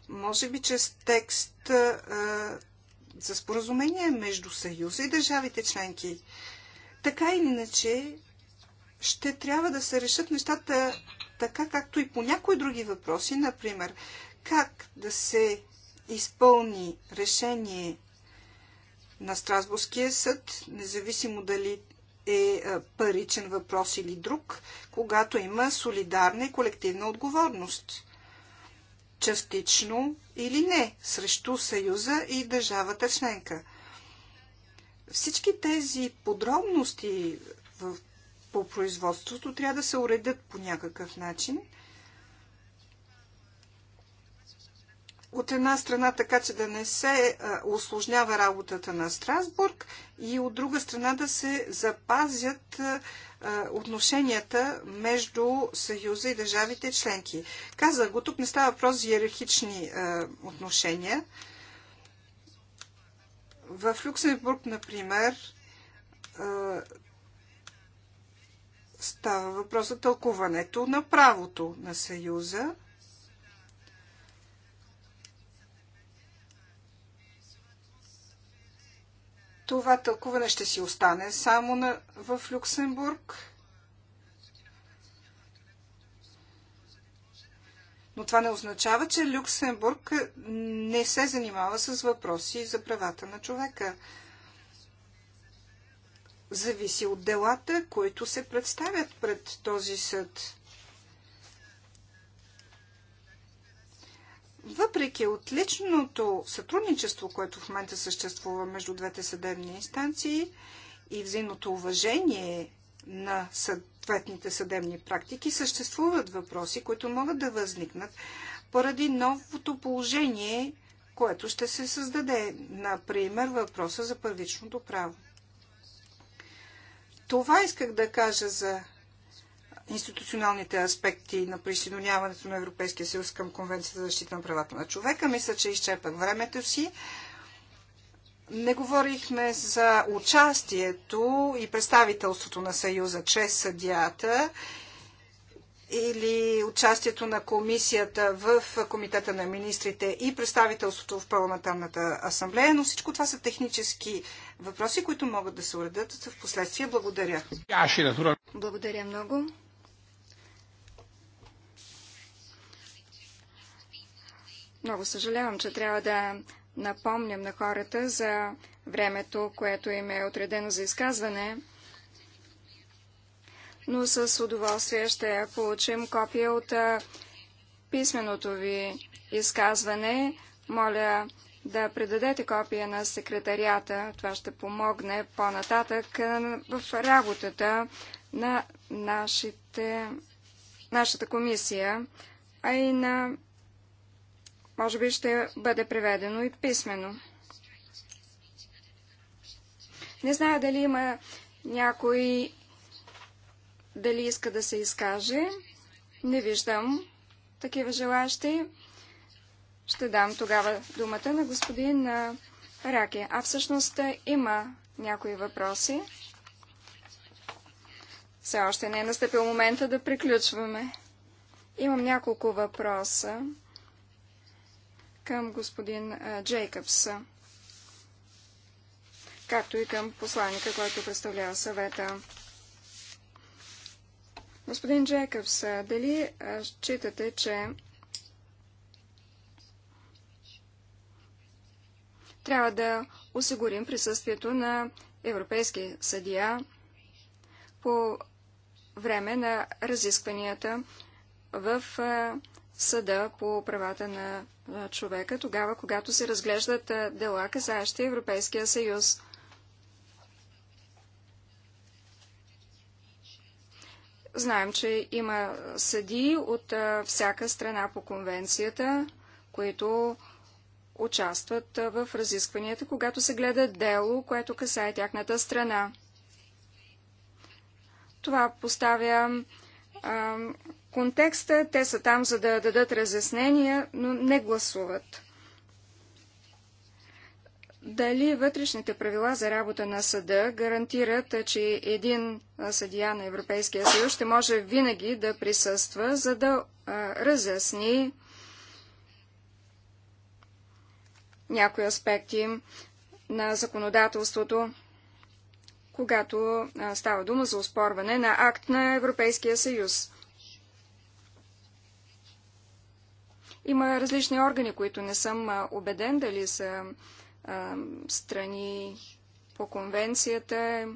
Може би чрез текст за споразумение между Съюза и държавите членки. Така или иначе, ще трябва да се решат нещата така както и по някои други въпроси, например, как да се изпълни решение на Страсбургския съд, независимо дали е паричен въпрос или друг, когато има солидарна и колективна отговорност. Частично или не, срещу Съюза и държавата членка. Всички тези подробности в по производството трябва да се уредят по някакъв начин. От една страна така, че да не се осложнява работата на Страсбург и от друга страна да се запазят отношенията между Съюза и държавите членки. Казах го, тук не става въпрос за иерархични отношения. В Люксембург, например, Става въпрос за тълкуването на правото на Съюза. Това тълкуване ще си остане само на, в Люксембург. Но това не означава, че Люксембург не се занимава с въпроси за правата на човека зависи от делата, които се представят пред този съд. Въпреки отличното сътрудничество, което в момента съществува между двете съдебни инстанции и взаимното уважение на съответните съдебни практики, съществуват въпроси, които могат да възникнат поради новото положение, което ще се създаде. Например, въпроса за първичното право. Това исках да кажа за институционалните аспекти на присъединяването на Европейския съюз към Конвенцията за защита на правата на човека. Мисля, че изчерпах времето си. Не говорихме за участието и представителството на Съюза чрез съдията или участието на комисията в комитета на министрите и представителството в парламентарната асамблея, но всичко това са технически въпроси, които могат да се уредят в последствие. Благодаря. Е Благодаря много. Много съжалявам, че трябва да напомням на хората за времето, което им е отредено за изказване, но с удоволствие ще получим копия от писменото ви изказване. Моля да предадете копия на секретарията. Това ще помогне по-нататък е, в работата на нашите, нашата комисия, а и на... Може би ще бъде преведено и писменно. Не зная дали има някой, дали иска да се изкаже. Не виждам такива желащи. Ще дам тогава думата на господин Раке. А всъщност има някои въпроси. Все още не е настъпил момента да приключваме. Имам няколко въпроса към господин Джейкъбс, както и към посланника, който представлява съвета. Господин Джейкъбс, дали считате, че Трябва да осигурим присъствието на европейски съдия по време на разискванията в съда по правата на човека, тогава, когато се разглеждат дела, касаещи Европейския съюз. Знаем, че има съди от всяка страна по конвенцията, които участват в разискванията, когато се гледа дело, което касае тяхната страна. Това поставя а, контекста. Те са там, за да дадат разяснения, но не гласуват. Дали вътрешните правила за работа на съда гарантират, че един съдия на Европейския съюз ще може винаги да присъства, за да а, разясни някои аспекти на законодателството, когато става дума за успорване на акт на Европейския съюз. Има различни органи, които не съм убеден дали са а, страни по конвенцията.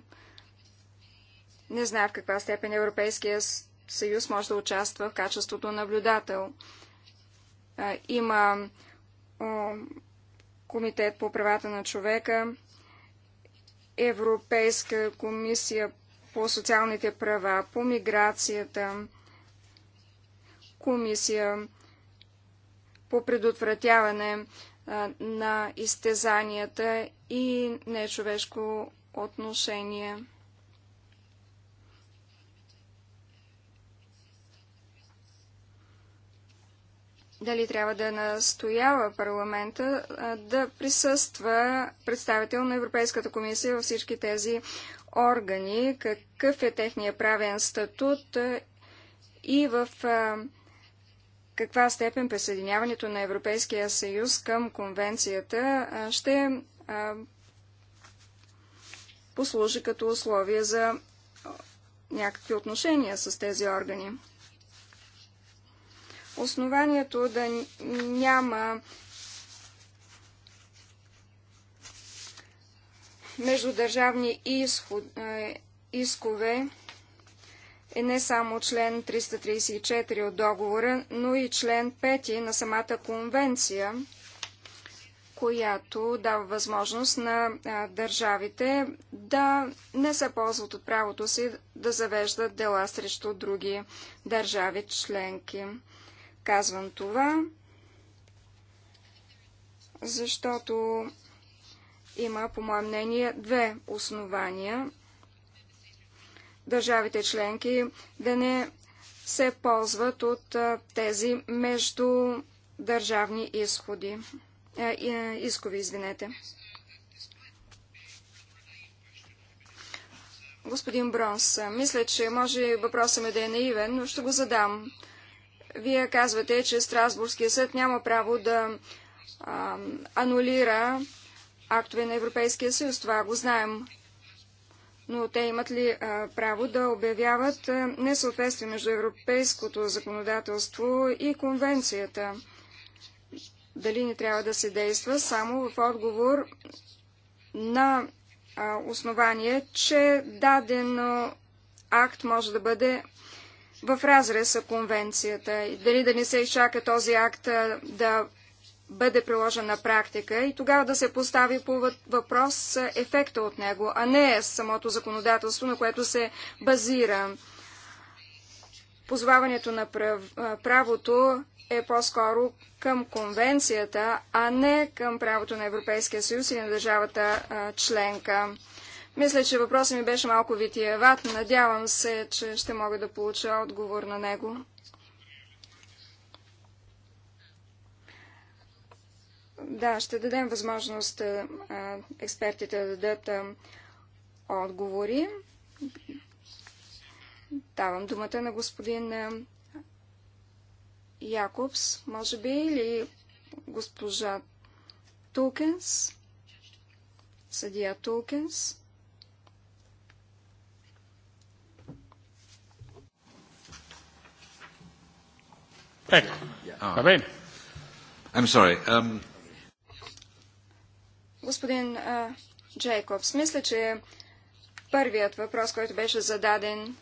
Не знам в каква степен Европейския съюз може да участва в качеството наблюдател. А, има комитет по правата на човека, Европейска комисия по социалните права, по миграцията, комисия по предотвратяване на изтезанията и нечовешко отношение. дали трябва да настоява парламента да присъства представител на Европейската комисия във всички тези органи, какъв е техния правен статут и в каква степен присъединяването на Европейския съюз към конвенцията ще послужи като условие за някакви отношения с тези органи основанието да няма междудържавни изход, е, искове е не само член 334 от договора, но и член 5 на самата конвенция, която дава възможност на държавите да не се ползват от правото си да завеждат дела срещу други държави членки. Казвам това, защото има, по мое мнение, две основания държавите членки да не се ползват от тези междудържавни изходи. Искови, извинете. Господин Бронс, мисля, че може въпросът ми да е наивен, но ще го задам. Вие казвате, че Страсбургския съд няма право да а, анулира актове на Европейския съюз. Това го знаем. Но те имат ли а, право да обявяват несъответствие между европейското законодателство и конвенцията? Дали не трябва да се действа само в отговор на а, основание, че даден акт може да бъде в разрез с конвенцията и дали да не се изчака този акт да бъде приложен на практика и тогава да се постави по въпрос ефекта от него, а не самото законодателство, на което се базира. Позваването на правото е по-скоро към конвенцията, а не към правото на Европейския съюз и на държавата членка. Мисля, че въпросът ми беше малко витиеват. Надявам се, че ще мога да получа отговор на него. Да, ще дадем възможност а, експертите да дадат а, отговори. Давам думата на господин а, Якобс, може би, или госпожа Тулкенс, съдия Тулкенс. Ecco, va bene. I'm sorry. Um... Господин uh, Джейкобс, мисля, че първият въпрос, който беше зададен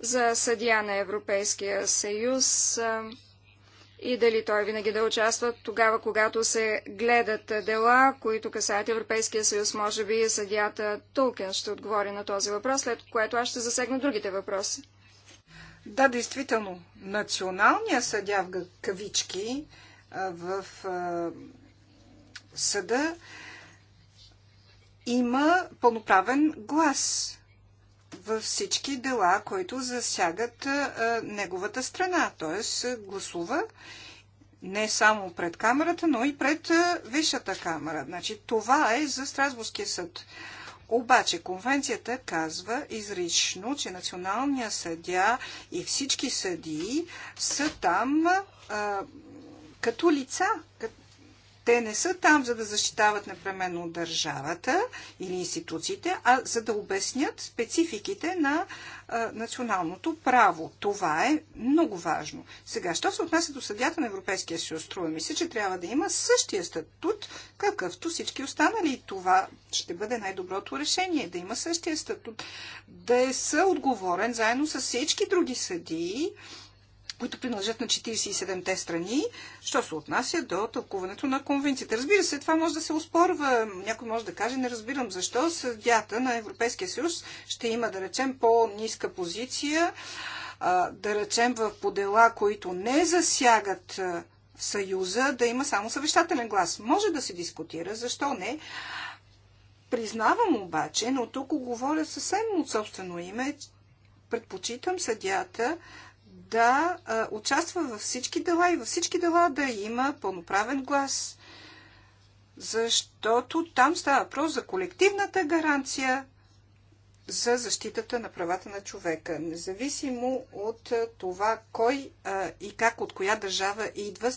за съдия на Европейския съюз и дали той винаги да участва тогава, когато се гледат дела, които касаят Европейския съюз. Може би съдията Тулкен ще отговори на този въпрос, след което аз ще засегна другите въпроси. Да, действително, националният съдя в кавички в съда има пълноправен глас във всички дела, които засягат неговата страна. Т.е. гласува не само пред камерата, но и пред Висшата камера. Значи, това е за Страсбургския съд. Обаче конвенцията казва изрично, че националния съдя и всички съдии са там а, като лица, като те не са там, за да защитават непременно държавата или институциите, а за да обяснят спецификите на а, националното право. Това е много важно. Сега, що се отнася до съдята на Европейския съюз, струва ми се, че трябва да има същия статут, какъвто всички останали. И това ще бъде най-доброто решение. Да има същия статут. Да е съотговорен заедно с всички други съдии, които принадлежат на 47-те страни, що се отнася до тълкуването на конвенцията. Разбира се, това може да се успорва. Някой може да каже, не разбирам защо съдята на Европейския съюз ще има, да речем, по-ниска позиция, да речем в подела, които не засягат съюза, да има само съвещателен глас. Може да се дискутира, защо не. Признавам обаче, но тук говоря съвсем от собствено име, предпочитам съдята да участва във всички дела и във всички дела да има пълноправен глас. Защото там става въпрос за колективната гаранция за защитата на правата на човека, независимо от това кой и как от коя държава идва.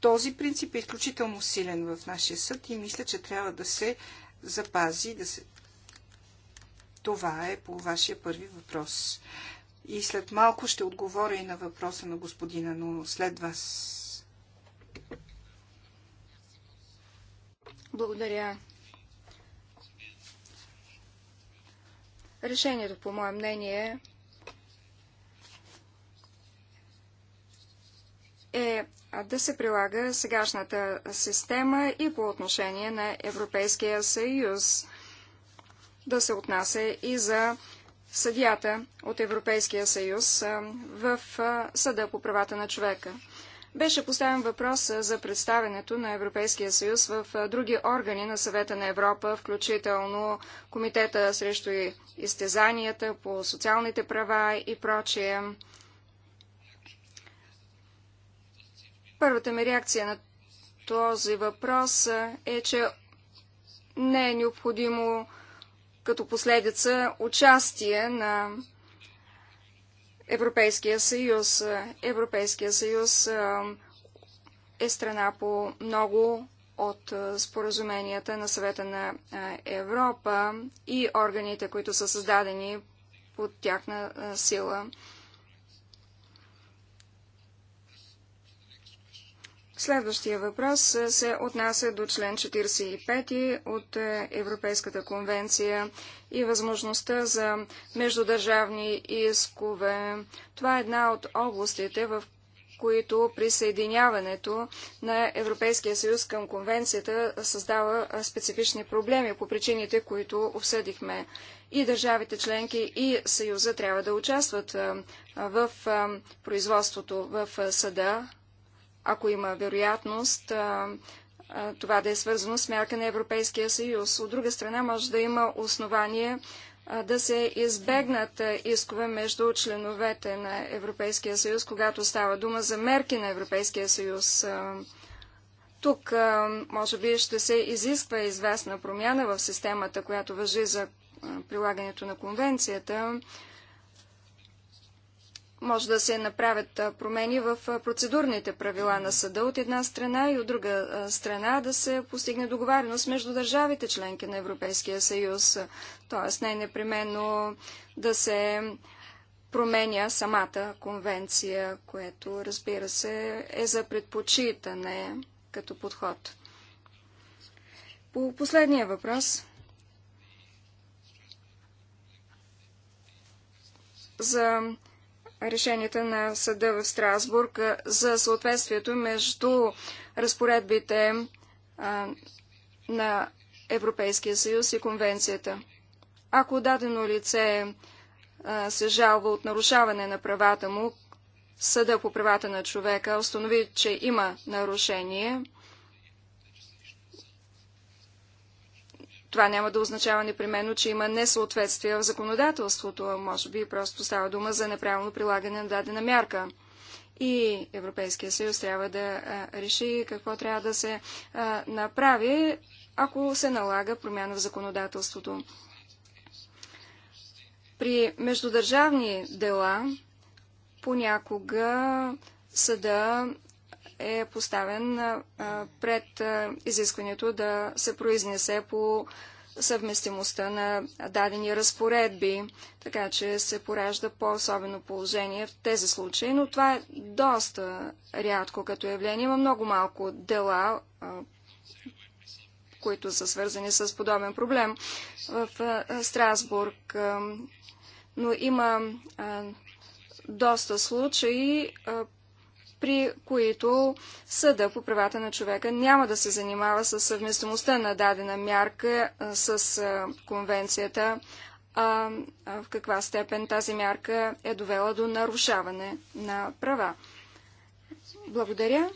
Този принцип е изключително силен в нашия съд и мисля, че трябва да се запази. Да се... Това е по вашия първи въпрос. И след малко ще отговоря и на въпроса на господина, но след вас. Благодаря. Решението, по мое мнение, е да се прилага сегашната система и по отношение на Европейския съюз, да се отнася и за съдията от Европейския съюз в Съда по правата на човека. Беше поставен въпрос за представенето на Европейския съюз в други органи на съвета на Европа, включително Комитета срещу изтезанията по социалните права и прочие. Първата ми реакция на този въпрос е, че не е необходимо като последица участие на Европейския съюз. Европейския съюз е страна по много от споразуменията на съвета на Европа и органите, които са създадени под тяхна сила. Следващия въпрос се отнася до член 45 от Европейската конвенция и възможността за междудържавни искове. Това е една от областите, в които присъединяването на Европейския съюз към конвенцията създава специфични проблеми по причините, които обсъдихме. И държавите членки и съюза трябва да участват в производството в съда ако има вероятност това да е свързано с мярка на Европейския съюз. От друга страна може да има основание да се избегнат искове между членовете на Европейския съюз, когато става дума за мерки на Европейския съюз. Тук може би ще се изисква известна промяна в системата, която въжи за прилагането на конвенцията, може да се направят промени в процедурните правила на съда от една страна и от друга страна да се постигне договареност между държавите членки на Европейския съюз. Тоест не е непременно да се променя самата конвенция, което разбира се е за предпочитане като подход. По последния въпрос за решенията на съда в Страсбург за съответствието между разпоредбите на Европейския съюз и конвенцията. Ако дадено лице се жалва от нарушаване на правата му, съда по правата на човека установи, че има нарушение, Това няма да означава непременно, че има несъответствие в законодателството, а може би просто става дума за неправилно прилагане на дадена мярка. И Европейския съюз трябва да реши какво трябва да се направи, ако се налага промяна в законодателството. При междудържавни дела понякога съда е поставен пред изискването да се произнесе по съвместимостта на дадени разпоредби, така че се поражда по-особено положение в тези случаи, но това е доста рядко като явление. Има много малко дела, които са свързани с подобен проблем в Страсбург, но има доста случаи, при които съда по правата на човека няма да се занимава с съвместимостта на дадена мярка с конвенцията, а в каква степен тази мярка е довела до нарушаване на права. Благодаря.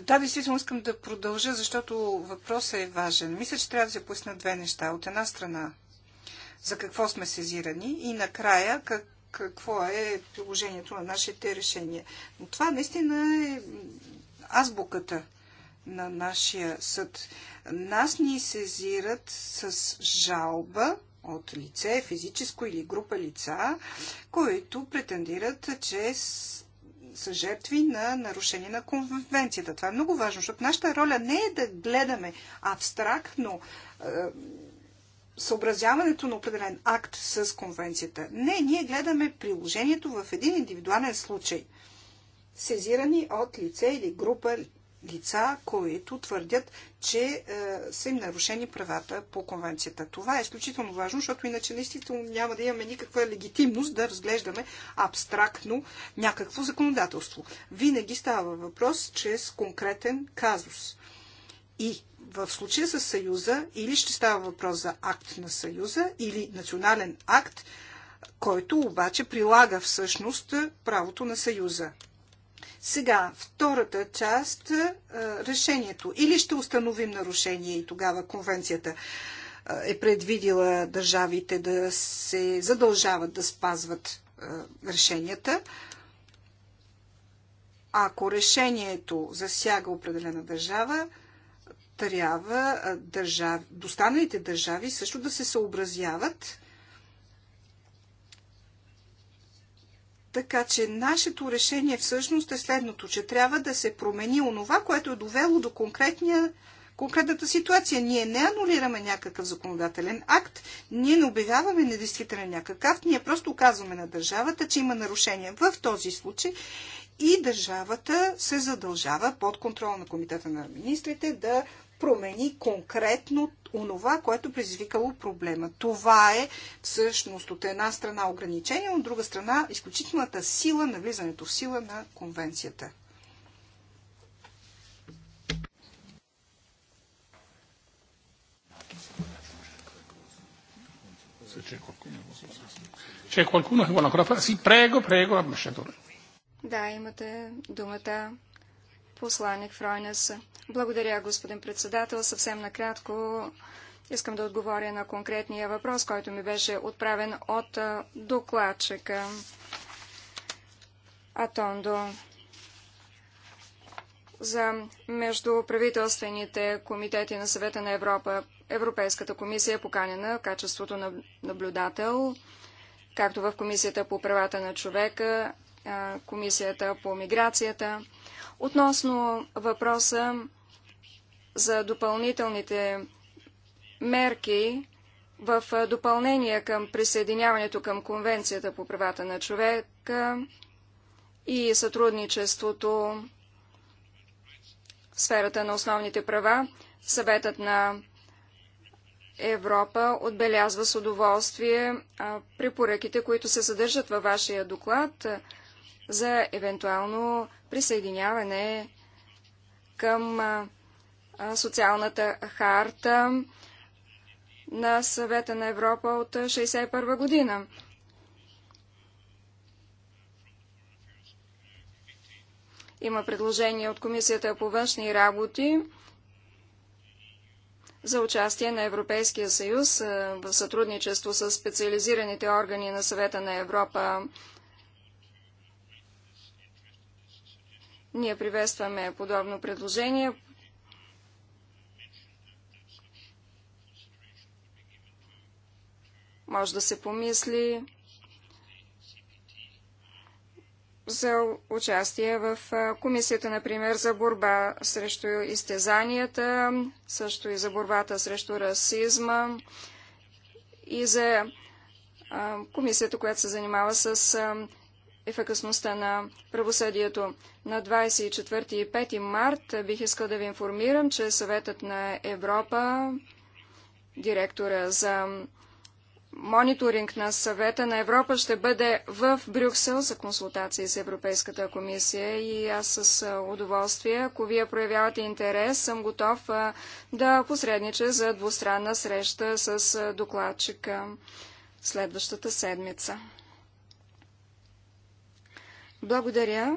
Да, действително искам да продължа, защото въпросът е важен. Мисля, че трябва да се пояснат две неща. От една страна, за какво сме сезирани и накрая как, какво е приложението на нашите решения. Но това наистина е азбуката на нашия съд. Нас ни сезират с жалба от лице, физическо или група лица, които претендират, че са жертви на нарушение на конвенцията. Това е много важно, защото нашата роля не е да гледаме абстрактно съобразяването на определен акт с конвенцията. Не, ние гледаме приложението в един индивидуален случай. Сезирани от лице или група лица, които твърдят, че е, са им нарушени правата по конвенцията. Това е изключително важно, защото иначе наистина няма да имаме никаква легитимност да разглеждаме абстрактно някакво законодателство. Винаги става въпрос чрез конкретен казус. И в случая с Съюза или ще става въпрос за акт на Съюза или национален акт, който обаче прилага всъщност правото на Съюза. Сега, втората част, решението. Или ще установим нарушение и тогава конвенцията е предвидила държавите да се задължават да спазват решенията. Ако решението засяга определена държава, трябва държав... достаналите държави също да се съобразяват Така че нашето решение всъщност е следното, че трябва да се промени онова, което е довело до конкретния, конкретната ситуация. Ние не анулираме някакъв законодателен акт, ние не обявяваме недействителен някакъв акт, ние просто казваме на държавата, че има нарушение в този случай и държавата се задължава под контрол на Комитета на министрите да промени конкретно онова, което предизвикало проблема. Това е всъщност от една страна ограничение, от друга страна изключителната сила на влизането в сила на конвенцията. Да, имате думата, посланник Фройнес. Благодаря, господин председател. Съвсем накратко искам да отговоря на конкретния въпрос, който ми беше отправен от докладчика Атондо за междуправителствените комитети на съвета на Европа. Европейската комисия е поканена в качеството на наблюдател, както в комисията по правата на човека, комисията по миграцията. Относно въпроса за допълнителните мерки в допълнение към присъединяването към Конвенцията по правата на човека и сътрудничеството в сферата на основните права, Съветът на Европа отбелязва с удоволствие препоръките, които се съдържат във вашия доклад за евентуално присъединяване към социалната харта на съвета на Европа от 1961 година. Има предложение от Комисията по външни работи за участие на Европейския съюз в сътрудничество с специализираните органи на съвета на Европа Ние приветстваме подобно предложение. Може да се помисли за участие в комисията, например, за борба срещу изтезанията, също и за борбата срещу расизма и за комисията, която се занимава с ефикасността на правосъдието. На 24 и 5 март бих искал да ви информирам, че съветът на Европа, директора за мониторинг на съвета на Европа ще бъде в Брюксел за консултации с Европейската комисия и аз с удоволствие, ако вие проявявате интерес, съм готов да посреднича за двустранна среща с докладчика следващата седмица. Благодаря.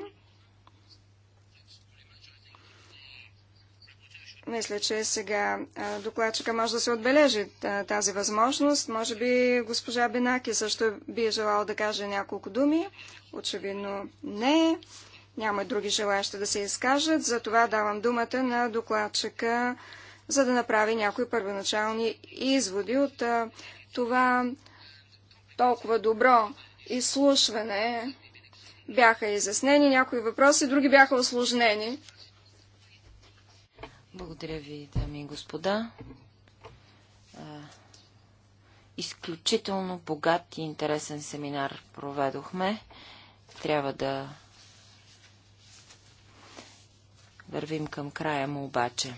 Мисля, че сега докладчика може да се отбележи тази възможност. Може би госпожа Бенаки също би е желал да каже няколко думи. Очевидно не. Няма други желаящи да се изкажат. Затова давам думата на докладчика, за да направи някои първоначални изводи от това толкова добро изслушване бяха изяснени някои въпроси, други бяха осложнени. Благодаря ви, дами и господа. Изключително богат и интересен семинар проведохме. Трябва да вървим към края му обаче.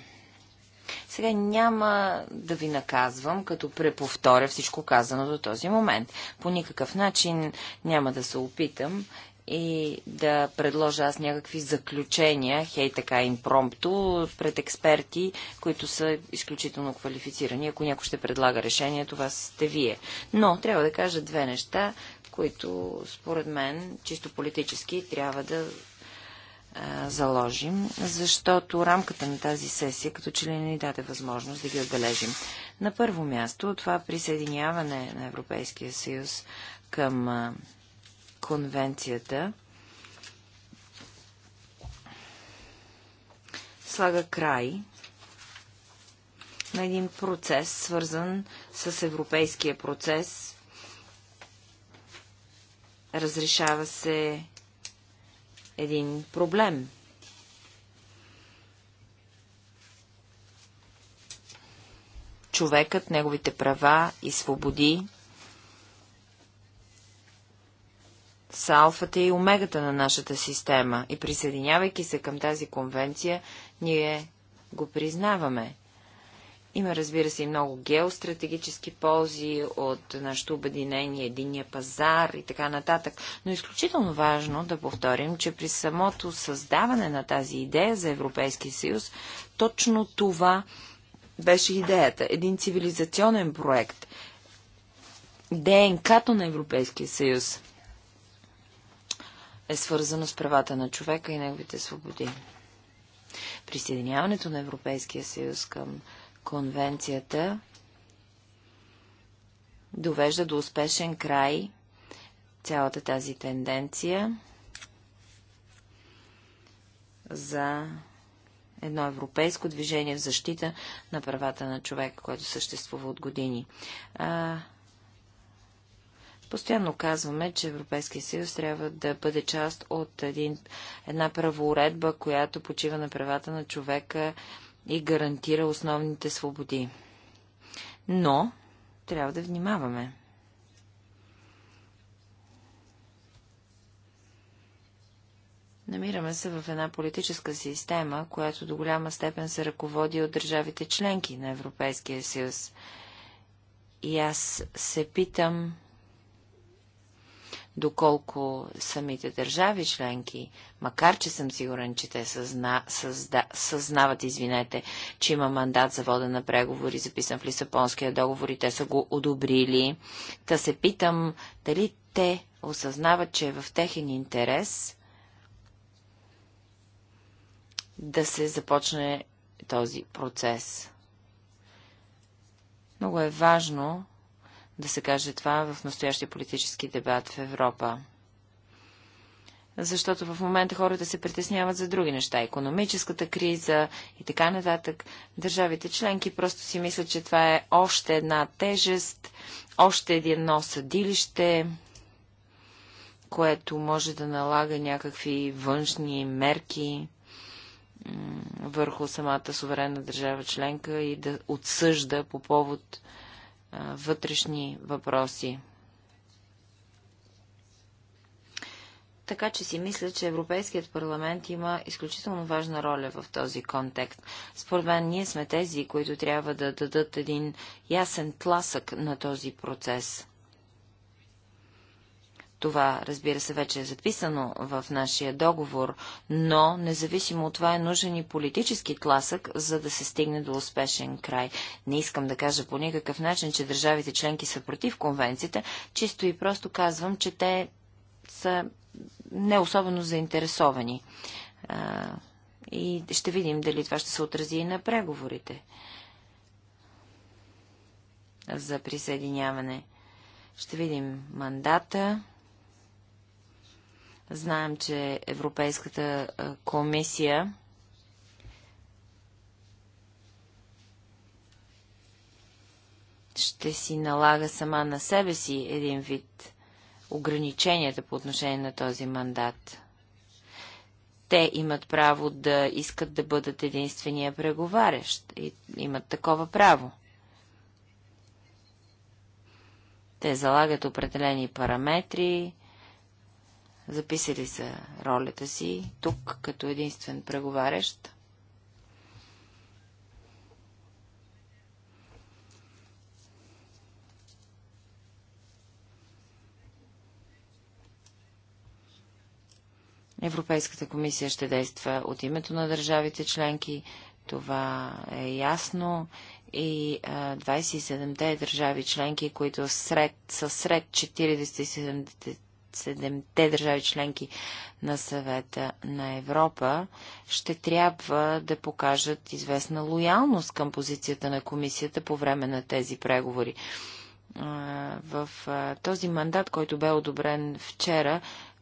Сега няма да ви наказвам, като преповторя всичко казано до този момент. По никакъв начин няма да се опитам и да предложа аз някакви заключения, хей така импромпто, пред експерти, които са изключително квалифицирани. Ако някой ще предлага решение, това сте вие. Но трябва да кажа две неща, които според мен чисто политически трябва да а, заложим, защото рамката на тази сесия като че ли не ни даде възможност да ги отбележим. На първо място това присъединяване на Европейския съюз към конвенцията слага край на един процес, свързан с европейския процес. Разрешава се един проблем. Човекът, неговите права и свободи са алфата и омегата на нашата система и присъединявайки се към тази конвенция, ние го признаваме. Има, разбира се, и много геостратегически ползи от нашето обединение, единния пазар и така нататък. Но е изключително важно да повторим, че при самото създаване на тази идея за Европейски съюз, точно това беше идеята. Един цивилизационен проект. ДНК-то на Европейския съюз – е свързано с правата на човека и неговите свободи. Присъединяването на Европейския съюз към конвенцията довежда до успешен край цялата тази тенденция за едно европейско движение в защита на правата на човека, което съществува от години. А, Постоянно казваме, че Европейския съюз трябва да бъде част от един, една правоуредба, която почива на правата на човека и гарантира основните свободи. Но трябва да внимаваме. Намираме се в една политическа система, която до голяма степен се ръководи от държавите членки на Европейския съюз. И аз се питам, доколко самите държави членки, макар че съм сигурен, че те съзна, създа, съзнават, извинете, че има мандат за вода на преговори, записан в Лисапонския договор и те са го одобрили, Да се питам дали те осъзнават, че е в техен интерес да се започне този процес. Много е важно да се каже това в настоящия политически дебат в Европа. Защото в момента хората се притесняват за други неща. Економическата криза и така нататък. Държавите членки просто си мислят, че това е още една тежест, още едно съдилище, което може да налага някакви външни мерки върху самата суверенна държава членка и да отсъжда по повод вътрешни въпроси. Така че си мисля, че Европейският парламент има изключително важна роля в този контекст. Според мен ние сме тези, които трябва да дадат един ясен тласък на този процес. Това, разбира се, вече е записано в нашия договор, но независимо от това е нужен и политически тласък, за да се стигне до успешен край. Не искам да кажа по никакъв начин, че държавите членки са против конвенцията, чисто и просто казвам, че те са не особено заинтересовани. и ще видим дали това ще се отрази и на преговорите за присъединяване. Ще видим мандата, Знаем, че Европейската комисия ще си налага сама на себе си един вид ограниченията по отношение на този мандат. Те имат право да искат да бъдат единствения преговарящ. И имат такова право. Те залагат определени параметри, записали са ролята си тук като единствен преговарящ. Европейската комисия ще действа от името на държавите членки. Това е ясно. И 27-те държави членки, които сред, са сред 47-те седемте държави членки на съвета на Европа, ще трябва да покажат известна лоялност към позицията на комисията по време на тези преговори. В този мандат, който бе одобрен вчера,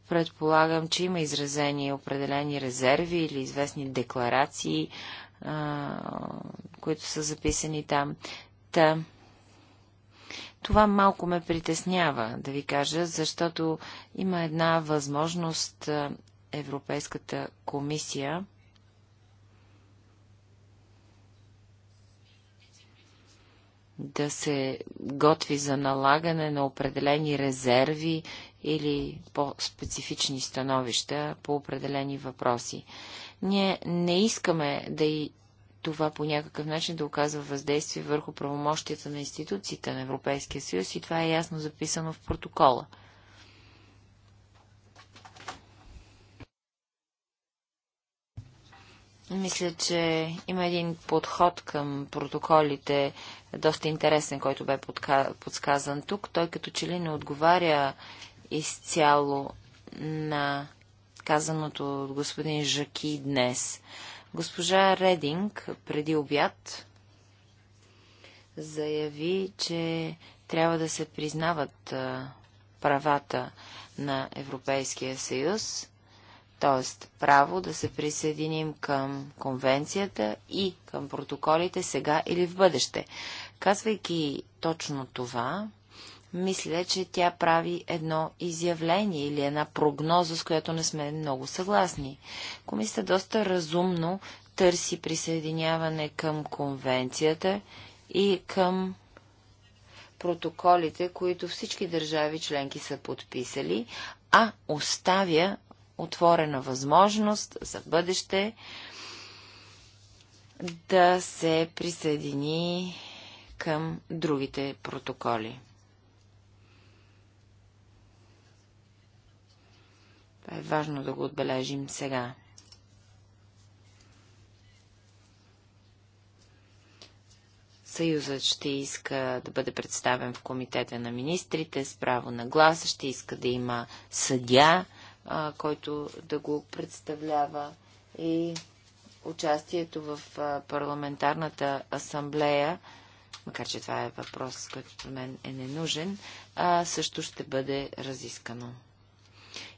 предполагам, че има изразени определени резерви или известни декларации, които са записани там. Та, това малко ме притеснява, да ви кажа, защото има една възможност Европейската комисия да се готви за налагане на определени резерви или по-специфични становища по определени въпроси. Ние не искаме да и това по някакъв начин да оказва въздействие върху правомощията на институциите на Европейския съюз и това е ясно записано в протокола. Мисля, че има един подход към протоколите, доста интересен, който бе подсказан тук. Той като че ли не отговаря изцяло на казаното от господин Жаки днес. Госпожа Рединг преди обяд заяви, че трябва да се признават правата на Европейския съюз, т.е. право да се присъединим към конвенцията и към протоколите сега или в бъдеще. Казвайки точно това, мисля, че тя прави едно изявление или една прогноза, с която не сме много съгласни. Комисията доста разумно търси присъединяване към конвенцията и към протоколите, които всички държави членки са подписали, а оставя отворена възможност за бъдеще да се присъедини към другите протоколи. Това е важно да го отбележим сега. Съюзът ще иска да бъде представен в комитета на министрите с право на гласа, ще иска да има съдя, а, който да го представлява и участието в парламентарната асамблея, макар че това е въпрос, който при мен е ненужен, а, също ще бъде разискано.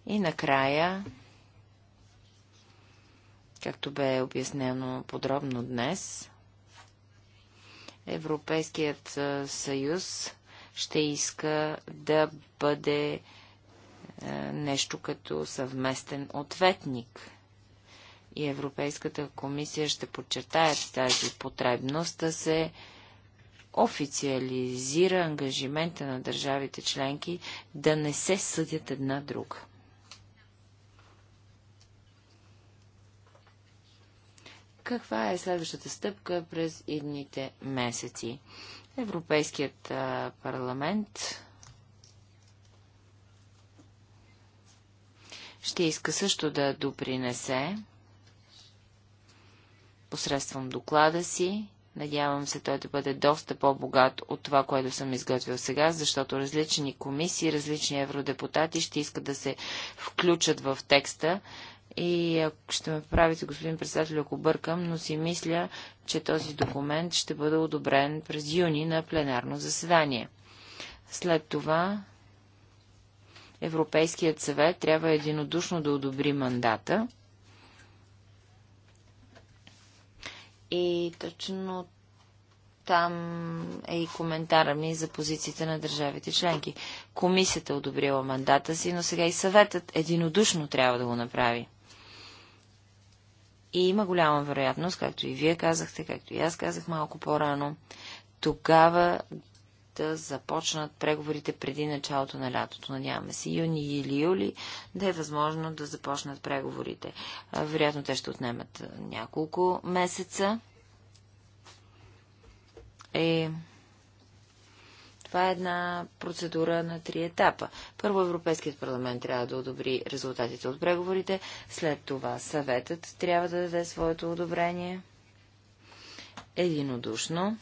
И накрая, както бе обяснено подробно днес, Европейският съюз ще иска да бъде нещо като съвместен ответник. И Европейската комисия ще подчертае тази потребност да се официализира ангажимента на държавите членки да не се съдят една друга. Каква е следващата стъпка през идните месеци? Европейският парламент ще иска също да допринесе посредством доклада си Надявам се той да бъде доста по-богат от това, което съм изготвил сега, защото различни комисии, различни евродепутати ще искат да се включат в текста. И ако ще ме правите, господин председател, ако бъркам, но си мисля, че този документ ще бъде одобрен през юни на пленарно заседание. След това Европейският съвет трябва единодушно да одобри мандата И точно там е и коментара ми за позициите на държавите членки. Комисията е одобрила мандата си, но сега и съветът единодушно трябва да го направи. И има голяма вероятност, както и вие казахте, както и аз казах малко по-рано, тогава да започнат преговорите преди началото на лятото. Надяваме се юни или юли да е възможно да започнат преговорите. Вероятно те ще отнемат няколко месеца. Е... Това е една процедура на три етапа. Първо Европейският парламент трябва да одобри резултатите от преговорите, след това съветът трябва да даде своето одобрение единодушно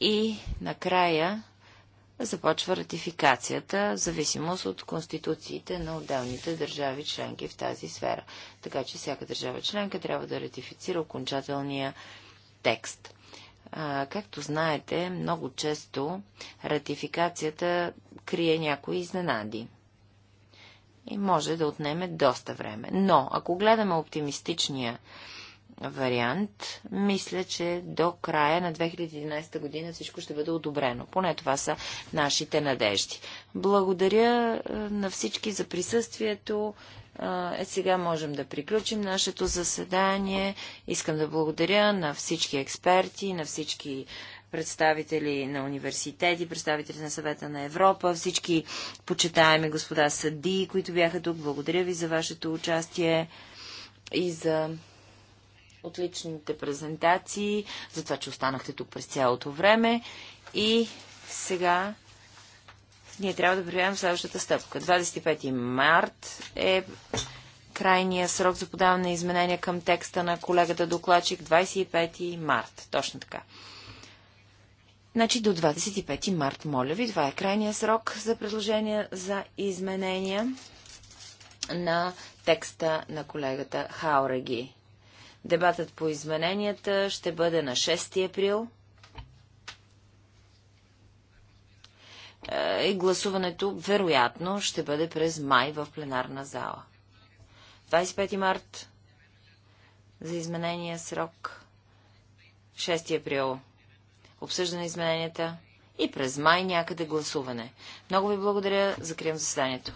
и накрая започва ратификацията в зависимост от конституциите на отделните държави членки в тази сфера. Така че всяка държава членка трябва да ратифицира окончателния текст. както знаете, много често ратификацията крие някои изненади и може да отнеме доста време. Но, ако гледаме оптимистичния вариант, мисля, че до края на 2011 година всичко ще бъде одобрено. Поне това са нашите надежди. Благодаря на всички за присъствието. Е, сега можем да приключим нашето заседание. Искам да благодаря на всички експерти, на всички представители на университети, представители на съвета на Европа, всички почитаеми господа съди, които бяха тук. Благодаря ви за вашето участие и за отличните презентации, за това, че останахте тук през цялото време. И сега ние трябва да приемем следващата стъпка. 25 март е крайния срок за подаване на изменения към текста на колегата докладчик. 25 март. Точно така. Значи до 25 март, моля ви, това е крайния срок за предложения за изменения на текста на колегата Хауреги. Дебатът по измененията ще бъде на 6 април. Е, и гласуването, вероятно, ще бъде през май в пленарна зала. 25 март за изменения срок 6 април. Обсъждане измененията и през май някъде гласуване. Много ви благодаря. Закривам заседанието.